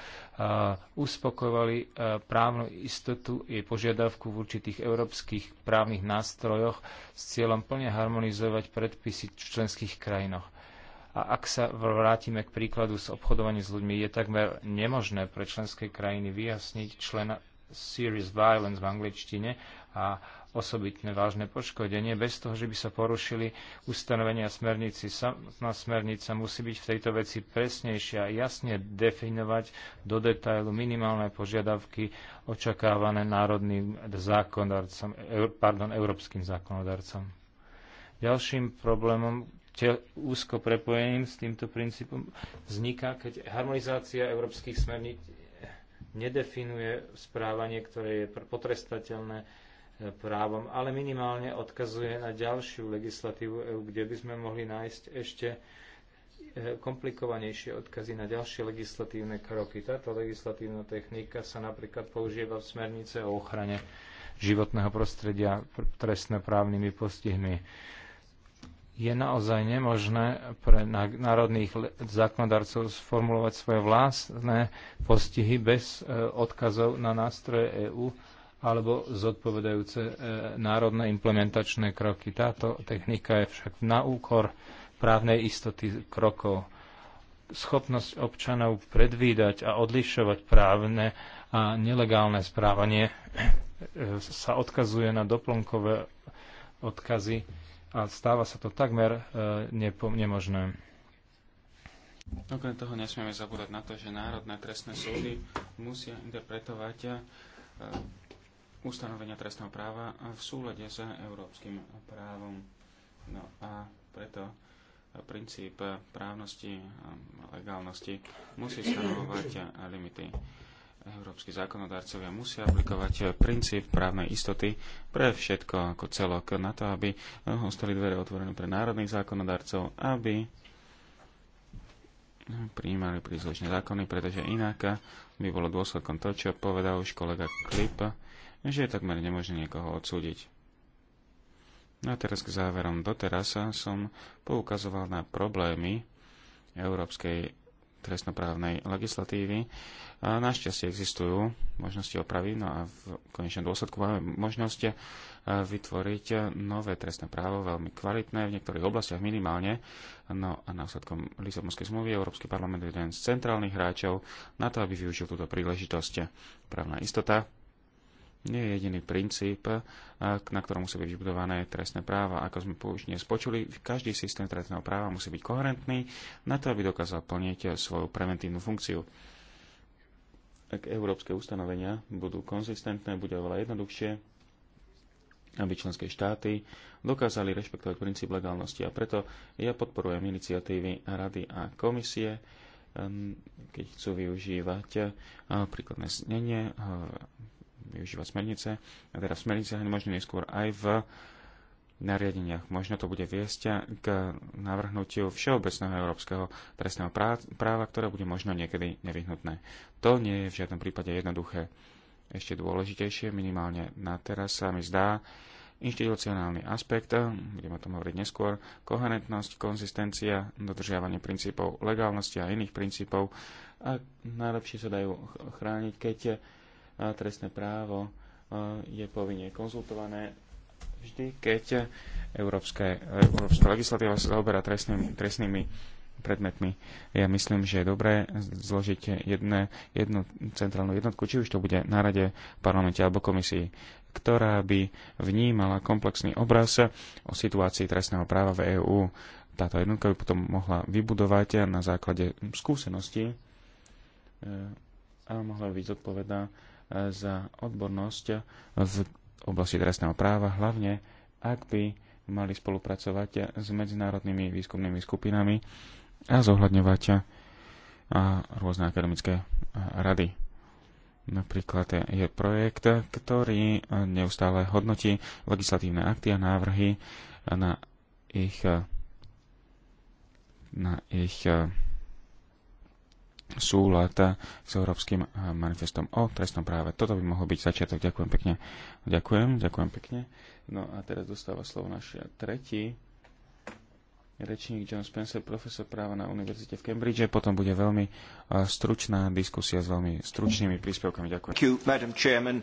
uspokojovali e, právnu istotu jej požiadavku v určitých európskych právnych nástrojoch s cieľom plne harmonizovať predpisy v členských krajinoch. A ak sa vrátime k príkladu s obchodovaním s ľuďmi, je takmer nemožné pre členské krajiny vyjasniť člena Serious Violence v angličtine, a osobitné vážne poškodenie, bez toho, že by sa porušili ustanovenia smernici. Samotná smernica musí byť v tejto veci presnejšia a jasne definovať do detailu minimálne požiadavky očakávané národným zákonodarcom, e, pardon, európskym zákonodarcom. Ďalším problémom úzko prepojením s týmto princípom vzniká, keď harmonizácia európskych smerníc nedefinuje správanie, ktoré je potrestateľné právom, ale minimálne odkazuje na ďalšiu legislatívu EÚ, kde by sme mohli nájsť ešte e, komplikovanejšie odkazy na ďalšie legislatívne kroky. Táto legislatívna technika sa napríklad používa v smernice o ochrane životného prostredia trestnoprávnymi postihmi. Je naozaj nemožné pre národných zákonodarcov sformulovať svoje vlastné postihy bez e, odkazov na nástroje EÚ, alebo zodpovedajúce e, národné implementačné kroky. Táto technika je však na úkor právnej istoty krokov. Schopnosť občanov predvídať a odlišovať právne a nelegálne správanie e, sa odkazuje na doplnkové odkazy a stáva sa to takmer e, nemožné. Okrem toho nesmieme zabúdať na to, že národné trestné súdy musia interpretovať ustanovenia trestného práva v súlade s európskym právom. No a preto princíp právnosti a legálnosti musí stanovovať limity. Európsky zákonodárcovia musia aplikovať princíp právnej istoty pre všetko ako celok na to, aby ostali dvere otvorené pre národných zákonodárcov, aby prijímali príslušné zákony, pretože inak by bolo dôsledkom to, čo povedal už kolega Klip, že je takmer nemožné niekoho odsúdiť. No a teraz k záverom. Doteraz som poukazoval na problémy európskej trestnoprávnej legislatívy. A našťastie existujú možnosti opravy, no a v konečnom dôsledku máme možnosť e, vytvoriť nové trestné právo, veľmi kvalitné, v niektorých oblastiach minimálne. No a následkom Lisabonskej zmluvy Európsky parlament je jeden z centrálnych hráčov na to, aby využil túto príležitosť. Právna istota nie je jediný princíp, na ktorom musí byť vybudované trestné práva. Ako sme už dnes počuli, každý systém trestného práva musí byť koherentný na to, aby dokázal plniť svoju preventívnu funkciu. Ak európske ustanovenia budú konzistentné, bude oveľa jednoduchšie, aby členské štáty dokázali rešpektovať princíp legálnosti. A preto ja podporujem iniciatívy Rady a komisie, keď chcú využívať príkladné znenie využívať smernice, a teda v smerniciach, možno neskôr aj v nariadeniach. Možno to bude viesť k navrhnutiu všeobecného európskeho trestného práva, ktoré bude možno niekedy nevyhnutné. To nie je v žiadnom prípade jednoduché. Ešte dôležitejšie, minimálne na teraz sa mi zdá, inštitucionálny aspekt, budeme o tom hovoriť neskôr, koherentnosť, konzistencia, dodržiavanie princípov legálnosti a iných princípov a najlepšie sa dajú chrániť, keď a trestné právo e, je povinne konzultované vždy, keď európske, e, európska legislatíva sa zaoberá trestnými, trestnými predmetmi. Ja myslím, že je dobré zložiť jedne, jednu centrálnu jednotku, či už to bude na rade, parlamente alebo komisii, ktorá by vnímala komplexný obraz o situácii trestného práva v EÚ. Táto jednotka by potom mohla vybudovať na základe skúseností e, a mohla byť zodpovedná za odbornosť v oblasti trestného práva, hlavne ak by mali spolupracovať s medzinárodnými výskumnými skupinami a zohľadňovať a rôzne akademické rady. Napríklad je projekt, ktorý neustále hodnotí legislatívne akty a návrhy na ich, na ich súlad s Európskym eh, manifestom o trestnom práve. Toto by mohol byť začiatok. Ďakujem pekne. Ďakujem, ďakujem pekne. No a teraz dostáva slovo náš tretí rečník John Spencer, profesor práva na univerzite v Cambridge. Potom bude veľmi eh, stručná diskusia s veľmi stručnými príspevkami. Ďakujem. Thank you, Madam Chairman.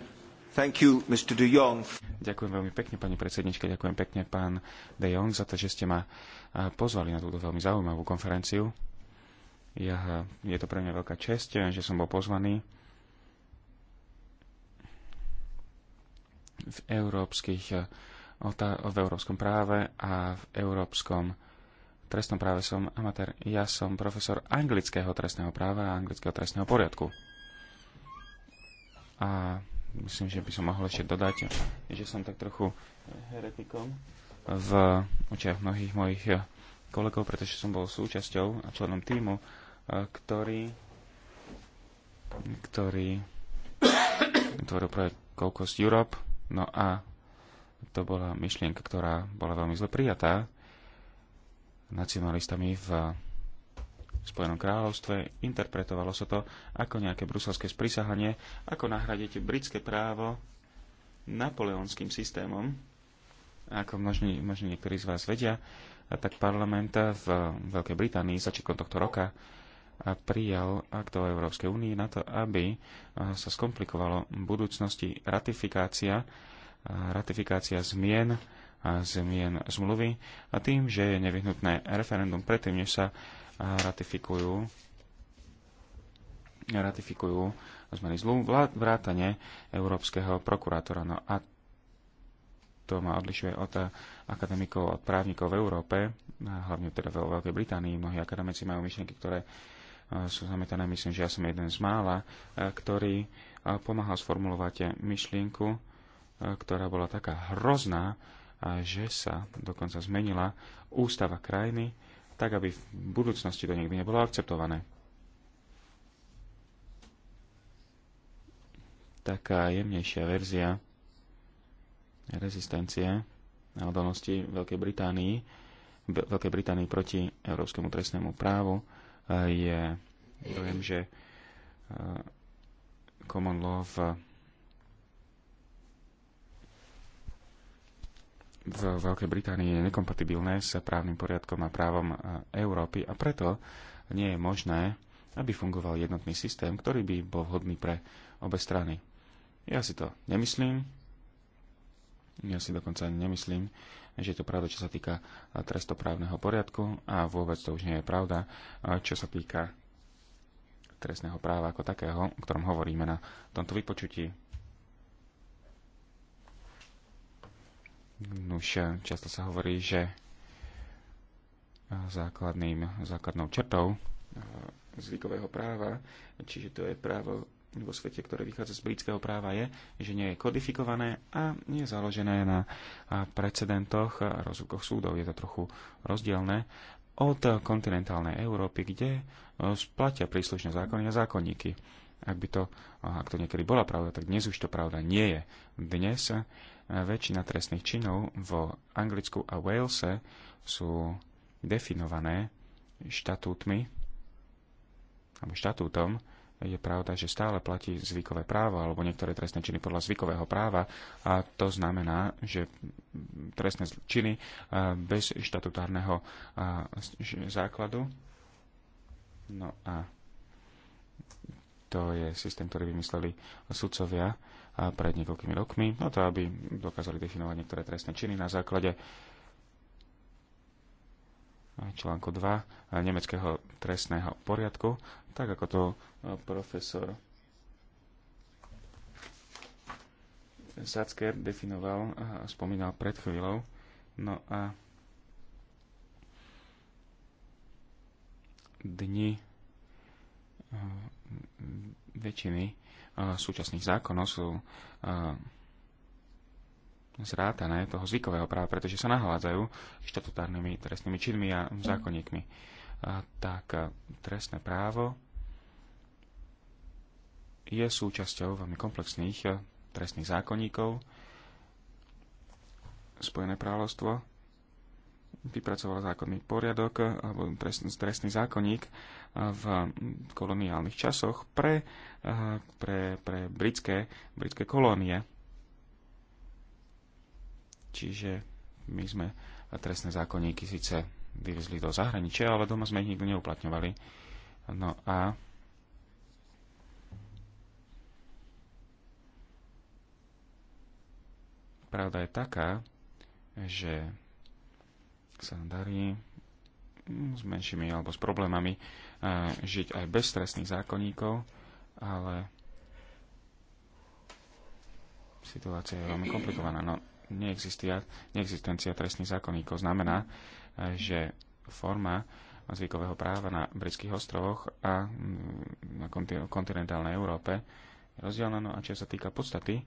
Thank you, Mr. De Jong. Ďakujem veľmi pekne, pani predsednička, ďakujem pekne, pán De Jong, za to, že ste ma eh, pozvali na túto veľmi zaujímavú konferenciu ja, je to pre mňa veľká čest, že som bol pozvaný v, európskych, v európskom práve a v európskom trestnom práve som amatér. Ja som profesor anglického trestného práva a anglického trestného poriadku. A myslím, že by som mohol ešte dodať, že som tak trochu heretikom v očiach mnohých mojich kolegov, pretože som bol súčasťou a členom týmu ktorý, ktorý tvoril projekt Koukos Europe. No a to bola myšlienka, ktorá bola veľmi zle prijatá nacionalistami v Spojenom kráľovstve. Interpretovalo sa to ako nejaké bruselské sprisahanie, ako nahradiť britské právo napoleonským systémom. Ako možno, možno niektorí z vás vedia, a tak parlament v Veľkej Británii začiatkom tohto roka prijal akt o Európskej únii na to, aby sa skomplikovalo v budúcnosti ratifikácia, ratifikácia zmien, zmien zmluvy a tým, že je nevyhnutné referendum predtým, než sa ratifikujú ratifikujú zmeny zlú vrátane Európskeho prokurátora. No a to ma odlišuje od akademikov, od právnikov v Európe, hlavne teda vo Veľkej Británii. Mnohí akademici majú myšlienky, ktoré E, sú zametané. Myslím, že ja som jeden z mála, e, ktorý e, pomáhal sformulovať myšlienku, ktorá bola taká hrozná, že sa dokonca zmenila ústava krajiny, tak aby v budúcnosti to nikdy nebolo akceptované. Taká jemnejšia verzia rezistencie na odolnosti Veľkej Británii, Veľkej Británii proti európskemu trestnému právu je dojem, že eh, common law v, v Veľkej Británii je nekompatibilné s právnym poriadkom a právom eh, Európy a preto nie je možné, aby fungoval jednotný systém, ktorý by bol vhodný pre obe strany. Ja si to nemyslím. Ja si dokonca ani nemyslím, že je to pravda, čo sa týka eh, trestoprávneho poriadku a vôbec to už nie je pravda, eh, čo sa týka trestného práva ako takého, o ktorom hovoríme na tomto vypočutí. Už eh, často sa hovorí, že základným, základnou črtou zvykového práva, čiže to je právo vo svete, ktoré vychádza z britského práva, je, že nie je kodifikované a je založené na precedentoch a rozsudkoch súdov. Je to trochu rozdielne od kontinentálnej Európy, kde e, splatia príslušné zákony a zákonníky. Ak, by to, ak to niekedy bola pravda, tak dnes už to pravda nie je. Dnes e, väčšina trestných činov vo Anglicku a Wales sú definované štatútmi alebo štatútom je pravda, že stále platí zvykové právo alebo niektoré trestné činy podľa zvykového práva a to znamená, že trestné činy eh, bez štatutárneho eh, základu. No a to je systém, ktorý vymysleli sudcovia eh, pred niekoľkými rokmi, no to aby dokázali definovať niektoré trestné činy na základe článku 2 nemeckého trestného poriadku tak ako to e, profesor Sacker definoval a spomínal pred chvíľou. No a dni e, väčšiny e, súčasných zákonov sú zrátané toho zvykového práva, pretože sa nahládzajú štatutárnymi trestnými činmi a zákonníkmi. tak trestné právo je súčasťou veľmi komplexných eh, trestných zákonníkov. Spojené kráľovstvo vypracovalo zákonný poriadok eh, alebo trestný, trestný zákonník eh, v koloniálnych časoch pre, pre, pre britské, britské kolónie. Čiže my sme trestné zákonníky síce vyvezli do zahraničia, ale doma sme ich nikdy neuplatňovali. No a Pravda je taká, že sa darí s menšími alebo s problémami e, žiť aj bez trestných zákonníkov, ale situácia je veľmi komplikovaná. No, neexistencia trestných zákonníkov znamená, e, že forma zvykového práva na britských ostrovoch a mm, na kontinentálnej Európe je rozdielna. No a čo sa týka podstaty,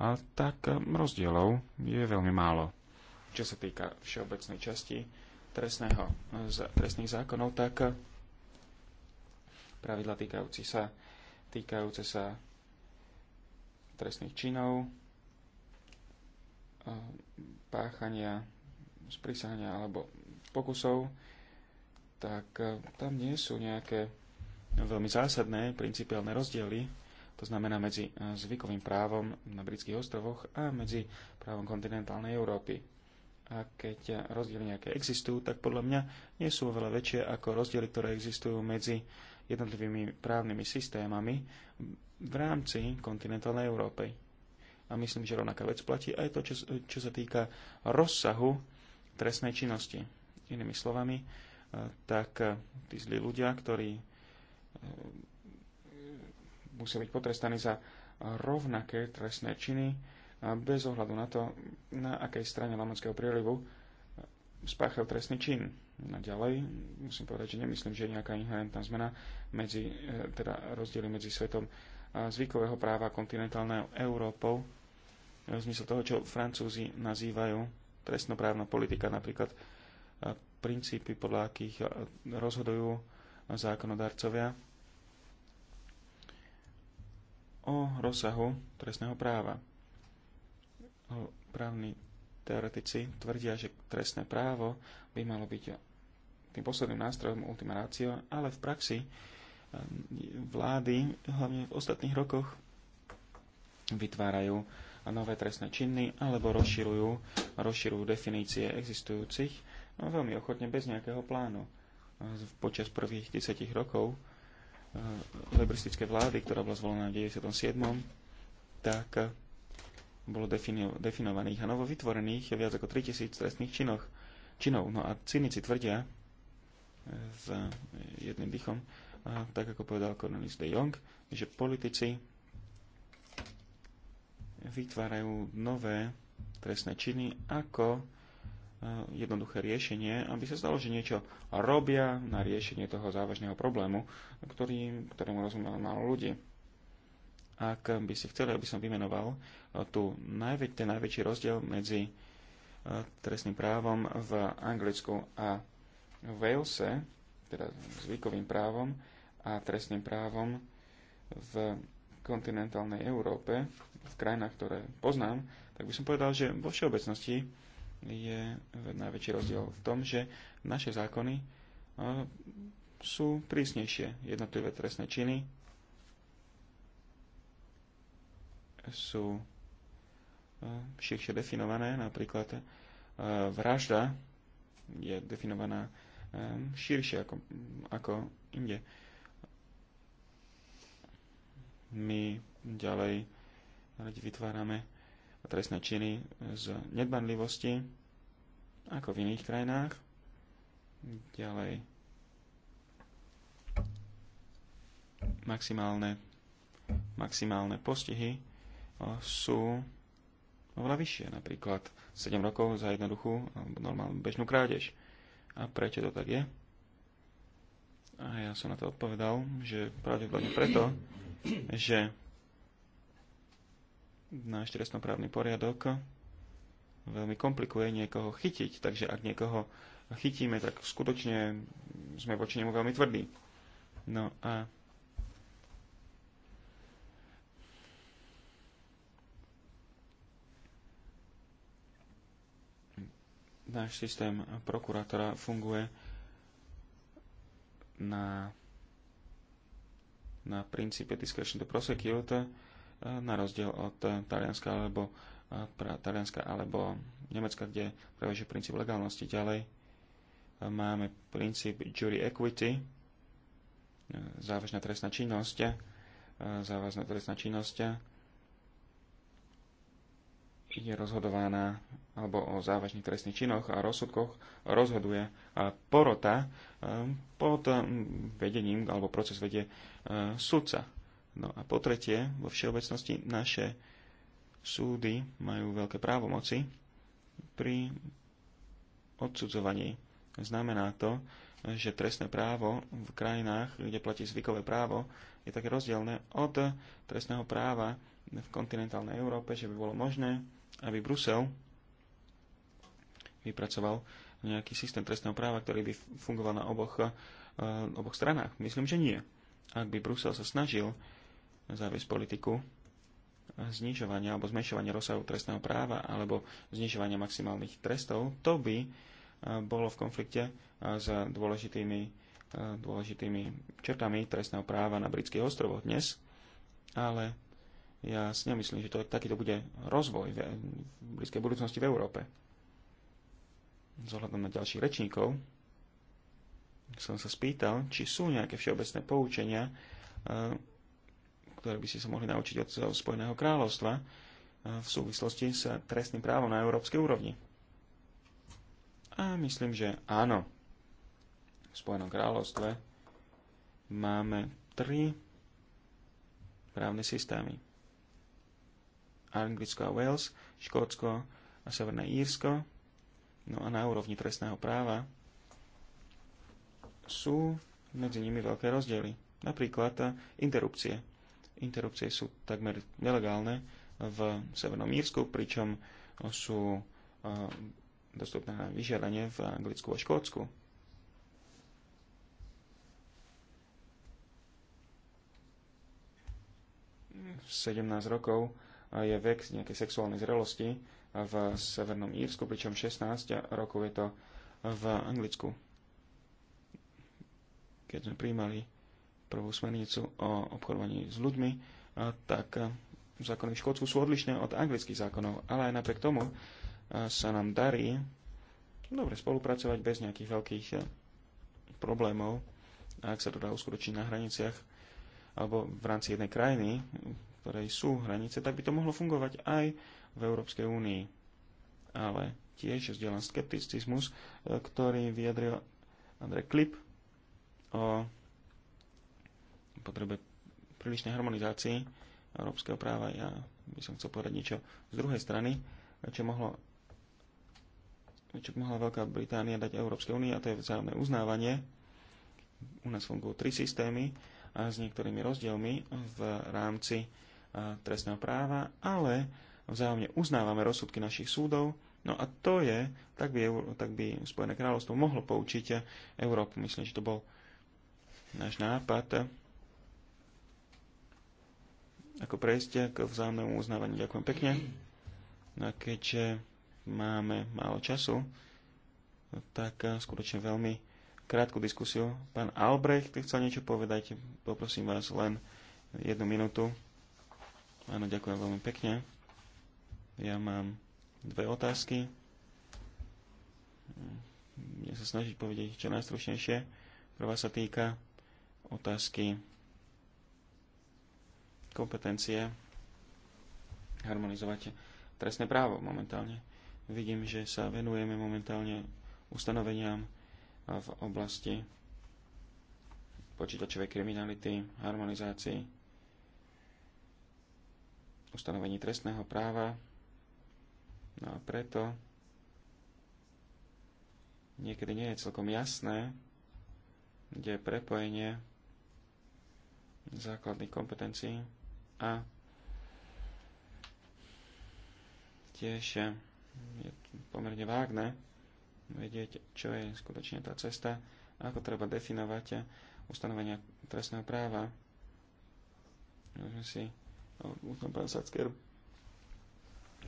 a tak ehm, rozdielov je veľmi málo. Čo sa týka všeobecnej časti trestného, eh, trestných zákonov, tak eh, pravidla týkajúce sa, týkajúce sa trestných činov, eh, páchania, sprísania alebo pokusov, tak tam nie sú nejaké veľmi zásadné principiálne rozdiely to znamená medzi e, zvykovým právom na britských ostrovoch a medzi právom kontinentálnej Európy. A keď e, rozdiely nejaké existujú, tak podľa mňa nie sú oveľa väčšie ako rozdiely, ktoré existujú medzi jednotlivými právnymi systémami v rámci kontinentálnej Európy. A myslím, že rovnaká vec platí aj to, čo, čo sa týka rozsahu trestnej činnosti. Inými slovami, e, tak tí zlí ľudia, ktorí musia byť potrestaní za rovnaké trestné činy bez ohľadu na to, na akej strane Lamanského prílivu spáchal trestný čin. No a ďalej musím povedať, že nemyslím, že je nejaká inherentná zmena medzi, e, teda rozdiely medzi svetom zvykového práva kontinentálneho Európou v zmysle toho, čo Francúzi nazývajú trestnoprávna politika, napríklad e, princípy, podľa akých rozhodujú zákonodarcovia o rozsahu trestného práva. Právni teoretici tvrdia, že trestné právo by malo byť tým posledným nástrojom ultima ratio, ale v praxi e, vlády, hlavne v ostatných rokoch, vytvárajú nové trestné činy alebo rozširujú, rozširujú definície existujúcich no, veľmi ochotne bez nejakého plánu. E, počas prvých desetich rokov Eh, lebristickej vlády, ktorá bola zvolená v 97. tak eh, bolo defino- definovaných a novo vytvorených viac ako 3000 trestných činoch, činov. No a cynici tvrdia eh, s jedným dýchom, a tak ako povedal Cornelis de Jong, že politici vytvárajú nové trestné činy ako E, jednoduché riešenie, aby sa stalo, že niečo robia na riešenie toho závažného problému, ktorý, ktorému rozumie málo ľudí. Ak by ste chceli, aby som vymenoval e, tu najväč, ten najväčší rozdiel medzi e, trestným právom v Anglicku a Walese, teda zvykovým právom a trestným právom v kontinentálnej Európe, v krajinách, ktoré poznám, tak by som povedal, že vo všeobecnosti je najväčší rozdiel v tom, že naše zákony e, sú prísnejšie. Jednotlivé trestné činy sú e, širšie definované, napríklad e, vražda je definovaná širšie ako, ako inde. My ďalej radi vytvárame a trestné činy z nedbanlivosti, ako v iných krajinách. Ďalej maximálne, maximálne postihy eh, sú oveľa vyššie, napríklad 7 rokov za jednoduchú alebo normálnu bežnú krádež. A prečo to tak je? A ja som na to odpovedal, že pravdepodobne preto, že náš trestnoprávny poriadok veľmi komplikuje niekoho chytiť, takže ak niekoho chytíme, tak skutočne sme voči nemu veľmi tvrdí. No a náš systém prokurátora funguje na, na princípe discretion to prosecute, na rozdiel od Talianska alebo, Talianska alebo Nemecka, kde prevažuje princíp legálnosti. Ďalej e, máme princíp jury equity, e, závažná trestná činnosť, e, závažná trestná činnosť je rozhodovaná alebo o závažných trestných činoch a rozsudkoch rozhoduje porota pod vedením alebo proces vedie sudca No a po tretie, vo všeobecnosti naše súdy majú veľké právomoci pri odsudzovaní. Znamená to, že trestné právo v krajinách, kde platí zvykové právo, je také rozdielne od trestného práva v kontinentálnej Európe, že by bolo možné, aby Brusel vypracoval nejaký systém trestného práva, ktorý by fungoval na oboch, eh, oboch stranách. Myslím, že nie. Ak by Brusel sa snažil zaviesť politiku znižovania alebo zmenšovania rozsahu trestného práva alebo znižovania maximálnych trestov, to by e, bolo v konflikte e, s dôležitými, e, dôležitými črtami trestného práva na britských ostrovoch dnes, ale ja si nemyslím, že to, takýto bude rozvoj v, v blízkej budúcnosti v Európe. Zohľadom na ďalších rečníkov som sa spýtal, či sú nejaké všeobecné poučenia ktoré by ste sa mohli naučiť od Spojeného kráľovstva eh, v súvislosti s trestným právom na európskej úrovni. A myslím, že áno. V Spojenom kráľovstve máme tri právne systémy. Anglicko a Wales, Škótsko a Severné Írsko. No a na úrovni trestného práva sú medzi nimi veľké rozdiely. Napríklad eh, interrupcie interrupcie sú takmer nelegálne v Severnom Írsku, pričom sú eh, dostupné na vyžiadanie v Anglicku a Škótsku. V 17 rokov je vek nejakej sexuálnej zrelosti v Severnom Írsku, pričom 16 rokov je to v Anglicku. Keď sme príjmali prvú smernicu o obchodovaní s ľuďmi, tak e, zákony v Škótsku sú odlišné od anglických zákonov, ale aj napriek tomu e, sa nám darí dobre spolupracovať bez nejakých veľkých e, problémov, ak sa to dá uskutočniť na hraniciach alebo v rámci jednej krajiny, ktorej sú hranice, tak by to mohlo fungovať aj v Európskej únii. Ale tiež zdieľam skepticizmus, ktorý vyjadril Andrej Klip o potrebe prílišnej harmonizácii európskeho práva. Ja by som chcel povedať niečo z druhej strany, čo mohlo čo mohla Veľká Británia dať Európskej únii, a to je vzájomné uznávanie. U nás fungujú tri systémy a s niektorými rozdielmi v rámci trestného práva, ale vzájomne uznávame rozsudky našich súdov, No a to je, tak by, tak by Spojené kráľovstvo mohlo poučiť Európu. Myslím, že to bol náš nápad ako prejsť k vzájomnému uznávaniu. Ďakujem pekne. No a keďže máme málo času, tak eh, skutočne veľmi krátku diskusiu. Pán Albrecht chcel niečo povedať. Poprosím vás len jednu minútu. Áno, ďakujem veľmi pekne. Ja mám dve otázky. Budem sa snažiť povedať čo najstručnejšie. Prvá sa týka otázky kompetencie harmonizovať trestné právo momentálne. Vidím, že sa venujeme momentálne ustanoveniam v oblasti počítačovej kriminality, harmonizácii, ustanovení trestného práva. No a preto niekedy nie je celkom jasné, kde je prepojenie základných kompetencií a tiež je pomerne vágne vedieť, čo je skutočne tá cesta ako treba definovať ustanovenia trestného práva. Môžeme si možno pán Sacker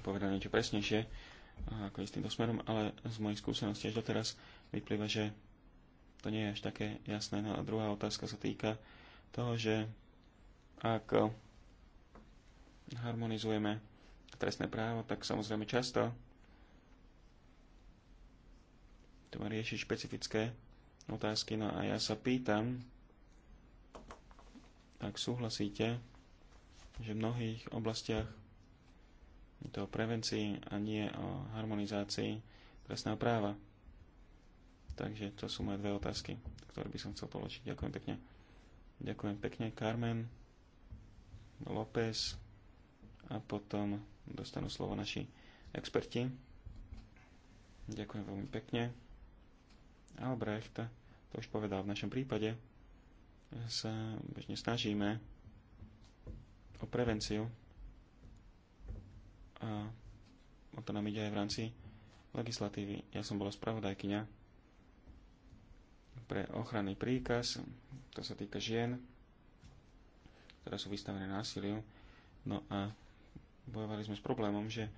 povedal niečo presnejšie ako istým smerom, ale z mojich skúseností až doteraz vyplýva, že to nie je až také jasné. No a druhá otázka sa týka toho, že ako harmonizujeme trestné právo, tak samozrejme často to má riešiť špecifické otázky. No a ja sa pýtam, ak súhlasíte, že v mnohých oblastiach je to o prevencii a nie o harmonizácii trestného práva. Takže to sú moje dve otázky, ktoré by som chcel položiť. Ďakujem pekne. Ďakujem pekne, Carmen, López a potom dostanú slovo naši experti. Ďakujem veľmi pekne. Albrecht to už povedal v našom prípade, sa bežne snažíme o prevenciu a o to nám ide aj v rámci legislatívy. Ja som bola spravodajkyňa pre ochranný príkaz, to sa týka žien, ktoré sú vystavené násiliu. No a bojovali sme s problémom, že e,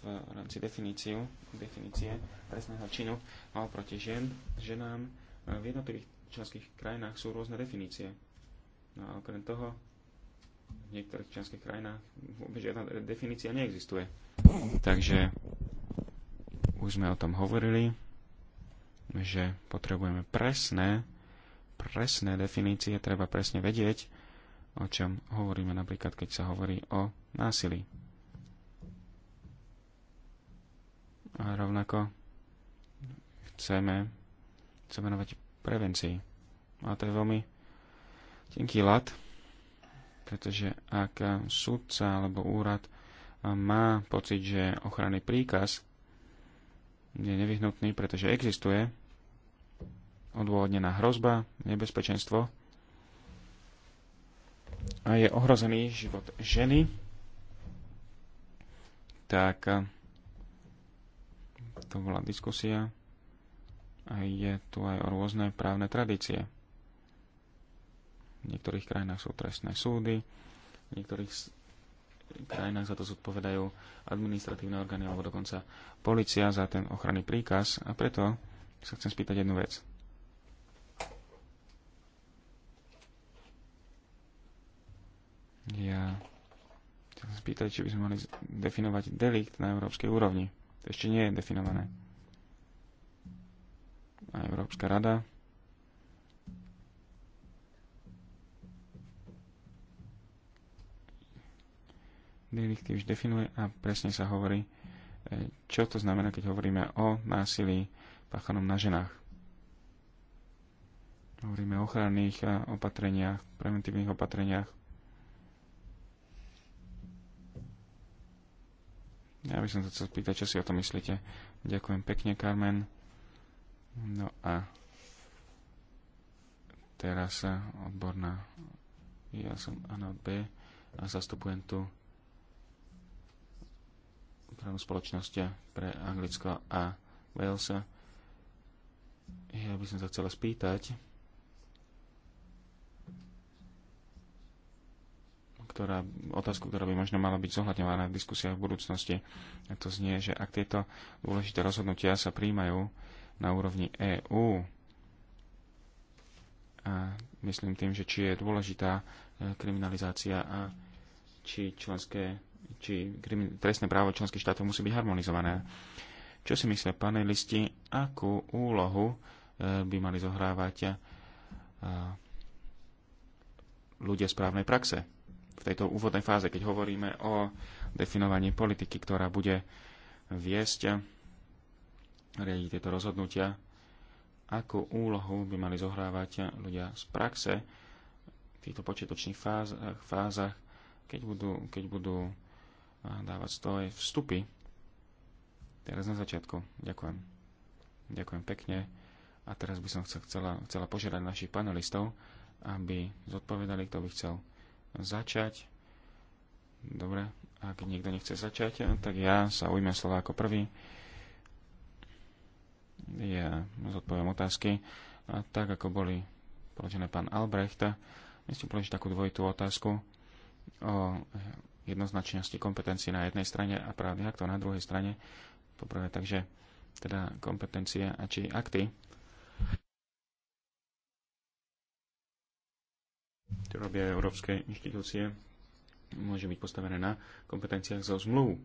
v rámci definíciu, definície trestného činu a oproti žen, ženám e, v jednotlivých členských krajinách sú rôzne definície. No a okrem toho v niektorých členských krajinách vôbec žiadna definícia neexistuje. Takže už sme o tom hovorili, že potrebujeme presné, presné definície, treba presne vedieť, o čom hovoríme napríklad, keď sa hovorí o násilí. A rovnako chceme sa venovať prevencii. A to je veľmi tenký lat, pretože ak sudca alebo úrad má pocit, že ochranný príkaz je nevyhnutný, pretože existuje odôvodnená hrozba, nebezpečenstvo, a je ohrozený život ženy, tak eh, to bola diskusia a je tu aj o rôzne právne tradície. V niektorých krajinách sú trestné súdy, v niektorých krajinách za to zodpovedajú administratívne orgány alebo dokonca policia za ten ochranný príkaz a preto sa chcem spýtať jednu vec. Ja chcem sa spýtať, či by sme mali definovať delikt na európskej úrovni. To ešte nie je definované. A Európska rada delikty už definuje a presne sa hovorí, e, čo to znamená, keď hovoríme o násilí páchanom na ženách. Hovoríme o ochranných opatreniach, preventívnych opatreniach, Ja by som sa chcel spýtať, čo si o to myslíte. Ďakujem pekne, Carmen. No a teraz odborná. Ja som Anna B. a zastupujem tu právnu spoločnosť pre Anglicko a Wales. Ja by som sa chcela spýtať, ktorá, otázku, ktorá by možno mala byť zohľadňovaná v diskusiách v budúcnosti. A to znie, že ak tieto dôležité rozhodnutia sa príjmajú na úrovni EÚ, a myslím tým, že či je dôležitá e, kriminalizácia a či, členské, či trestné právo členských štátov musí byť harmonizované. Čo si myslia panelisti, akú úlohu e, by mali zohrávať e, ľudia správnej praxe? v tejto úvodnej fáze, keď hovoríme o definovaní politiky, ktorá bude viesť riadiť tieto rozhodnutia, akú úlohu by mali zohrávať ľudia z praxe v týchto počiatočných fázach, fázach keď, budú, keď budú dávať svoje vstupy. Teraz na začiatku. Ďakujem. Ďakujem pekne. A teraz by som chcela, chcela požiadať našich panelistov, aby zodpovedali, kto by chcel začať. Dobre, ak niekto nechce začať, tak ja sa ujmem slova ako prvý. Ja zodpoviem otázky. A tak ako boli položené pán Albrecht, my ste položili takú dvojitú otázku o jednoznačnosti kompetencií na jednej strane a právnych aktov na druhej strane. Poprvé, takže teda kompetencie a či akty to robia európske inštitúcie, môže byť postavené na kompetenciách zo zmluv.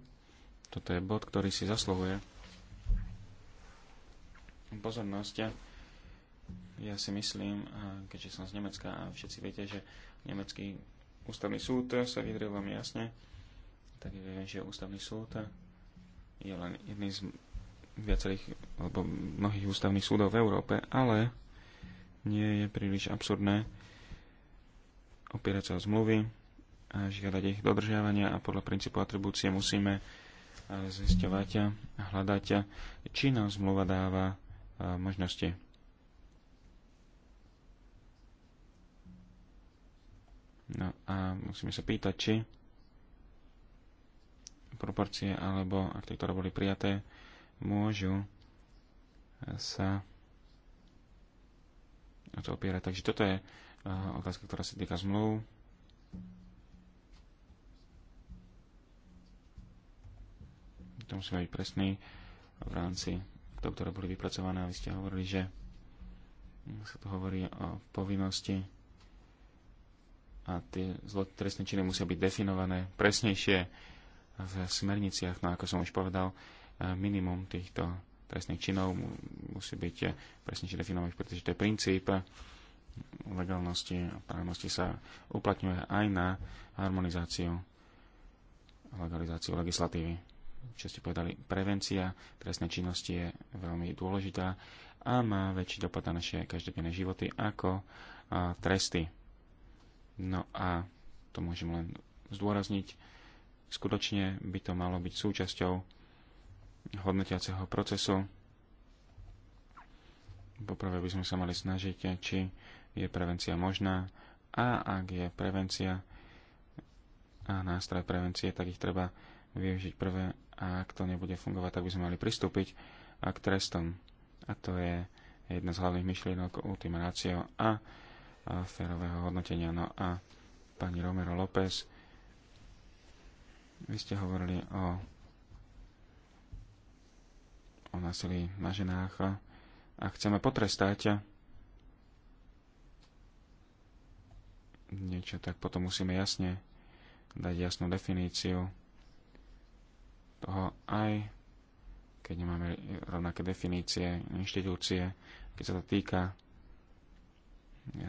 Toto je bod, ktorý si zasluhuje pozornosť. Ja si myslím, keďže som z Nemecka a všetci viete, že Nemecký ústavný súd sa vyjadril veľmi jasne, tak viem, že ústavný súd je len jedný z viacerých alebo mnohých ústavných súdov v Európe, ale nie je príliš absurdné opierať sa o zmluvy a žiadať ich dodržiavania a podľa princípu atribúcie musíme eh, zisťovať a hľadať, eh, či nám zmluva dáva eh, možnosti. No a musíme sa pýtať, či proporcie alebo akty, ktoré boli prijaté, môžu sa o to opierať. Takže toto je otázka, ktorá sa týka zmluv. To musíme byť presný v rámci toho, ktoré boli vypracované. A vy ste hovorili, že sa tu hovorí o povinnosti a tie trestné činy musia byť definované presnejšie v smerniciach. No ako som už povedal, eh, minimum týchto trestných činov musí byť eh, presnejšie definovaných, pretože to je princíp legálnosti a právnosti sa uplatňuje aj na harmonizáciu a legalizáciu legislatívy. Čo ste povedali, prevencia trestnej činnosti je veľmi dôležitá a má väčší dopad na naše každodenné životy ako tresty. No a to môžem len zdôrazniť. Skutočne by to malo byť súčasťou hodnotiaceho procesu. Poprvé by sme sa mali snažiť, či je prevencia možná a ak je prevencia a nástroj prevencie, tak ich treba využiť prvé a ak to nebude fungovať, tak by sme mali pristúpiť a k trestom. A to je jedna z hlavných myšlienok ultima ratio a, a férového hodnotenia. No a pani Romero López, vy ste hovorili o, o násilí na ženách a, a chceme potrestať niečo, tak potom musíme jasne dať jasnú definíciu toho aj keď nemáme rovnaké definície, inštitúcie, keď sa to týka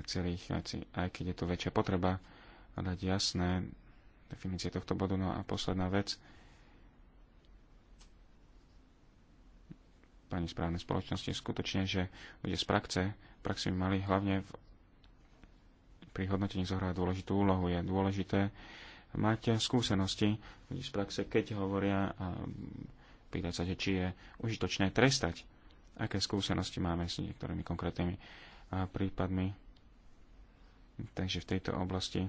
celých vecí, aj keď je tu väčšia potreba a dať jasné definície tohto bodu. No a posledná vec, pani správnej spoločnosti, skutočne, že ľudia z praxe, praxi by mali hlavne v pri hodnotení zohrá dôležitú úlohu. Je dôležité mať skúsenosti ľudí z praxe, keď hovoria a pýtať sa, či je užitočné trestať. Aké skúsenosti máme s niektorými konkrétnymi prípadmi. Takže v tejto oblasti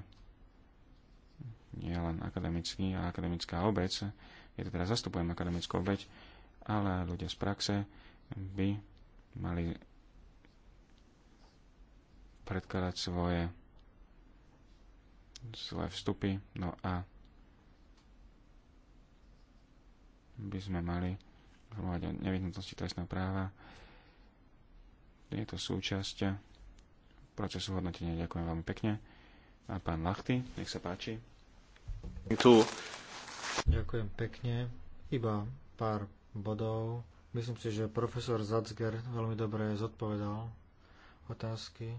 nie len akademický a akademická obec, je to teda zastupujem akademickú obec, ale ľudia z praxe by mali predkladať svoje zlé vstupy. No a by sme mali hovoriť o nevyhnutnosti trestného práva. Je to súčasť procesu hodnotenia. Ďakujem veľmi pekne. A pán Lachty, nech sa páči. Tu. Ďakujem pekne. Iba pár bodov. Myslím si, že profesor Zatzger veľmi dobre zodpovedal otázky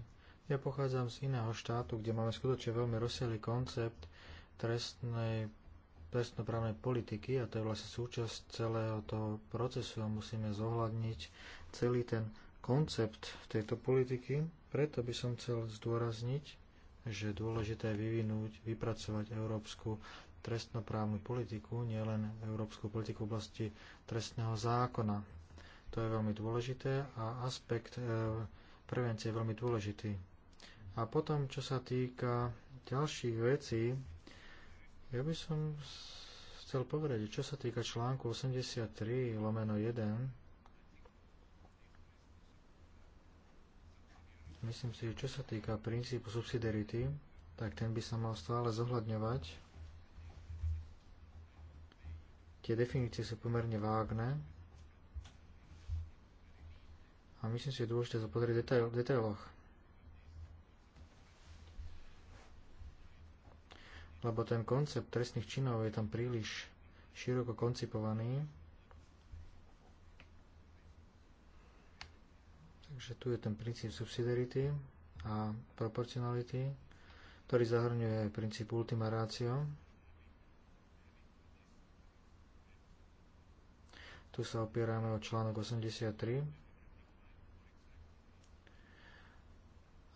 ja pochádzam z iného štátu, kde máme skutočne veľmi rozsiahly koncept trestnej trestnoprávnej politiky a to je vlastne súčasť celého toho procesu a musíme zohľadniť celý ten koncept tejto politiky. Preto by som chcel zdôrazniť, že dôležité je vyvinúť, vypracovať európsku trestnoprávnu politiku, nielen európsku politiku v oblasti trestného zákona. To je veľmi dôležité a aspekt eh, prevencie je veľmi dôležitý. A potom, čo sa týka ďalších vecí, ja by som chcel povedať, čo sa týka článku 83 lomeno 1, myslím si, že čo sa týka princípu subsidiarity, tak ten by sa mal stále zohľadňovať. Tie definície sú pomerne vágne, a myslím si, že je dôležité sa pozrieť v detailoch. lebo ten koncept trestných činov je tam príliš široko koncipovaný. Takže tu je ten princíp subsidiarity a proporcionality, ktorý zahrňuje princíp ultima ratio. Tu sa opierame o článok 83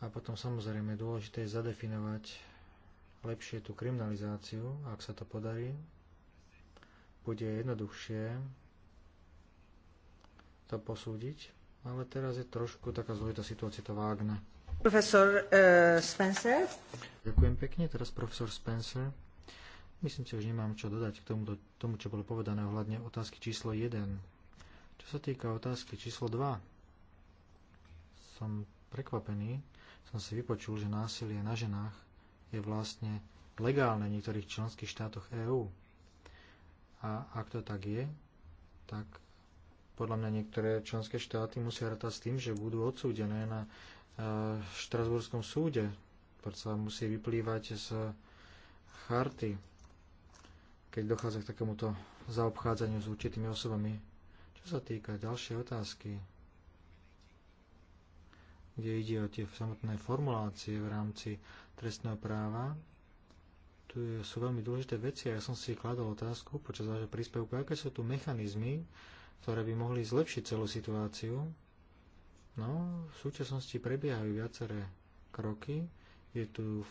A potom samozrejme dôležité je zadefinovať lepšie tú kriminalizáciu, ak sa to podarí, bude jednoduchšie to posúdiť, ale teraz je trošku taká zložitá situácia, to vágne. Profesor uh, Spencer. Ďakujem pekne, teraz profesor Spencer. Myslím si, že nemám čo dodať k tomu, tomu čo bolo povedané ohľadne otázky číslo 1. Čo sa týka otázky číslo 2, som prekvapený, som si vypočul, že násilie na ženách je vlastne legálne v niektorých členských štátoch EÚ. A ak to tak je, tak podľa mňa niektoré členské štáty musia rátať s tým, že budú odsúdené na e, Štrasburskom súde, sa musí vyplývať z charty, keď dochádza k takémuto zaobchádzaniu s určitými osobami. Čo sa týka ďalšej otázky, kde ide o tie samotné formulácie v rámci trestného práva. Tu sú veľmi dôležité veci a ja som si kladol otázku počas vášho príspevku, aké sú tu mechanizmy, ktoré by mohli zlepšiť celú situáciu. No, v súčasnosti prebiehajú viaceré kroky. Je tu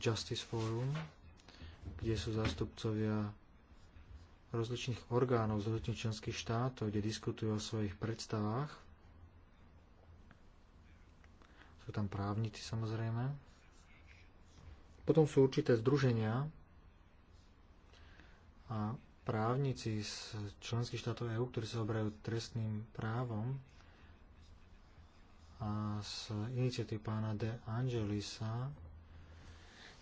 Justice Forum, kde sú zástupcovia rozličných orgánov z rozličných členských štátov, kde diskutujú o svojich predstavách. Sú tam právnici samozrejme. Potom sú určité združenia a právnici z členských štátov EÚ, ktorí sa obrajú trestným právom a z iniciatívy pána De Angelisa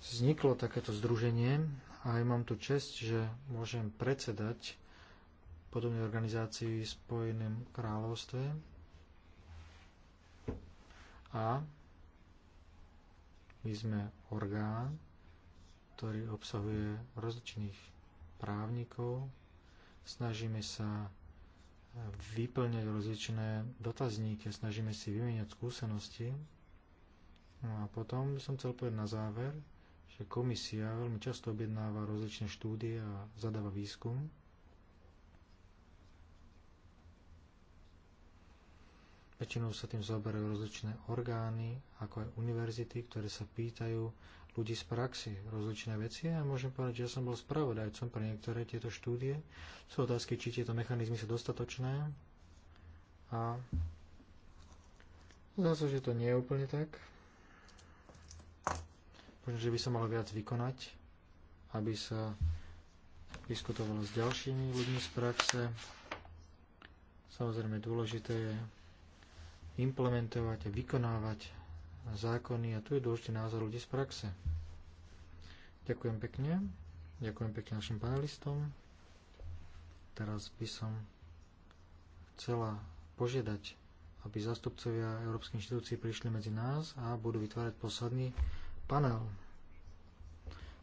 vzniklo takéto združenie a aj mám tu čest, že môžem predsedať podobnej organizácii v Spojeném kráľovstve a my sme orgán, ktorý obsahuje rozličných právnikov. Snažíme sa eh, vyplňať rozličné dotazníky, snažíme si vymeniať skúsenosti. No a potom by som chcel povedať na záver, že komisia veľmi často objednáva rozličné štúdie a zadáva výskum. Väčšinou sa tým zoberajú rozličné orgány, ako aj univerzity, ktoré sa pýtajú ľudí z praxi rozličné veci a môžem povedať, že ja som bol spravodajcom pre niektoré tieto štúdie. Sú otázky, či tieto mechanizmy sú dostatočné a zdá sa, že to nie je úplne tak. Možno, že by sa malo viac vykonať, aby sa diskutovalo s ďalšími ľuďmi z praxe. Samozrejme dôležité je implementovať a vykonávať zákony a tu je dôležitý názor ľudí z praxe. Ďakujem pekne. Ďakujem pekne našim panelistom. Teraz by som chcela požiadať, aby zastupcovia Európskej inštitúcií prišli medzi nás a budú vytvárať posledný panel.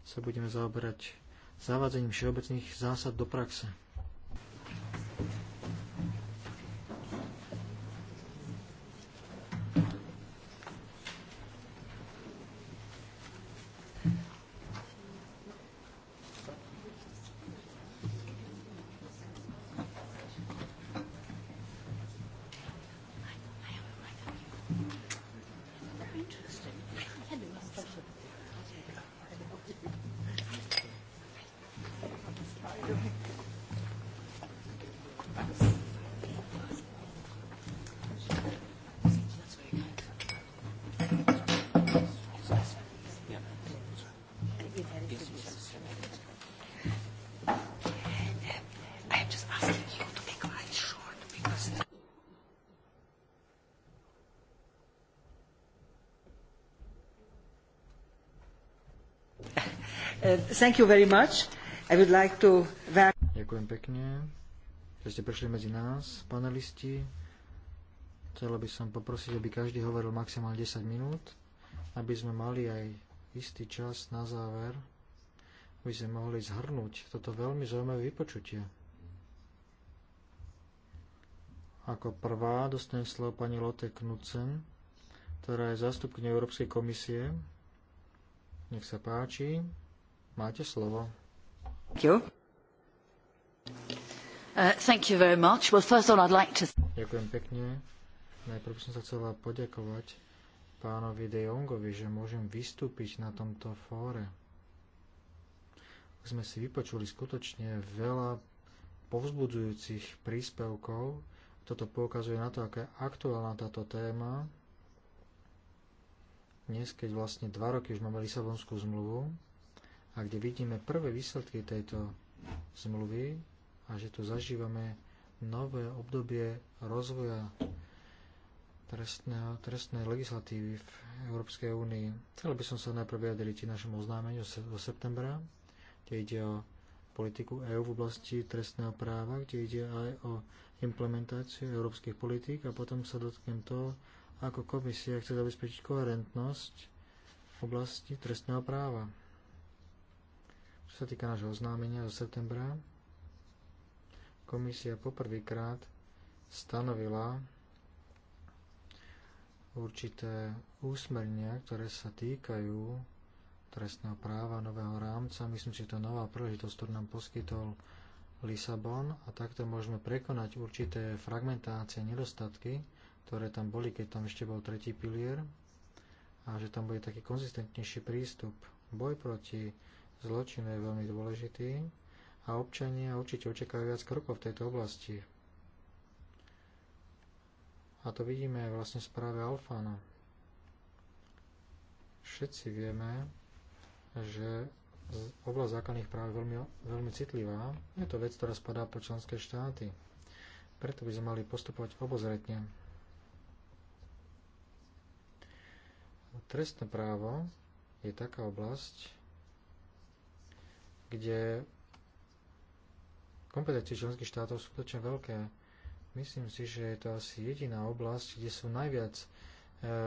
Sa budeme zaoberať zavádzaním všeobecných zásad do praxe. Like to... Ďakujem pekne, že ste prišli medzi nás, panelisti. Chcel by som poprosiť, aby každý hovoril maximálne 10 minút, aby sme mali aj istý čas na záver, aby sme mohli zhrnúť toto veľmi zaujímavé vypočutie. Ako prvá dostane slovo pani Lotte Knudsen, ktorá je zástupkynia Európskej komisie. Nech sa páči. Máte slovo. Uh, Ďakujem pekne. Najprv som sa chcela poďakovať pánovi De Jongovi, že môžem vystúpiť na tomto fóre. Sme si vypočuli skutočne veľa povzbudzujúcich príspevkov. Toto poukazuje na to, aká je aktuálna táto téma. Dnes, keď vlastne dva roky už máme Lisabonskú zmluvu, a kde vidíme prvé výsledky tejto zmluvy a že tu zažívame nové obdobie rozvoja trestného, trestnej legislatívy v Európskej únii. Chcel by som sa najprv vyjadriť našemu oznámeniu zo septembra, kde ide o politiku EÚ v oblasti trestného práva, kde ide aj o implementáciu európskych politík a potom sa dotknem toho, ako komisia chce zabezpečiť koherentnosť v oblasti trestného práva. Čo sa týka nášho oznámenia zo septembra, komisia poprvýkrát stanovila určité úsmernia, ktoré sa týkajú trestného práva, nového rámca. Myslím, že to je nová príležitosť, ktorú nám poskytol Lisabon a takto môžeme prekonať určité fragmentácie, nedostatky, ktoré tam boli, keď tam ešte bol tretí pilier a že tam bude taký konzistentnejší prístup. Boj proti zločinu je veľmi dôležitý a občania určite očakajú viac krokov v tejto oblasti. A to vidíme aj vlastne v správe Alfána. Všetci vieme, že oblasť základných práv je veľmi, veľmi citlivá. Je to vec, ktorá spadá po členské štáty. Preto by sme mali postupovať obozretne. Trestné právo je taká oblasť, kde kompetencie členských štátov sú skutočne veľké. Myslím si, že je to asi jediná oblasť, kde sú najviac e,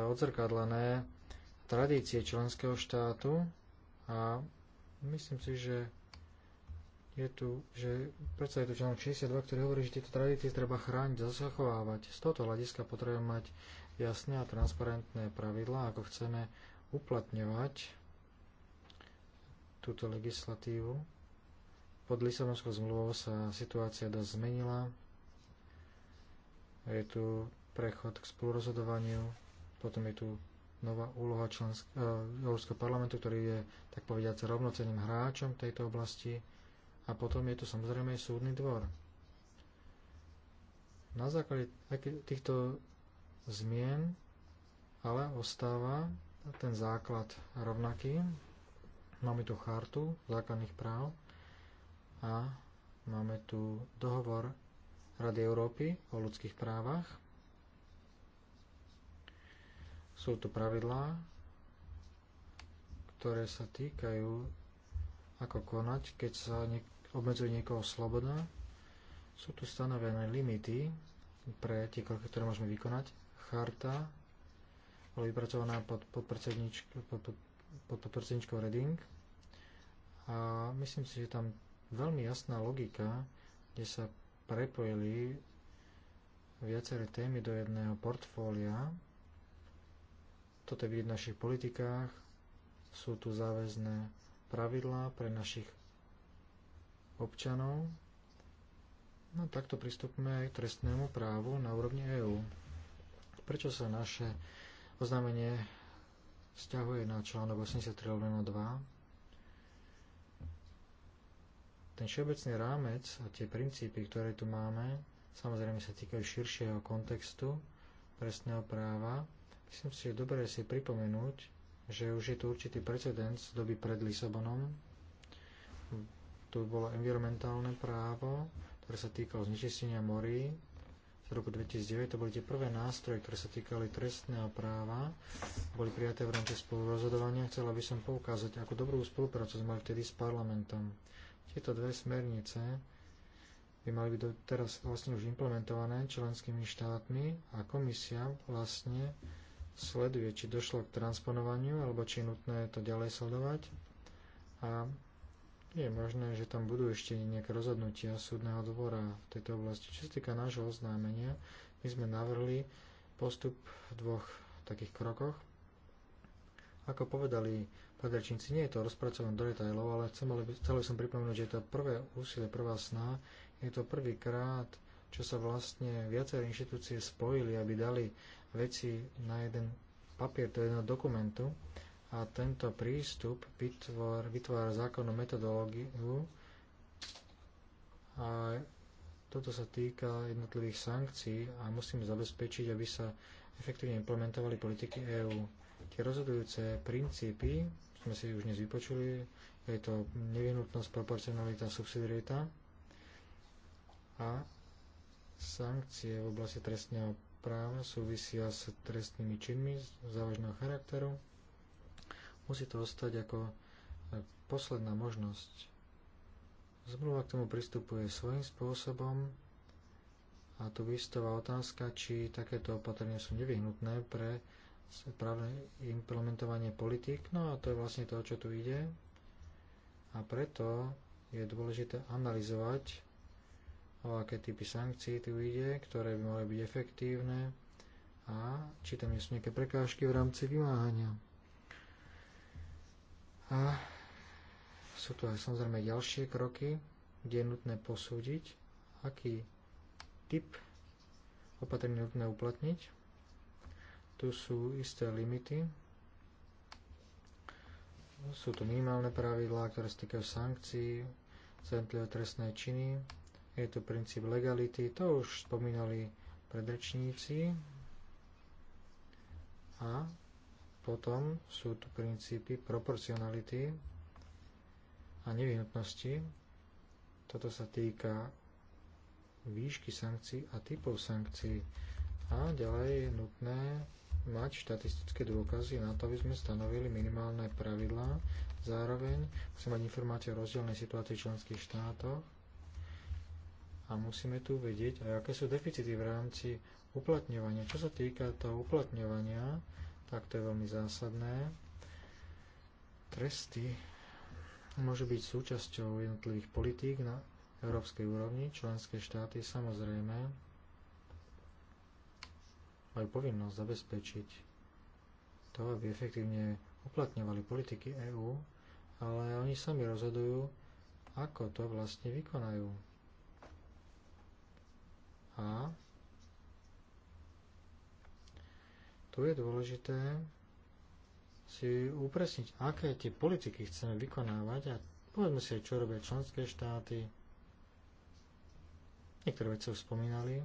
odzrkadlené tradície členského štátu a myslím si, že je tu, že predsa je tu článok 62, ktorý hovorí, že tieto tradície treba chrániť a zachovávať. Z tohto hľadiska potrebujeme mať jasné a transparentné pravidlá, ako chceme uplatňovať túto legislatívu. Pod Lisabonskou zmluvou sa situácia dosť zmenila. Je tu prechod k spolurozhodovaniu, potom je tu nová úloha člensk- e, Európskeho parlamentu, ktorý je, tak povediať, rovnocenným hráčom tejto oblasti. A potom je tu samozrejme aj súdny dvor. Na základe týchto zmien ale ostáva ten základ rovnaký, Máme tu chartu základných práv a máme tu dohovor Rady Európy o ľudských právach. Sú tu pravidlá, ktoré sa týkajú, ako konať, keď sa niek- obmedzuje niekoho sloboda. Sú tu stanovené limity pre tie kroky, ktoré môžeme vykonať. Charta bola vypracovaná pod, pod, pod, pod, pod podpredsedničkou Reding a myslím si, že tam veľmi jasná logika, kde sa prepojili viaceré témy do jedného portfólia. Toto je vidieť v našich politikách. Sú tu záväzné pravidlá pre našich občanov. No takto pristupme aj k trestnému právu na úrovni EÚ. Prečo sa naše oznámenie vzťahuje na článok 83 2? Ten všeobecný rámec a tie princípy, ktoré tu máme, samozrejme sa týkajú širšieho kontextu trestného práva. Myslím si, že dobré si pripomenúť, že už je tu určitý precedens z doby pred Lisabonom. Tu bolo environmentálne právo, ktoré sa týkalo znečistenia morí. Z roku 2009 to boli tie prvé nástroje, ktoré sa týkali trestného práva. Boli prijaté v rámci spolurozhodovania. Chcela by som poukázať, ako dobrú spoluprácu sme mali vtedy s parlamentom. Tieto dve smernice by mali byť teraz vlastne už implementované členskými štátmi a komisia vlastne sleduje, či došlo k transponovaniu alebo či je nutné to ďalej sledovať. A je možné, že tam budú ešte nejaké rozhodnutia súdneho dvora v tejto oblasti. Čo sa týka nášho oznámenia, my sme navrhli postup v dvoch takých krokoch. Ako povedali predrečníci. Nie je to rozpracované do detailov, ale chcel by som pripomenúť, že je to prvé úsilie, prvá sná. Je to prvýkrát, čo sa vlastne viaceré inštitúcie spojili, aby dali veci na jeden papier, do jedného dokumentu. A tento prístup vytvor, vytvára zákonnú metodológiu a toto sa týka jednotlivých sankcií a musíme zabezpečiť, aby sa efektívne implementovali politiky EÚ. Tie rozhodujúce princípy sme si už dnes vypočuli. Je to nevyhnutnosť, proporcionalita, subsidiarita a sankcie v oblasti trestného práva súvisia s trestnými činmi závažného charakteru. Musí to ostať ako posledná možnosť. Zmluva k tomu pristupuje svojím spôsobom a tu vystáva otázka, či takéto opatrenia sú nevyhnutné pre práve implementovanie politik, no a to je vlastne to, čo tu ide. A preto je dôležité analyzovať, o aké typy sankcií tu ide, ktoré by mali byť efektívne a či tam nie sú nejaké prekážky v rámci vymáhania. A sú tu aj samozrejme ďalšie kroky, kde je nutné posúdiť, aký typ opatrení nutné uplatniť tu sú isté limity. Sú tu minimálne pravidlá, ktoré sa týkajú sankcií, zemtlivé trestné činy. Je tu princíp legality, to už spomínali predrečníci. A potom sú tu princípy proporcionality a nevyhnutnosti. Toto sa týka výšky sankcií a typov sankcií. A ďalej je nutné mať štatistické dôkazy na to, aby sme stanovili minimálne pravidlá. Zároveň musíme mať informácie o rozdielnej situácii členských štátoch a musíme tu vedieť, aj aké sú deficity v rámci uplatňovania. Čo sa týka toho uplatňovania, tak to je veľmi zásadné. Tresty môžu byť súčasťou jednotlivých politík na európskej úrovni. Členské štáty samozrejme majú povinnosť zabezpečiť to, aby efektívne uplatňovali politiky EÚ, ale oni sami rozhodujú, ako to vlastne vykonajú. A tu je dôležité si upresniť, aké tie politiky chceme vykonávať a povedzme si, aj, čo robia členské štáty. Niektoré veci už spomínali,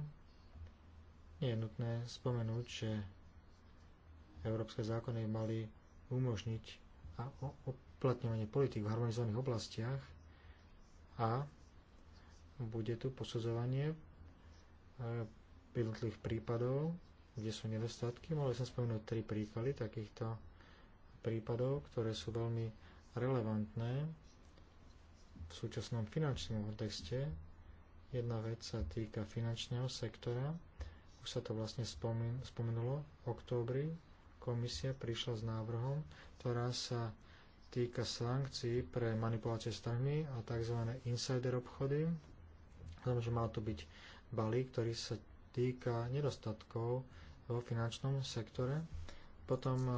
nie je nutné spomenúť, že európske zákony mali umožniť a uplatňovanie politik v harmonizovaných oblastiach a bude tu posudzovanie e, jednotlivých prípadov, kde sú nedostatky. Mohli som spomenúť tri príklady takýchto prípadov, ktoré sú veľmi relevantné v súčasnom finančnom kontexte. Jedna vec sa týka finančného sektora, už sa to vlastne spomen- spomenulo, v októbri komisia prišla s návrhom, ktorá sa týka sankcií pre manipulácie s trhmi a tzv. insider obchody. Znamená, že mal to byť balík, ktorý sa týka nedostatkov vo finančnom sektore. Potom e,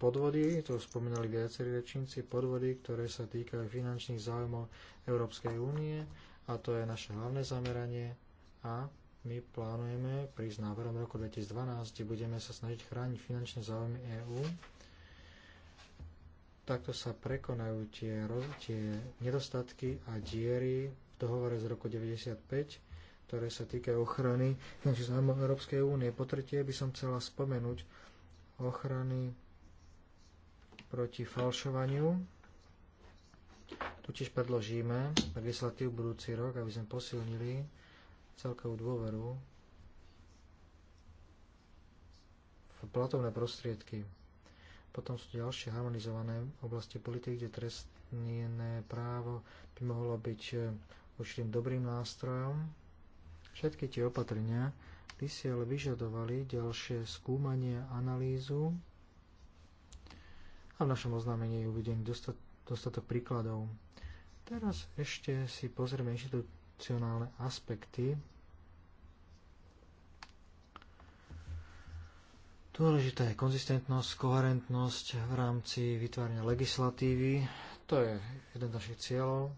podvody, to spomínali viacerí rečníci, podvody, ktoré sa týkajú finančných záujmov Európskej únie a to je naše hlavné zameranie a my plánujeme prísť návrhom roku 2012, kde budeme sa snažiť chrániť finančné záujmy EÚ. Takto sa prekonajú tie, tie nedostatky a diery v dohovore z roku 1995, ktoré sa týkajú ochrany finančných záujmov Európskej únie. Po tretie by som chcela spomenúť ochrany proti falšovaniu Totiž predložíme legislatívu budúci rok, aby sme posilnili celkovú dôveru v platovné prostriedky. Potom sú ďalšie harmonizované oblasti politiky, kde trestné právo by mohlo byť eh, určitým dobrým nástrojom. Všetky tie opatrenia by si ale vyžadovali ďalšie skúmanie, analýzu a v našom oznámení je uvedený dostatok príkladov. Teraz ešte si pozrieme inštitút emocionálne aspekty. Dôležitá je konzistentnosť, koherentnosť v rámci vytvárania legislatívy. To je jeden z našich cieľov.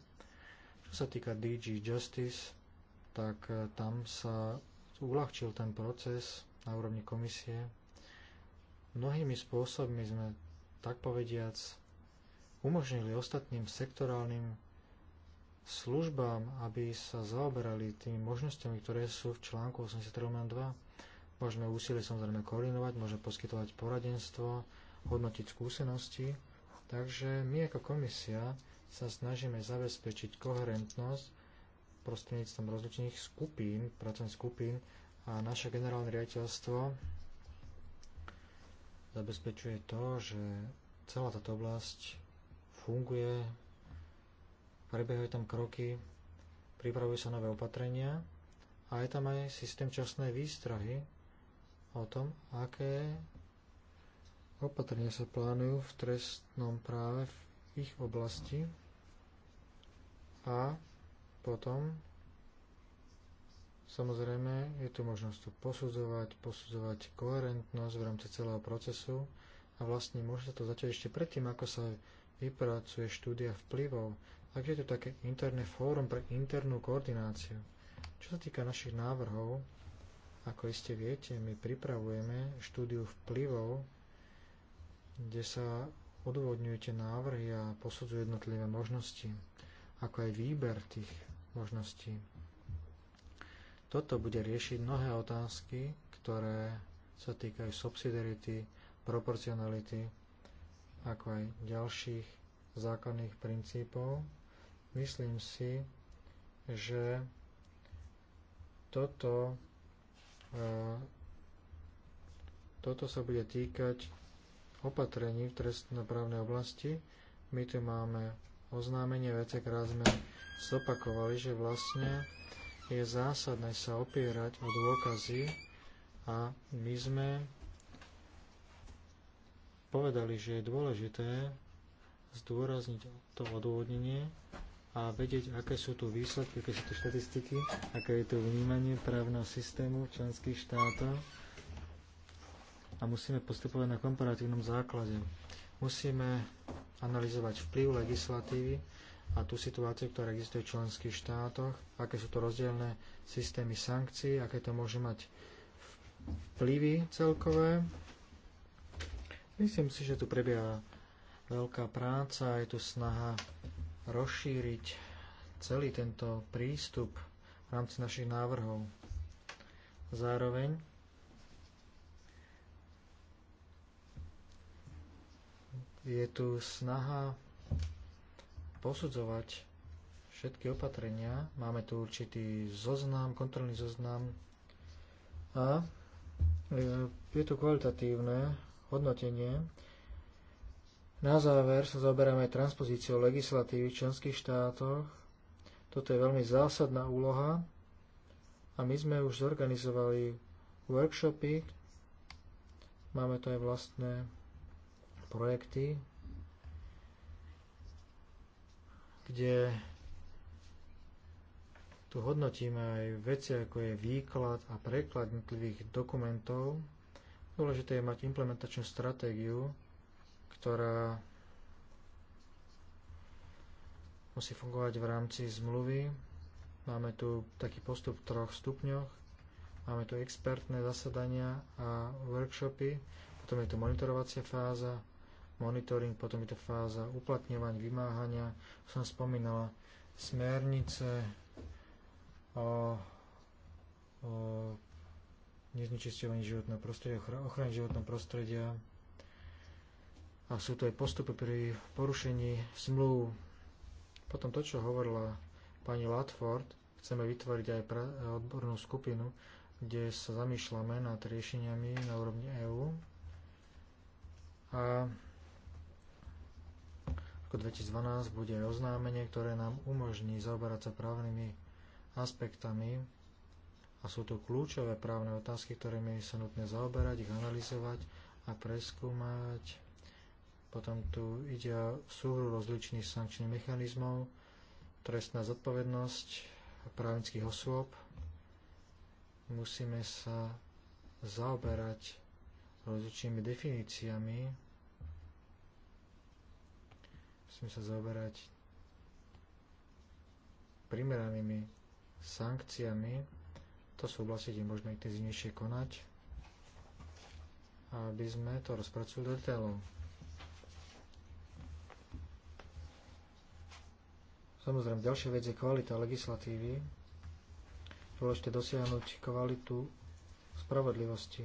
Čo sa týka DG Justice, tak e, tam sa uľahčil ten proces na úrovni komisie. Mnohými spôsobmi sme, tak povediac, umožnili ostatným sektorálnym službám, aby sa zaoberali tými možnosťami, ktoré sú v článku 83.2. Môžeme úsilie samozrejme koordinovať, môžeme poskytovať poradenstvo, hodnotiť skúsenosti. Takže my ako komisia sa snažíme zabezpečiť koherentnosť prostredníctvom rozličných skupín, pracovných skupín a naše generálne riaditeľstvo zabezpečuje to, že celá táto oblasť funguje prebiehajú tam kroky, pripravujú sa nové opatrenia a je tam aj systém časnej výstrahy o tom, aké opatrenia sa plánujú v trestnom práve v ich oblasti a potom Samozrejme, je tu možnosť to posudzovať, posudzovať koherentnosť v rámci celého procesu a vlastne môže sa to začať ešte predtým, ako sa vypracuje štúdia vplyvov. Takže je to také interné fórum pre internú koordináciu. Čo sa týka našich návrhov, ako iste viete, my pripravujeme štúdiu vplyvov, kde sa odôvodňujete návrhy a posudzujú jednotlivé možnosti, ako aj výber tých možností. Toto bude riešiť mnohé otázky, ktoré sa týkajú subsidiarity, proporcionality, ako aj ďalších základných princípov Myslím si, že toto, e, toto sa bude týkať opatrení v trestnoprávnej oblasti. My tu máme oznámenie vece, sme zopakovali, že vlastne je zásadné sa opierať o dôkazy a my sme povedali, že je dôležité zdôrazniť to odôvodnenie a vedieť, aké sú tu výsledky, aké sú tu štatistiky, aké je tu vnímanie právneho systému členských štátov a musíme postupovať na komparatívnom základe. Musíme analyzovať vplyv legislatívy a tú situáciu, ktorá existuje v členských štátoch, aké sú to rozdielne systémy sankcií, aké to môže mať vplyvy celkové. Myslím si, že tu prebieha veľká práca, je tu snaha rozšíriť celý tento prístup v rámci našich návrhov. Zároveň je tu snaha posudzovať všetky opatrenia. Máme tu určitý zoznam, kontrolný zoznam a e, je tu kvalitatívne hodnotenie na záver sa zaoberáme aj transpozíciou legislatívy v členských štátoch. Toto je veľmi zásadná úloha a my sme už zorganizovali workshopy, máme tu aj vlastné projekty, kde tu hodnotíme aj veci, ako je výklad a preklad jednotlivých dokumentov. Dôležité je mať implementačnú stratégiu, ktorá musí fungovať v rámci zmluvy. Máme tu taký postup v troch stupňoch. Máme tu expertné zasadania a workshopy, potom je tu monitorovacia fáza, monitoring, potom je to fáza uplatňovania, vymáhania. Som spomínala smernice o, o životného prostredia, ochrane životného prostredia, a sú to aj postupy pri porušení zmluv. Potom to, čo hovorila pani Latford, chceme vytvoriť aj e, odbornú skupinu, kde sa zamýšľame nad riešeniami na úrovni EÚ. A roku 2012 bude aj oznámenie, ktoré nám umožní zaoberať sa právnymi aspektami a sú to kľúčové právne otázky, ktorými sa nutné zaoberať, ich analyzovať a preskúmať potom tu ide o súhru rozličných sankčných mechanizmov, trestná zodpovednosť právnických osôb. Musíme sa zaoberať rozličnými definíciami. Musíme sa zaoberať primeranými sankciami. To sú oblasti, kde možno intenzívnejšie konať, aby sme to rozpracovali do detailov Samozrejme, ďalšia vec je kvalita legislatívy. Dôležité dosiahnuť kvalitu spravodlivosti.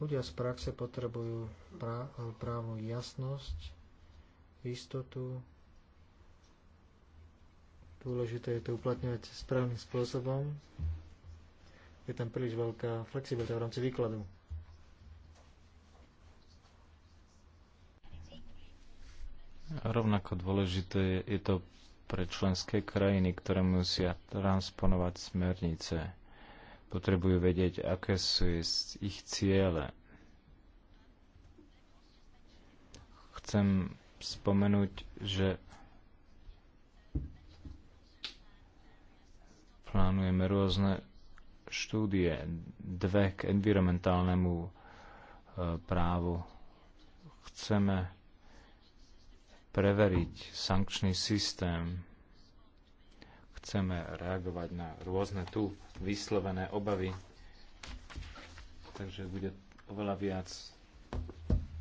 Ľudia z praxe potrebujú právnu jasnosť, istotu. Dôležité je to uplatňovať správnym spôsobom. Je tam príliš veľká flexibilita v rámci výkladu. Rovnako dôležité je to pre členské krajiny, ktoré musia transponovať smernice. Potrebujú vedieť, aké sú ich ciele. Chcem spomenúť, že plánujeme rôzne štúdie, dve k environmentálnemu e, právu. Chceme preveriť sankčný systém. Chceme reagovať na rôzne tu vyslovené obavy, takže bude oveľa viac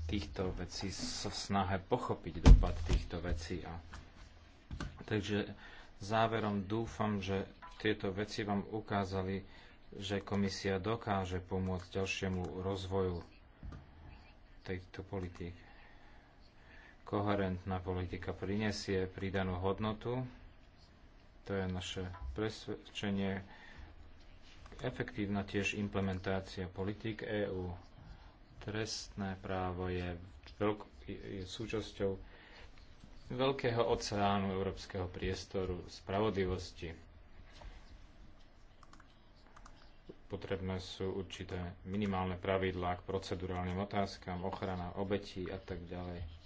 týchto vecí so snahe pochopiť dopad týchto vecí. A... Takže záverom dúfam, že tieto veci vám ukázali, že komisia dokáže pomôcť ďalšiemu rozvoju tejto politiky koherentná politika prinesie pridanú hodnotu. To je naše presvedčenie. Efektívna tiež implementácia politik EÚ. Trestné právo je, veľk, je súčasťou veľkého oceánu európskeho priestoru spravodlivosti. Potrebné sú určité minimálne pravidlá k procedurálnym otázkam, ochrana obetí a tak ďalej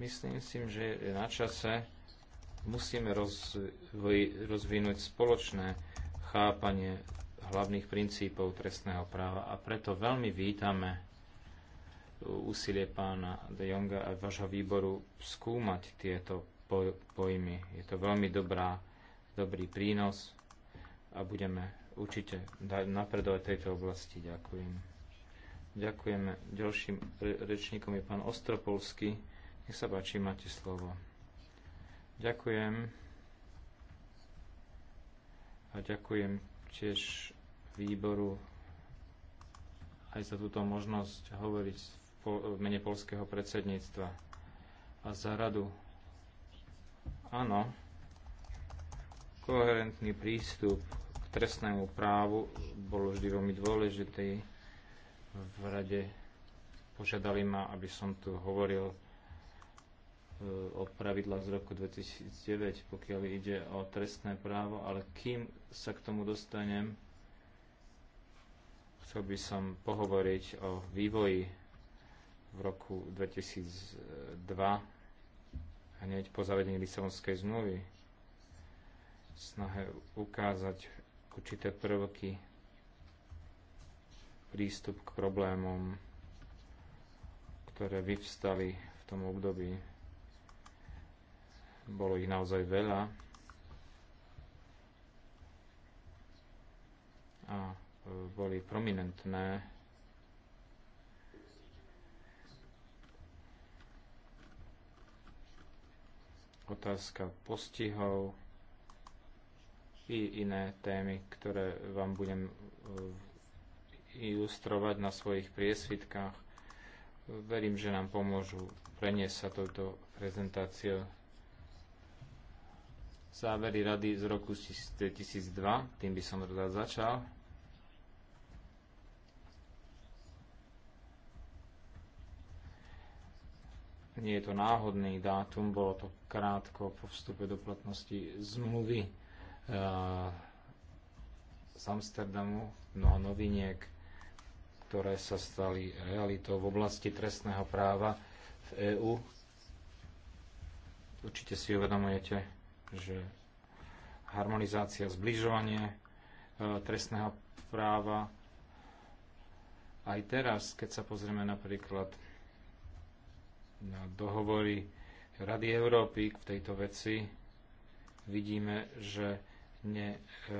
Myslím si, že je na čase musíme rozvoj, rozvinúť spoločné chápanie hlavných princípov trestného práva a preto veľmi vítame úsilie pána De Jonga a vášho výboru skúmať tieto pojmy. Je to veľmi dobrá, dobrý prínos a budeme určite napredovať tejto oblasti. Ďakujem. Ďakujeme. Ďalším rečníkom je pán Ostropolský nech sa páči, máte slovo. Ďakujem. A ďakujem tiež výboru aj za túto možnosť hovoriť v mene polského predsedníctva a za radu. Áno, koherentný prístup k trestnému právu bol vždy veľmi dôležitý. V rade požiadali ma, aby som tu hovoril o pravidlách z roku 2009, pokiaľ ide o trestné právo, ale kým sa k tomu dostanem, chcel by som pohovoriť o vývoji v roku 2002, hneď po zavedení Lisabonskej zmluvy, snahe ukázať určité prvky, prístup k problémom, ktoré vyvstali v tom období bolo ich naozaj veľa. A e, boli prominentné. Otázka postihov i iné témy, ktoré vám budem e, ilustrovať na svojich priesvitkách. Verím, že nám pomôžu preniesť sa touto prezentáciou závery rady z roku 2002, tým by som rád začal. Nie je to náhodný dátum, bolo to krátko po vstupe do platnosti zmluvy eh, z Amsterdamu, no a noviniek, ktoré sa stali realitou v oblasti trestného práva v EÚ. Určite si uvedomujete, že harmonizácia, zbližovanie e, trestného práva. Aj teraz, keď sa pozrieme napríklad na dohovory Rady Európy v tejto veci, vidíme, že ne, e,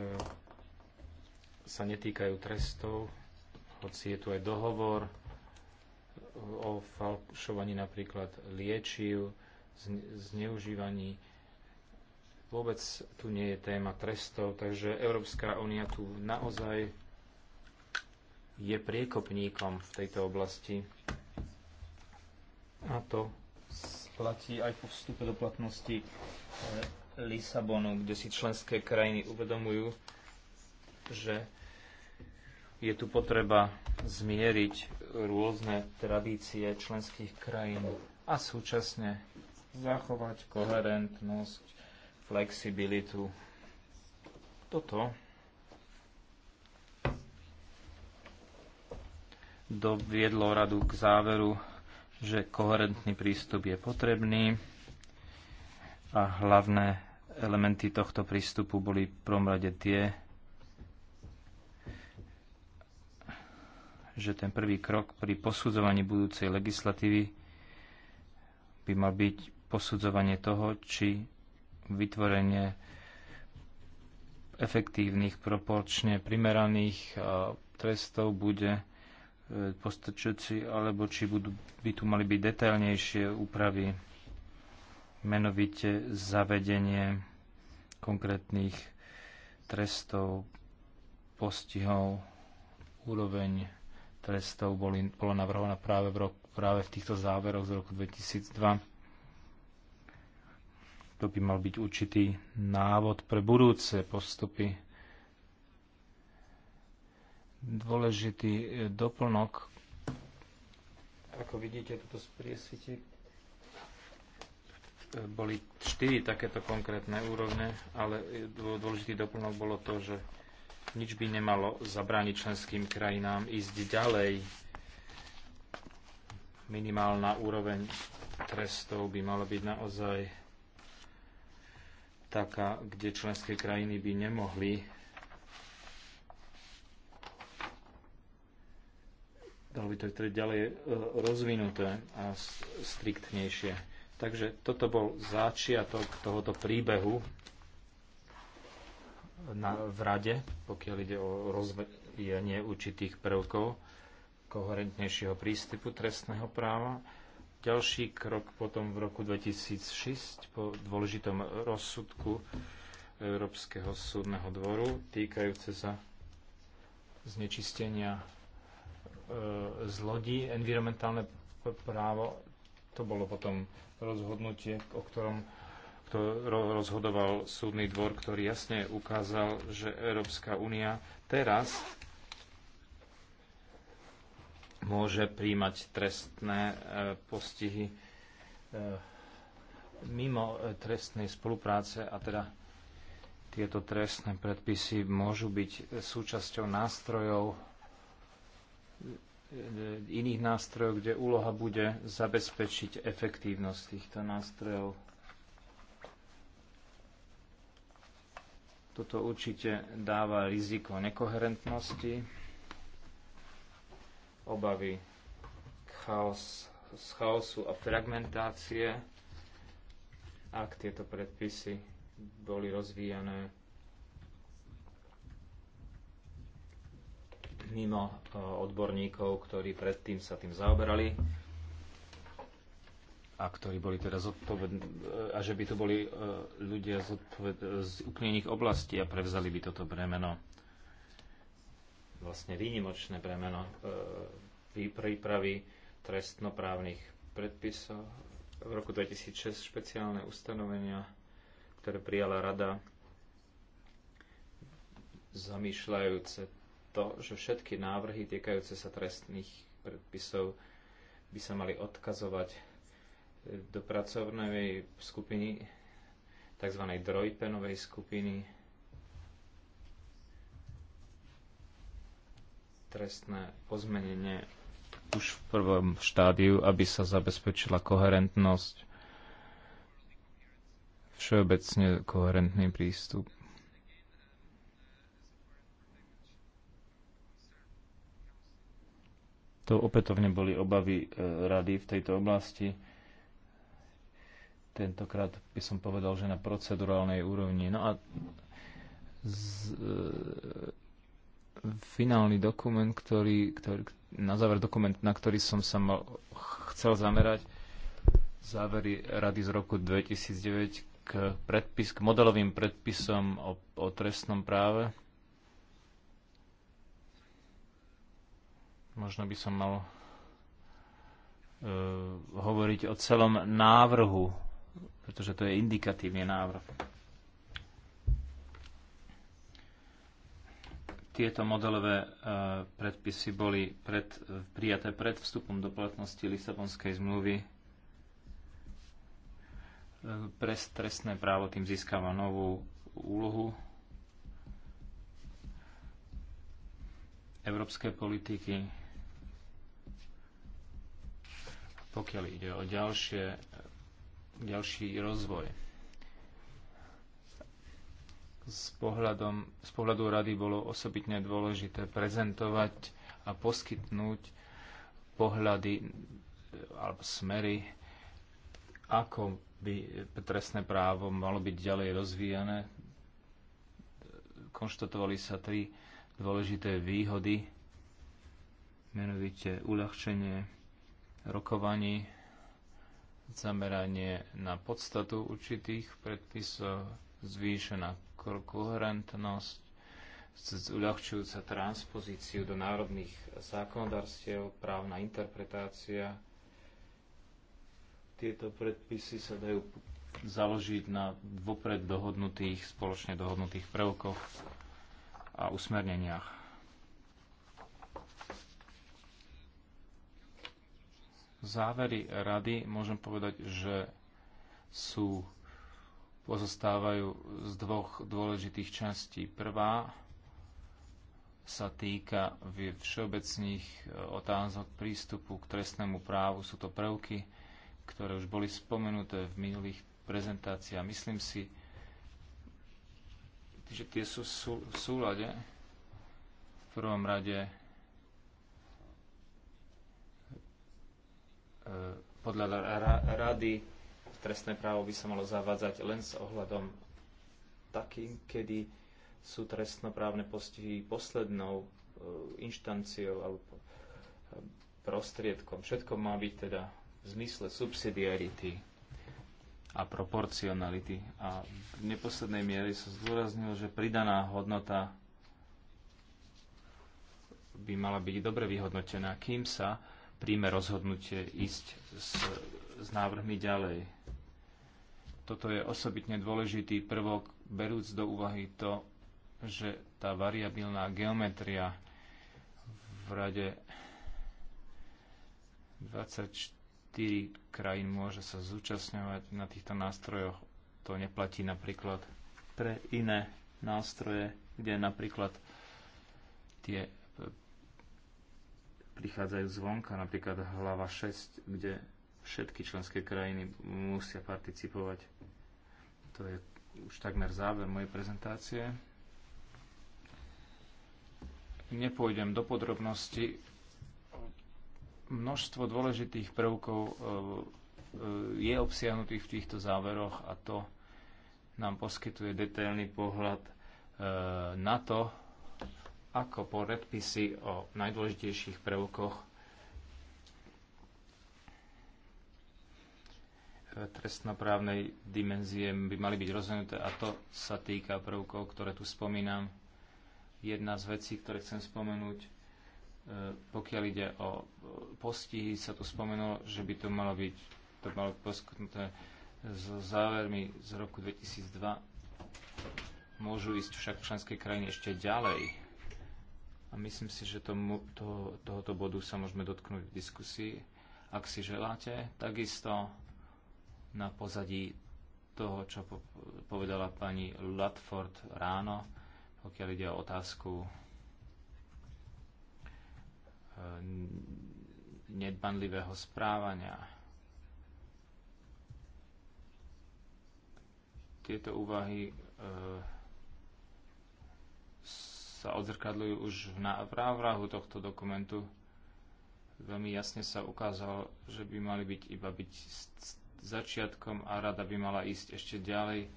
sa netýkajú trestov, hoci je tu aj dohovor o falšovaní napríklad liečiv, zneužívaní Vôbec tu nie je téma trestov, takže Európska únia tu naozaj je priekopníkom v tejto oblasti. A to platí aj po vstupe do platnosti eh, Lisabonu, kde si členské krajiny uvedomujú, že je tu potreba zmieriť rôzne tradície členských krajín a súčasne zachovať koherentnosť flexibilitu. Toto doviedlo radu k záveru, že koherentný prístup je potrebný a hlavné elementy tohto prístupu boli v prvom rade tie, že ten prvý krok pri posudzovaní budúcej legislatívy by mal byť posudzovanie toho, či vytvorenie efektívnych, proporčne primeraných e, trestov bude e, postačujúci, alebo či budú, by tu mali byť detailnejšie úpravy, menovite zavedenie konkrétnych trestov, postihov, úroveň trestov boli, bolo navrhovaná práve v, rok, práve v týchto záveroch z roku 2002 to by mal byť určitý návod pre budúce postupy. Dôležitý e, doplnok. Ako vidíte, toto spriesvití e, boli 4 takéto konkrétne úrovne, ale e, dôležitý doplnok bolo to, že nič by nemalo zabrániť členským krajinám ísť ďalej. Minimálna úroveň trestov by mala byť naozaj taká, kde členské krajiny by nemohli dalo by to teda ďalej e, rozvinuté a striktnejšie. Takže toto bol začiatok tohoto príbehu na, v rade, pokiaľ ide o rozvíjanie určitých prvkov koherentnejšieho prístupu trestného práva. Ďalší krok potom v roku 2006 po dôležitom rozsudku Európskeho súdneho dvoru týkajúce sa znečistenia e, z lodí. Environmentálne právo to bolo potom rozhodnutie, o ktorom to rozhodoval súdny dvor, ktorý jasne ukázal, že Európska únia teraz môže príjmať trestné e, postihy e, mimo e, trestnej spolupráce a teda tieto trestné predpisy môžu byť súčasťou nástrojov iných nástrojov, kde úloha bude zabezpečiť efektívnosť týchto nástrojov. Toto určite dáva riziko nekoherentnosti obavy chaos, z chaosu a fragmentácie, ak tieto predpisy boli rozvíjané mimo e, odborníkov, ktorí predtým sa tým zaoberali a ktorí boli teda zodpovední, e, a že by to boli e, ľudia z úplnených oblastí a prevzali by toto bremeno vlastne výnimočné bremeno e, prípravy trestnoprávnych predpisov. V roku 2006 špeciálne ustanovenia, ktoré prijala rada, zamýšľajúce to, že všetky návrhy týkajúce sa trestných predpisov by sa mali odkazovať e, do pracovnej skupiny, tzv. drojpenovej skupiny trestné pozmenenie už v prvom štádiu, aby sa zabezpečila koherentnosť, všeobecne koherentný prístup. To opätovne boli obavy e, rady v tejto oblasti. Tentokrát by som povedal, že na procedurálnej úrovni. No a z, e, finálny dokument, ktorý, ktorý, na záver dokument, na ktorý som sa mal, chcel zamerať, závery rady z roku 2009 k, predpis, k modelovým predpisom o, o trestnom práve. Možno by som mal uh, hovoriť o celom návrhu, pretože to je indikatívny návrh. Tieto modelové e, predpisy boli pred, prijaté pred vstupom do platnosti Lisabonskej zmluvy. E, Pre trestné právo tým získava novú úlohu. Európske politiky, pokiaľ ide o ďalšie, ďalší rozvoj z, pohľadom, z pohľadu rady bolo osobitne dôležité prezentovať a poskytnúť pohľady alebo smery, ako by trestné právo malo byť ďalej rozvíjane. Konštatovali sa tri dôležité výhody, menovite uľahčenie rokovaní, zameranie na podstatu určitých predpisov, zvýšená koherentnosť, uľahčujúca transpozíciu do národných zákonodarstiev, právna interpretácia. Tieto predpisy sa dajú založiť na vopred dohodnutých, spoločne dohodnutých prvkoch a usmerneniach. závery rady môžem povedať, že sú pozostávajú z dvoch dôležitých častí. Prvá sa týka všeobecných e, otázok prístupu k trestnému právu. Sú to prvky, ktoré už boli spomenuté v minulých prezentáciách. Myslím si, že tie sú v súlade. V prvom rade e, podľa rady trestné právo by sa malo zavádzať len s ohľadom takým, kedy sú trestnoprávne postihy poslednou e, inštanciou alebo e, prostriedkom. Všetko má byť teda v zmysle subsidiarity a proporcionality. A v neposlednej miere som zdôraznil, že pridaná hodnota by mala byť dobre vyhodnotená, kým sa príjme rozhodnutie ísť s, s návrhmi ďalej. Toto je osobitne dôležitý prvok, berúc do úvahy to, že tá variabilná geometria v rade 24 krajín môže sa zúčastňovať na týchto nástrojoch. To neplatí napríklad pre iné nástroje, kde napríklad tie e, prichádzajú zvonka, napríklad hlava 6, kde Všetky členské krajiny musia participovať. To je už takmer záver mojej prezentácie. Nepôjdem do podrobnosti. Množstvo dôležitých prvkov eh, eh, je obsiahnutých v týchto záveroch a to nám poskytuje detailný pohľad eh, na to, ako po predpisy o najdôležitejších prvkoch trestnoprávnej dimenzie by mali byť rozhodnuté a to sa týka prvkov, ktoré tu spomínam. Jedna z vecí, ktoré chcem spomenúť, e, pokiaľ ide o e, postihy, sa tu spomenulo, že by to malo byť to malo poskytnuté s závermi z roku 2002. Môžu ísť však členské krajiny ešte ďalej. A myslím si, že tomu, to, tohoto bodu sa môžeme dotknúť v diskusii. Ak si želáte, takisto na pozadí toho, čo povedala pani Ludford ráno, pokiaľ ide o otázku eh, nedbanlivého správania. Tieto úvahy eh, sa odzrkadľujú už v návrahu tohto dokumentu. Veľmi jasne sa ukázalo, že by mali byť iba byť začiatkom a rada by mala ísť ešte ďalej,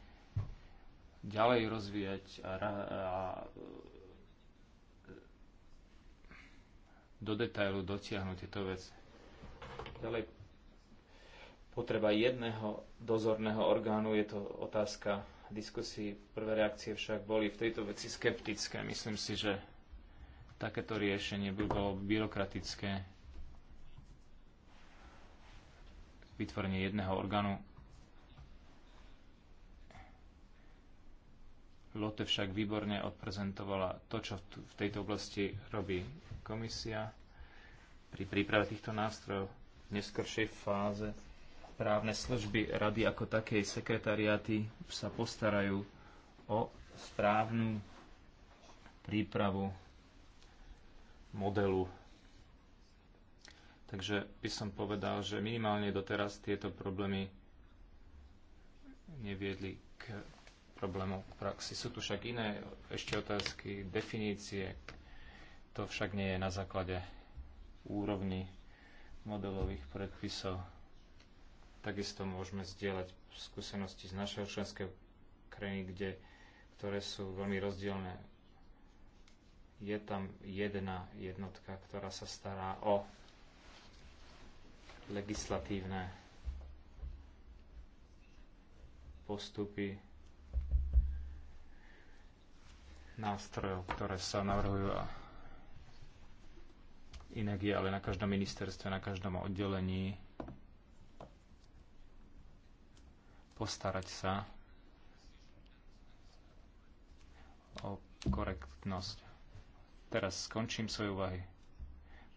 ďalej rozvíjať a, a, a e, do detailu dotiahnuť tieto veci. Ďalej potreba jedného dozorného orgánu je to otázka diskusí. Prvé reakcie však boli v tejto veci skeptické. Myslím si, že takéto riešenie by bolo byrokratické vytvorenie jedného orgánu. Lotte však výborne odprezentovala to, čo v tejto oblasti robí komisia pri príprave týchto nástrojov v neskoršej fáze. Právne služby rady ako takej sekretariáty sa postarajú o správnu prípravu modelu Takže by som povedal, že minimálne doteraz tieto problémy neviedli k problému v praxi. Sú tu však iné ešte otázky, definície. To však nie je na základe úrovni modelových predpisov. Takisto môžeme zdieľať skúsenosti z našeho členského krajiny, kde, ktoré sú veľmi rozdielne. Je tam jedna jednotka, ktorá sa stará o legislatívne postupy nástrojov, ktoré sa navrhujú a inak je ale na každom ministerstve, na každom oddelení postarať sa o korektnosť. Teraz skončím svoje úvahy.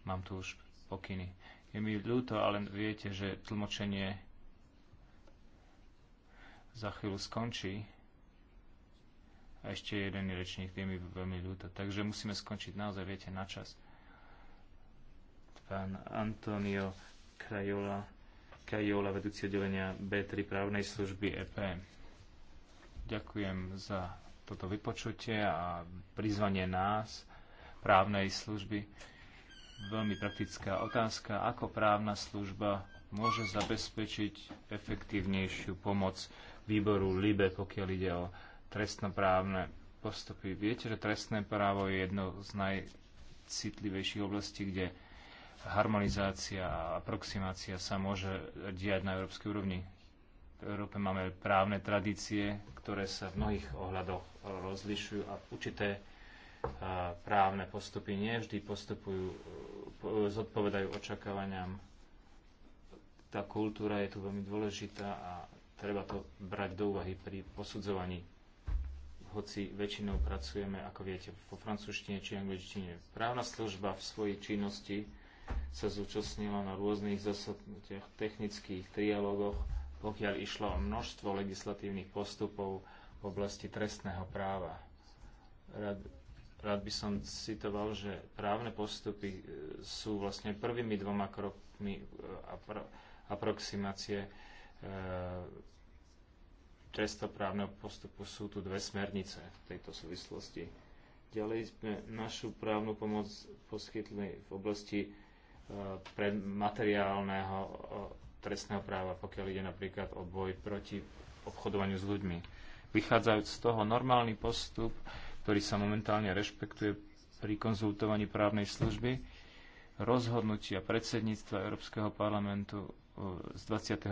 Mám tu už pokyny. Je mi ľúto, ale viete, že tlmočenie za chvíľu skončí. A ešte jeden rečník, je mi veľmi ľúto. Takže musíme skončiť naozaj, viete, na čas. Pán Antonio Krajola, Krajola, vedúci oddelenia B3 právnej služby EP. Ďakujem za toto vypočutie a prizvanie nás právnej služby veľmi praktická otázka, ako právna služba môže zabezpečiť efektívnejšiu pomoc výboru LIBE, pokiaľ ide o trestnoprávne postupy. Viete, že trestné právo je jedno z najcitlivejších oblastí, kde harmonizácia a aproximácia sa môže diať na európskej úrovni. V Európe máme právne tradície, ktoré sa v mnohých ohľadoch rozlišujú a určité právne postupy nie vždy postupujú, zodpovedajú očakávaniam. Tá kultúra je tu veľmi dôležitá a treba to brať do úvahy pri posudzovaní. Hoci väčšinou pracujeme, ako viete, po francúzštine či angličtine. Právna služba v svojej činnosti sa zúčastnila na rôznych zasadnutiach, technických trialogoch, pokiaľ išlo o množstvo legislatívnych postupov v oblasti trestného práva. Rad Rád by som citoval, že právne postupy e, sú vlastne prvými dvoma krokmi e, aproximácie e, právneho postupu sú tu dve smernice v tejto súvislosti. Ďalej sme našu právnu pomoc poskytli v oblasti materiálneho trestného práva, pokiaľ ide napríklad o boj proti obchodovaniu s ľuďmi. Vychádzajúc z toho, normálny postup ktorý sa momentálne rešpektuje pri konzultovaní právnej služby, rozhodnutia predsedníctva Európskeho parlamentu e, z 28.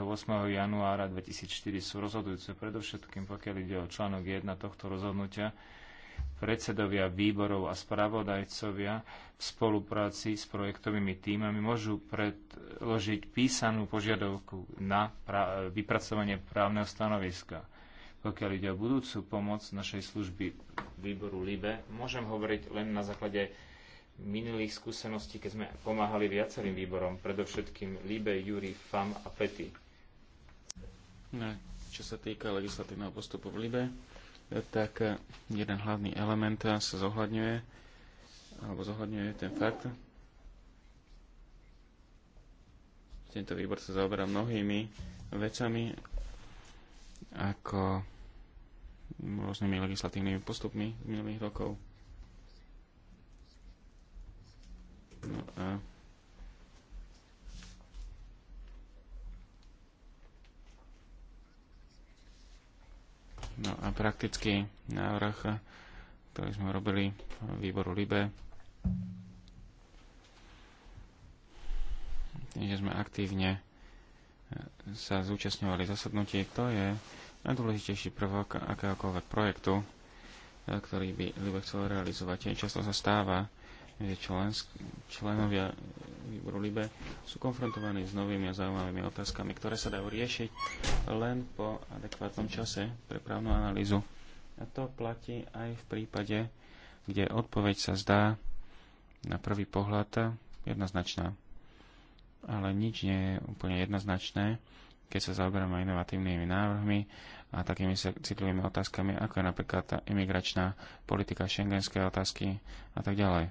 januára 2004 sú rozhodujúce predovšetkým, pokiaľ ide o článok 1 tohto rozhodnutia. Predsedovia výborov a spravodajcovia v spolupráci s projektovými týmami môžu predložiť písanú požiadavku na vypracovanie právneho stanoviska. Pokiaľ ide o budúcu pomoc našej služby výboru LIBE, môžem hovoriť len na základe minulých skúseností, keď sme pomáhali viacerým výborom, predovšetkým LIBE, Júri, FAM a PETI. No, čo sa týka legislatívneho postupu v LIBE, tak eh, jeden hlavný element eh, sa zohľadňuje, alebo zohľadňuje ten fakt, tento výbor sa zaoberá mnohými vecami, ako rôznymi legislatívnymi postupmi z minulých rokov. No a No a praktický návrh, ktorý sme robili v výboru LIBE, tým, že sme aktívne sa zúčastňovali zasadnutie, to je najdôležitejší prvok akéhokoľvek projektu, e, ktorý by ľudia chcel realizovať. Často sa stáva, že člen, členovia výboru Libe sú konfrontovaní s novými a zaujímavými otázkami, ktoré sa dajú riešiť len po adekvátnom čase pre právnu analýzu. A to platí aj v prípade, kde odpoveď sa zdá na prvý pohľad jednoznačná. Ale nič nie je úplne jednoznačné keď sa zaoberáme inovatívnymi návrhmi a takými citlivými otázkami, ako je napríklad tá imigračná politika, šengenské otázky a tak ďalej.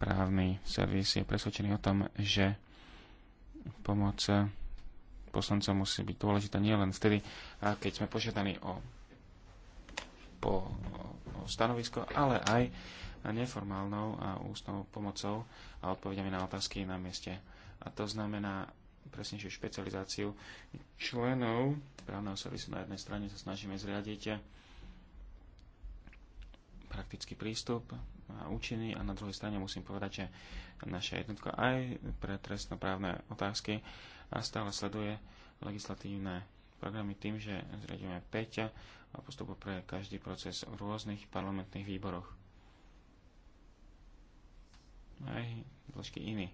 Právny servis je presvedčený o tom, že pomoc poslancov musí byť dôležitá nielen vtedy, keď sme požiadaní o, po, o stanovisko, ale aj neformálnou a ústnou pomocou a odpovediami na otázky na mieste. A to znamená presnejšiu špecializáciu členov právneho servisu. Na jednej strane sa snažíme zriadiť praktický prístup a účinný a na druhej strane musím povedať, že naša jednotka aj pre trestnoprávne otázky a stále sleduje legislatívne programy tým, že zriadíme 5 a postupov pre každý proces v rôznych parlamentných výboroch. Aj dĺžky iný.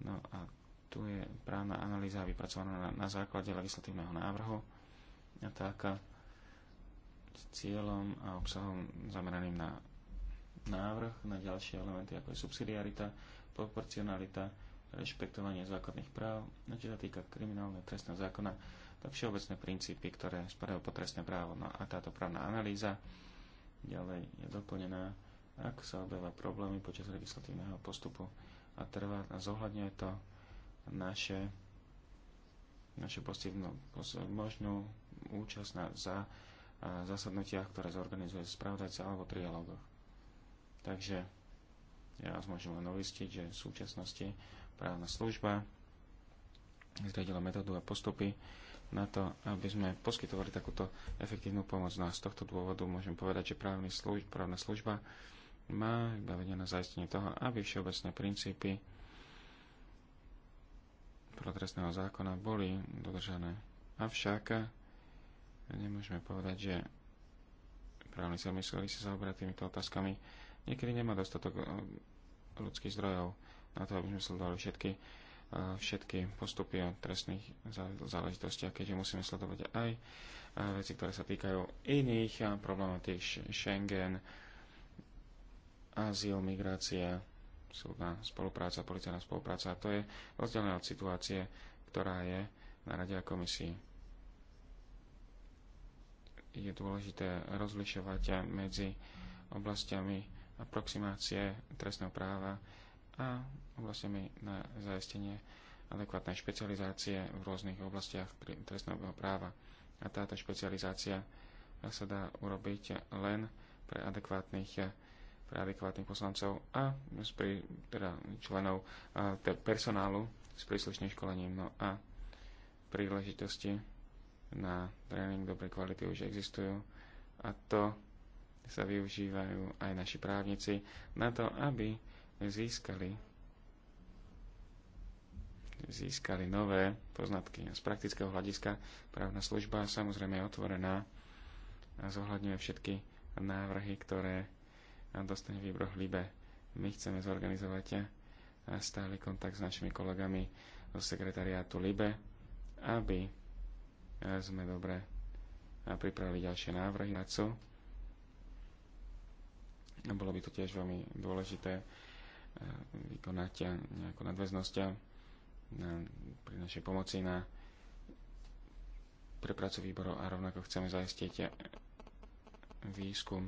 No a tu je právna analýza vypracovaná na, na základe legislatívneho návrhu a tak s cieľom a obsahom zameraným na návrh, na ďalšie elementy ako je subsidiarita, proporcionalita, rešpektovanie základných práv, no čo sa týka kriminálne trestného zákona, tak všeobecné princípy, ktoré spadajú po trestné právo. No a táto právna analýza ďalej je doplnená, ak sa objavia problémy počas legislatívneho postupu a trvá a zohľadňuje to naše, našu postivnú, možnú účasť na, za zasadnutiach, ktoré zorganizuje spravodajca alebo trialógoch. Takže ja vás môžem len uistiť, že v súčasnosti právna služba zriadila metódu a postupy na to, aby sme poskytovali takúto efektívnu pomoc. No a z tohto dôvodu môžem povedať, že právny služ, právna služba má vybavenie na zaistenie toho, aby všeobecné princípy trestného zákona boli dodržané. Avšak nemôžeme povedať, že právni mysleli sa zaoberať týmito otázkami. Niekedy nemá dostatok eh, ľudských zdrojov na to, aby sme sledovali všetky, eh, všetky postupy o trestných záležitostiach, keďže musíme sledovať aj eh, veci, ktoré sa týkajú iných tých Schengen, azyl, migrácia, súdna spolupráca, policajná spolupráca. A to je rozdielne od situácie, ktorá je na Rade a komisii. Je dôležité rozlišovať medzi oblastiami aproximácie trestného práva a oblastiami na zaistenie adekvátnej špecializácie v rôznych oblastiach trestného práva. A táto špecializácia sa dá urobiť len pre adekvátnych pre adekvátnych poslancov a pri, teda členov a, te, personálu s príslušným školením. No a príležitosti na tréning dobrej kvality už existujú a to sa využívajú aj naši právnici na to, aby získali získali nové poznatky. Z praktického hľadiska právna služba samozrejme je otvorená a zohľadňuje všetky návrhy, ktoré dostane výbroh Libe. My chceme zorganizovať eh, stály kontakt s našimi kolegami zo sekretariátu Libe, aby eh, sme dobre eh, pripravili ďalšie návrhy na co. Bolo by to tiež veľmi dôležité vykonať nejakú nadväznosť na, pri našej pomoci na prepracu výborov a rovnako chceme zaistiť výskum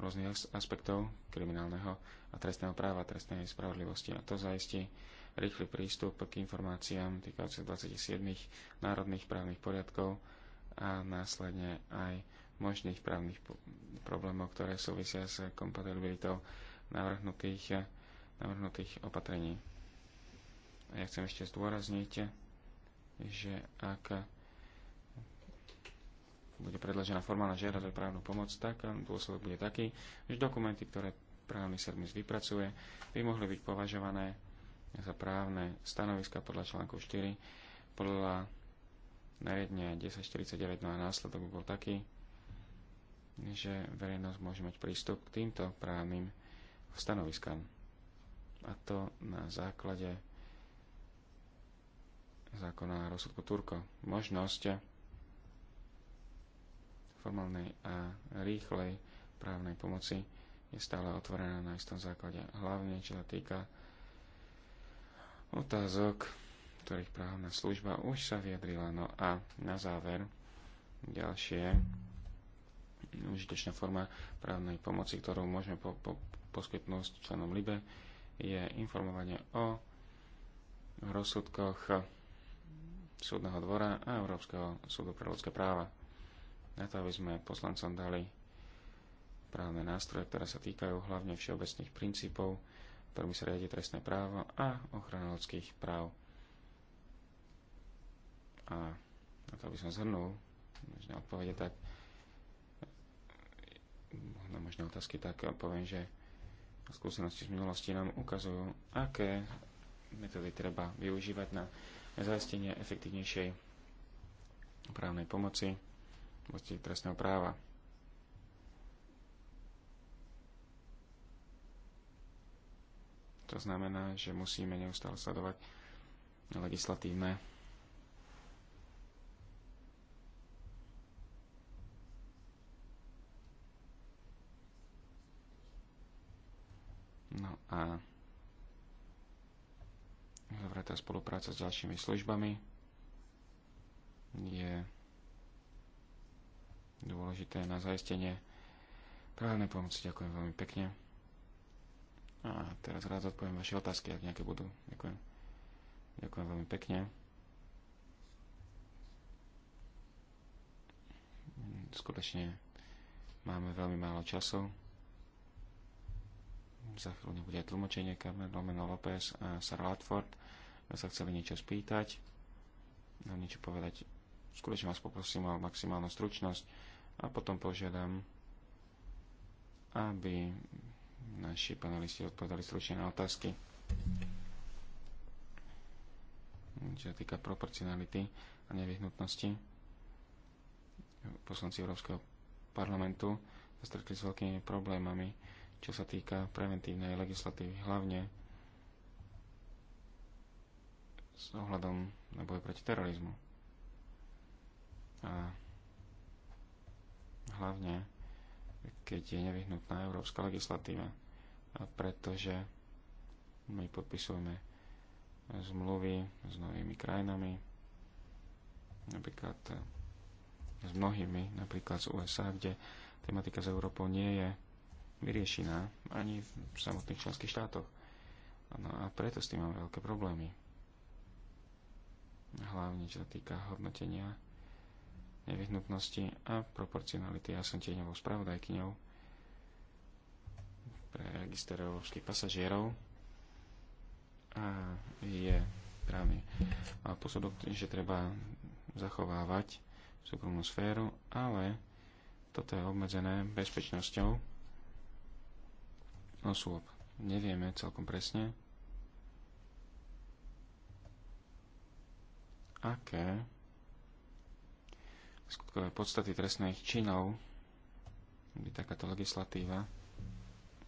rôznych aspektov kriminálneho a trestného práva, trestnej spravodlivosti a to zaistí rýchly prístup k informáciám týkajúcich 27 národných právnych poriadkov a následne aj možných právnych problémov, ktoré súvisia s kompatibilitou navrhnutých, navrhnutých opatrení. A ja chcem ešte zdôrazniť, že ak bude predložená formálna žiadosť o právnu pomoc, tak um, dôsledok bude taký, že dokumenty, ktoré právny servis vypracuje, by mohli byť považované za právne stanoviska podľa článku 4, podľa nariadenia 1049, no a následok by bol taký, že verejnosť môže mať prístup k týmto právnym stanoviskám. A to na základe zákona rozsudku Turko. Možnosť formálnej a rýchlej právnej pomoci je stále otvorená na istom základe. Hlavne, čo sa týka otázok, ktorých právna služba už sa vyjadrila. No a na záver ďalšie užitečná forma právnej pomoci, ktorú môžeme po, po, poskytnúť členom LIBE, je informovanie o rozsudkoch súdneho dvora a Európskeho súdu pre ľudské práva na to, aby sme poslancom dali právne nástroje, ktoré sa týkajú hlavne všeobecných princípov, ktorými sa riadi trestné právo a ochrana ľudských práv. A na to, aby som zhrnul možné odpovede, tak na možné otázky, tak poviem, že skúsenosti z minulosti nám ukazujú, aké metódy treba využívať na zaistenie efektívnejšej právnej pomoci oblasti trestného práva. To znamená, že musíme neustále sledovať legislatívne No a zavretá spolupráca s ďalšími službami je dôležité na zaistenie právnej pomoci. Ďakujem veľmi pekne. A teraz rád odpoviem vaše otázky, ak nejaké budú. Ďakujem. Ďakujem veľmi pekne. Skutočne máme veľmi málo času. Za chvíľu nebude aj tlmočenie kamer, Lomeno López a Sarah Latford sa chceli niečo spýtať, niečo povedať. Skutočne vás poprosím o maximálnu stručnosť a potom požiadam, aby naši panelisti odpovedali stručne na otázky. Čo sa týka proporcionality a nevyhnutnosti, poslanci Európskeho parlamentu sa stretli s veľkými problémami, čo sa týka preventívnej legislatívy, hlavne s ohľadom na boj proti terorizmu. A hlavne keď je nevyhnutná európska legislatíva, a pretože my podpisujeme zmluvy s novými krajinami, napríklad eh, s mnohými, napríklad z USA, kde tematika s Európou nie je vyriešená ani v samotných členských štátoch. No a preto s tým máme veľké problémy. Hlavne čo sa týka hodnotenia nevyhnutnosti a proporcionality. Ja som tieňovou spravodajkyňou pre register európskych pasažierov a je právny posudok, že treba zachovávať súkromnú sféru, ale toto je obmedzené bezpečnosťou osôb. Nevieme celkom presne, aké skutkové podstaty trestných činov by takáto legislatíva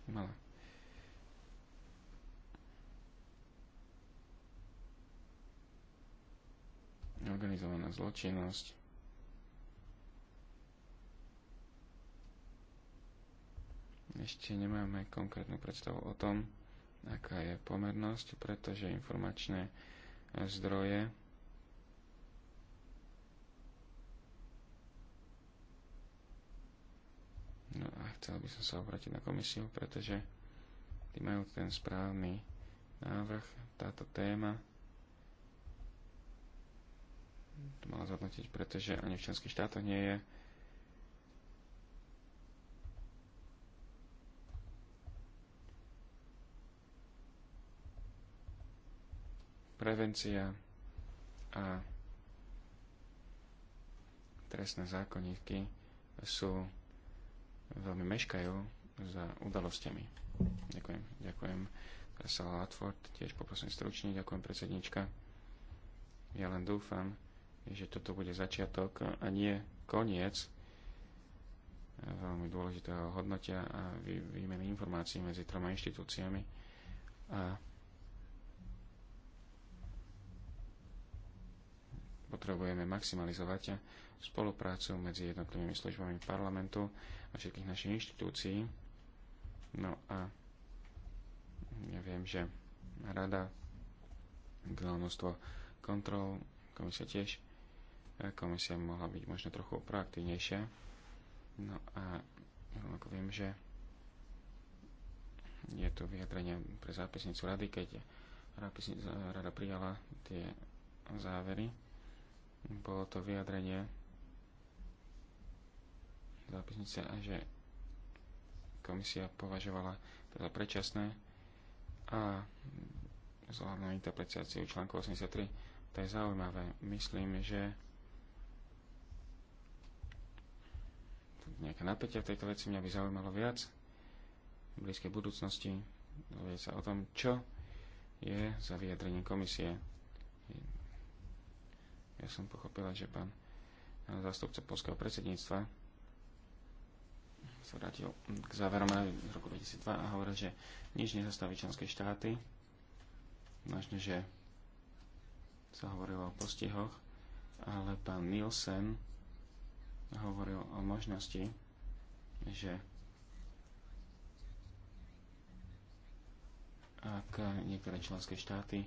mala. Organizovaná zločinnosť, ešte nemáme konkrétnu predstavu o tom, aká je pomernosť, pretože informačné zdroje No a chcel by som sa obrátiť na komisiu, pretože tí majú ten správny návrh, táto téma to mala zhodnotiť, pretože ani v členských štátoch nie je prevencia a trestné zákonníky sú veľmi meškajú za udalostiami. Ďakujem, ďakujem. Sala Atford, tiež poprosím stručne, ďakujem predsednička. Ja len dúfam, že toto bude začiatok a nie koniec veľmi dôležitého hodnotia a výmeny informácií medzi troma inštitúciami. A potrebujeme maximalizovať spoluprácu medzi jednotlivými službami parlamentu a všetkých našich inštitúcií. No a ja viem, že rada veľa množstvo kontrol, komisia tiež. Komisia mohla byť možno trochu proaktívnejšia. No a ako viem, že je tu vyjadrenie pre zápisnicu rady, keď rada prijala tie závery. Bolo to vyjadrenie zápisnice a že komisia považovala to za predčasné a zohľadná na interpretáciu článku 83 to je zaujímavé. Myslím, že nejaké napätia v tejto veci mňa by zaujímalo viac v blízkej budúcnosti dovie sa o tom, čo je za vyjadrenie komisie. Ja som pochopila, že pán zástupca polského predsedníctva sa vrátil k záverom z roku 2002 a hovoril, že nič nezastaví členské štáty. Vážne, že sa hovorilo o postihoch, ale pán Nielsen hovoril o možnosti, že ak niektoré členské štáty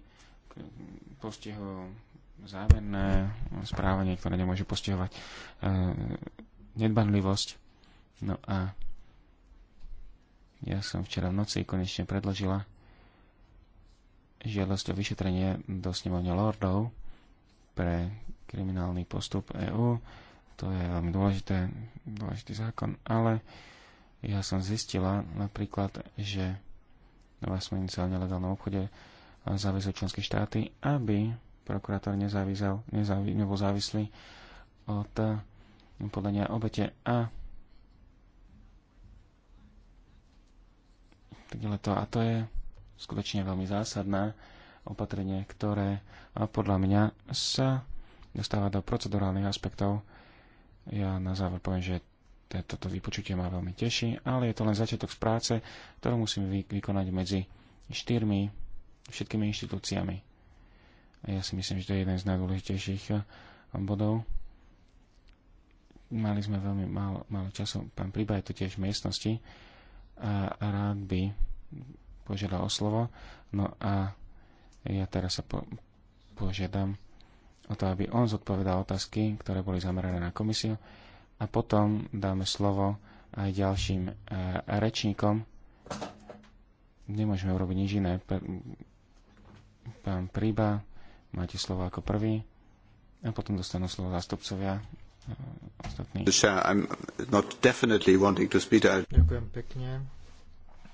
postihujú záverné správanie, ktoré nemôžu postihovať eh, nedbanlivosť, No a ja som včera v noci konečne predložila žiadosť o vyšetrenie do snemovne lordov pre kriminálny postup EÚ. To je veľmi dôležité, dôležitý zákon, ale ja som zistila napríklad, že nová smernica o nelegálnom obchode záväzuje členské štáty, aby prokurátor nezávisel, nezávisel, nebol závislý od podania obete a to, a to je skutočne veľmi zásadné opatrenie, ktoré podľa mňa sa dostáva do procedurálnych aspektov. Ja na záver poviem, že toto vypočutie ma veľmi teší, ale je to len začiatok z práce, ktorú musím vykonať medzi štyrmi všetkými inštitúciami. A ja si myslím, že to je jeden z najdôležitejších bodov. Mali sme veľmi málo, málo času. Pán Príba je tu tiež v miestnosti a rád by požiadal o slovo. No a ja teraz sa po, požiadam o to, aby on zodpovedal otázky, ktoré boli zamerané na komisiu a potom dáme slovo aj ďalším e, rečníkom. Nemôžeme urobiť nič iné. Pán Príba, máte slovo ako prvý a potom dostanú slovo zástupcovia Ďakujem pekne.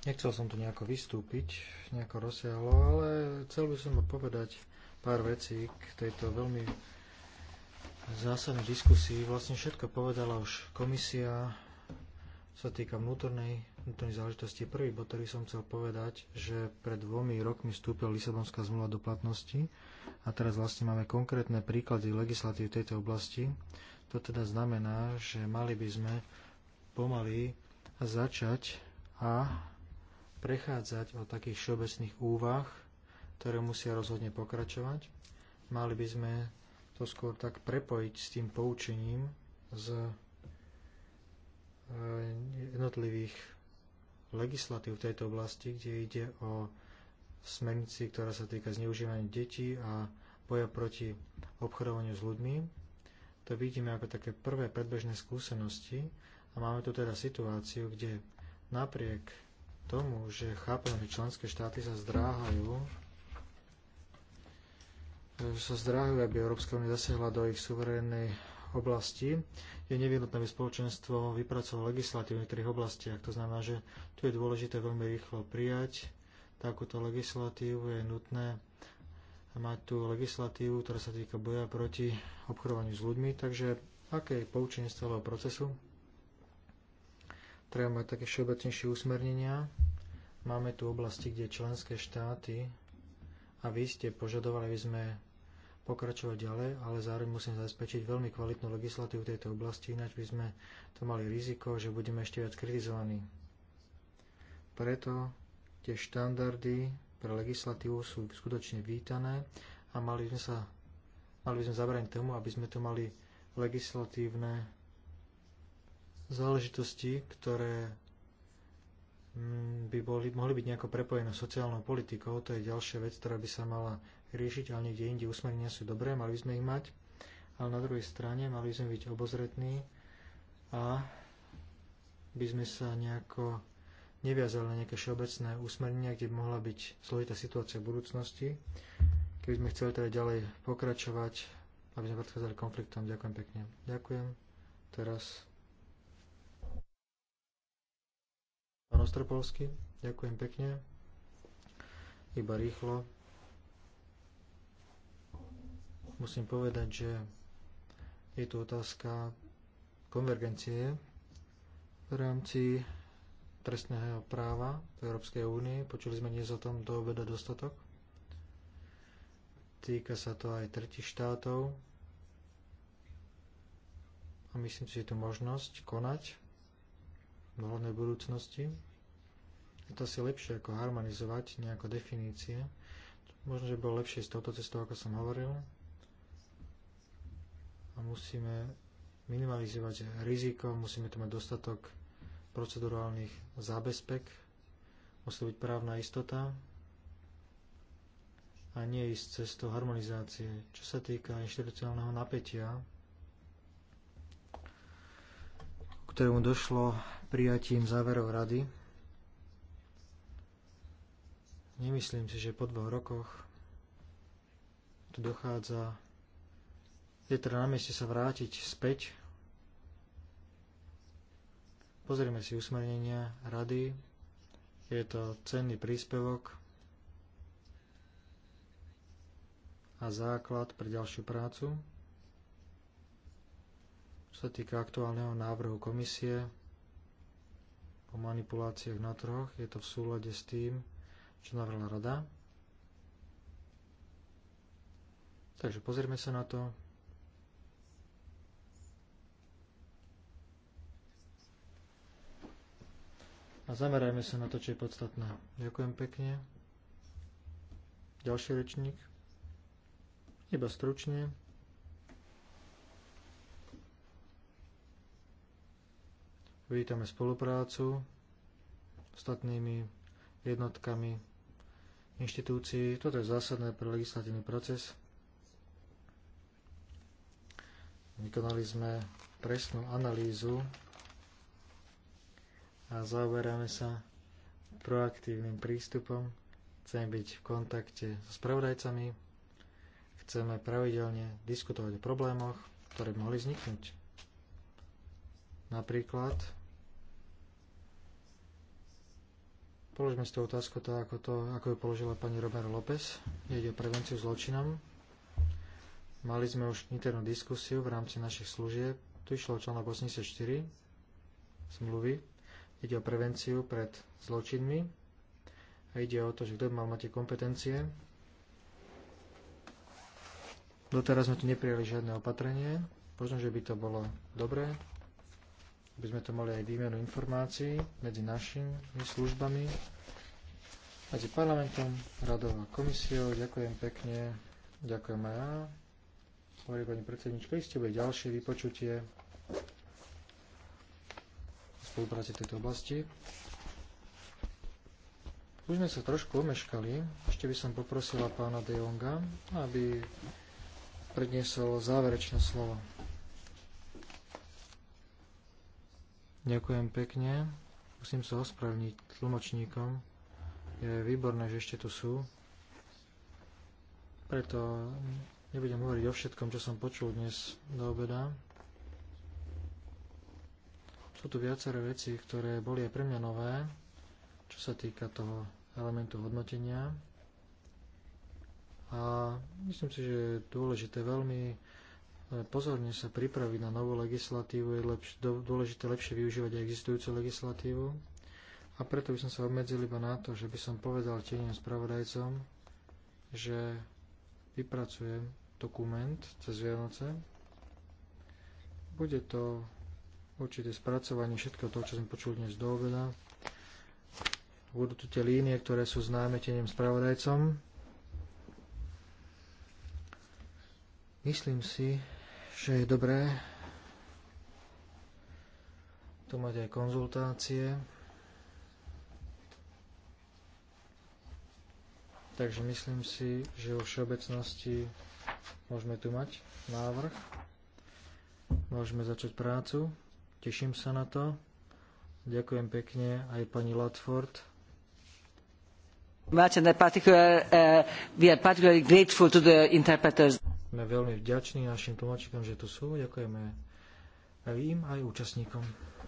Nechcel som tu nejako vystúpiť, nejako rozsiahlo, ale chcel by som povedať pár vecí k tejto veľmi zásadnej diskusii. Vlastne všetko povedala už komisia, sa týka vnútornej, vnútornej záležitosti. Prvý bod, ktorý som chcel povedať, že pred dvomi rokmi vstúpila Lisabonská zmluva do platnosti a teraz vlastne máme konkrétne príklady legislatívy v tejto oblasti. To teda znamená, že mali by sme pomaly začať a prechádzať od takých všeobecných úvah, ktoré musia rozhodne pokračovať. Mali by sme to skôr tak prepojiť s tým poučením z e, jednotlivých legislatív v tejto oblasti, kde ide o smernici, ktorá sa týka zneužívania detí a boja proti obchodovaniu s ľuďmi to vidíme ako také prvé predbežné skúsenosti a máme tu teda situáciu, kde napriek tomu, že chápem, že členské štáty sa zdráhajú e, sa zdráhajú, aby Európska únia zasiahla do ich suverénnej oblasti, je nevyhnutné, aby spoločenstvo vypracovalo legislatívu v niektorých oblastiach. To znamená, že tu je dôležité veľmi rýchlo prijať takúto legislatívu, je nutné má tu legislatívu, ktorá sa týka boja proti obchodovaniu s ľuďmi, takže aké je poučenie z celého procesu? Treba mať také všeobecnejšie usmernenia. Máme tu oblasti, kde členské štáty a vy ste požadovali, aby sme pokračovať ďalej, ale zároveň musím zabezpečiť veľmi kvalitnú legislatívu v tejto oblasti, ináč by sme to mali riziko, že budeme ešte viac kritizovaní. Preto tie štandardy pre legislatívu sú skutočne vítané a mali sme sa mali by sme zabrať tomu, aby sme tu mali legislatívne záležitosti, ktoré mm, by boli, mohli byť nejako prepojené sociálnou politikou. To je ďalšia vec, ktorá by sa mala riešiť, ale niekde inde usmernenia sú dobré, mali by sme ich mať, ale na druhej strane mali by sme byť obozretní a by sme sa nejako neviazali na nejaké všeobecné úsmernenia, kde by mohla byť zložitá situácia v budúcnosti. Keby sme chceli teda ďalej pokračovať, aby sme predchádzali konfliktom. Ďakujem pekne. Ďakujem. Teraz pán Ostropolsky. Ďakujem pekne. Iba rýchlo. Musím povedať, že je tu otázka konvergencie v rámci trestného práva v Európskej únii. Počuli sme dnes o tom do obeda dostatok. Týka sa to aj tretich štátov. A myslím si, že je tu možnosť konať v hľadnej budúcnosti. Je to asi lepšie ako harmonizovať nejako definície. Možno, že bolo lepšie s touto cestou, ako som hovoril. A musíme minimalizovať riziko, musíme tu mať dostatok procedurálnych zábezpek, musí byť právna istota a nie ísť cestou harmonizácie. Čo sa týka inštitucionálneho napätia, ktorému došlo prijatím záverov rady, nemyslím si, že po dvoch rokoch tu dochádza je teda na mieste sa vrátiť späť Pozrieme si usmernenia rady. Je to cenný príspevok a základ pre ďalšiu prácu. Čo sa týka aktuálneho návrhu komisie o manipuláciách na trhoch, je to v súlade s tým, čo navrhla rada. Takže pozrieme sa na to. a zamerajme sa na to, čo je podstatné. Ďakujem pekne. Ďalší rečník. Iba stručne. Vítame spoluprácu s ostatnými jednotkami inštitúcií. Toto je zásadné pre legislatívny proces. Vykonali sme presnú analýzu a zaoberáme sa proaktívnym prístupom. Chceme byť v kontakte so spravodajcami, chceme pravidelne diskutovať o problémoch, ktoré mohli vzniknúť. Napríklad Položme si tú otázku tak, ako, to, ako ju položila pani Romero López. Ide o prevenciu zločinom. Mali sme už internú diskusiu v rámci našich služieb. Tu išlo o článok 84 smluvy, Ide o prevenciu pred zločinmi a ide o to, že kto mal mať tie kompetencie. Doteraz sme tu neprijali žiadne opatrenie. Možno, že by to bolo dobré, by sme to mali aj výmenu informácií medzi našimi službami, medzi parlamentom, radou a komisiou. Ďakujem pekne. Ďakujem aj ja. Hovorí pani predsednička, isté bude ďalšie vypočutie spolupráci v tejto oblasti. Už sme sa trošku omeškali. Ešte by som poprosila pána De Jonga, aby predniesol záverečné slovo. Ďakujem pekne. Musím sa ospravniť tlmočníkom. Je výborné, že ešte tu sú. Preto nebudem hovoriť o všetkom, čo som počul dnes do obeda. Sú tu viaceré veci, ktoré boli aj pre mňa nové, čo sa týka toho elementu hodnotenia. A myslím si, že je dôležité veľmi e, pozorne sa pripraviť na novú legislatívu, je lepš- dôležité lepšie využívať aj existujúcu legislatívu. A preto by som sa obmedzil iba na to, že by som povedal tieňom spravodajcom, že vypracujem dokument cez Vianoce. Bude to určité spracovanie všetko toho, čo sme počuli dnes do obeda. Budú tu tie línie, ktoré sú známe teniem spravodajcom. Myslím si, že je dobré tu mať aj konzultácie. Takže myslím si, že vo všeobecnosti môžeme tu mať návrh. Môžeme začať prácu. Teším sa na to. Ďakujem pekne aj pani Latford. Uh, Sme veľmi vďační našim tlmočníkom, že tu sú. Ďakujeme aj im, aj účastníkom.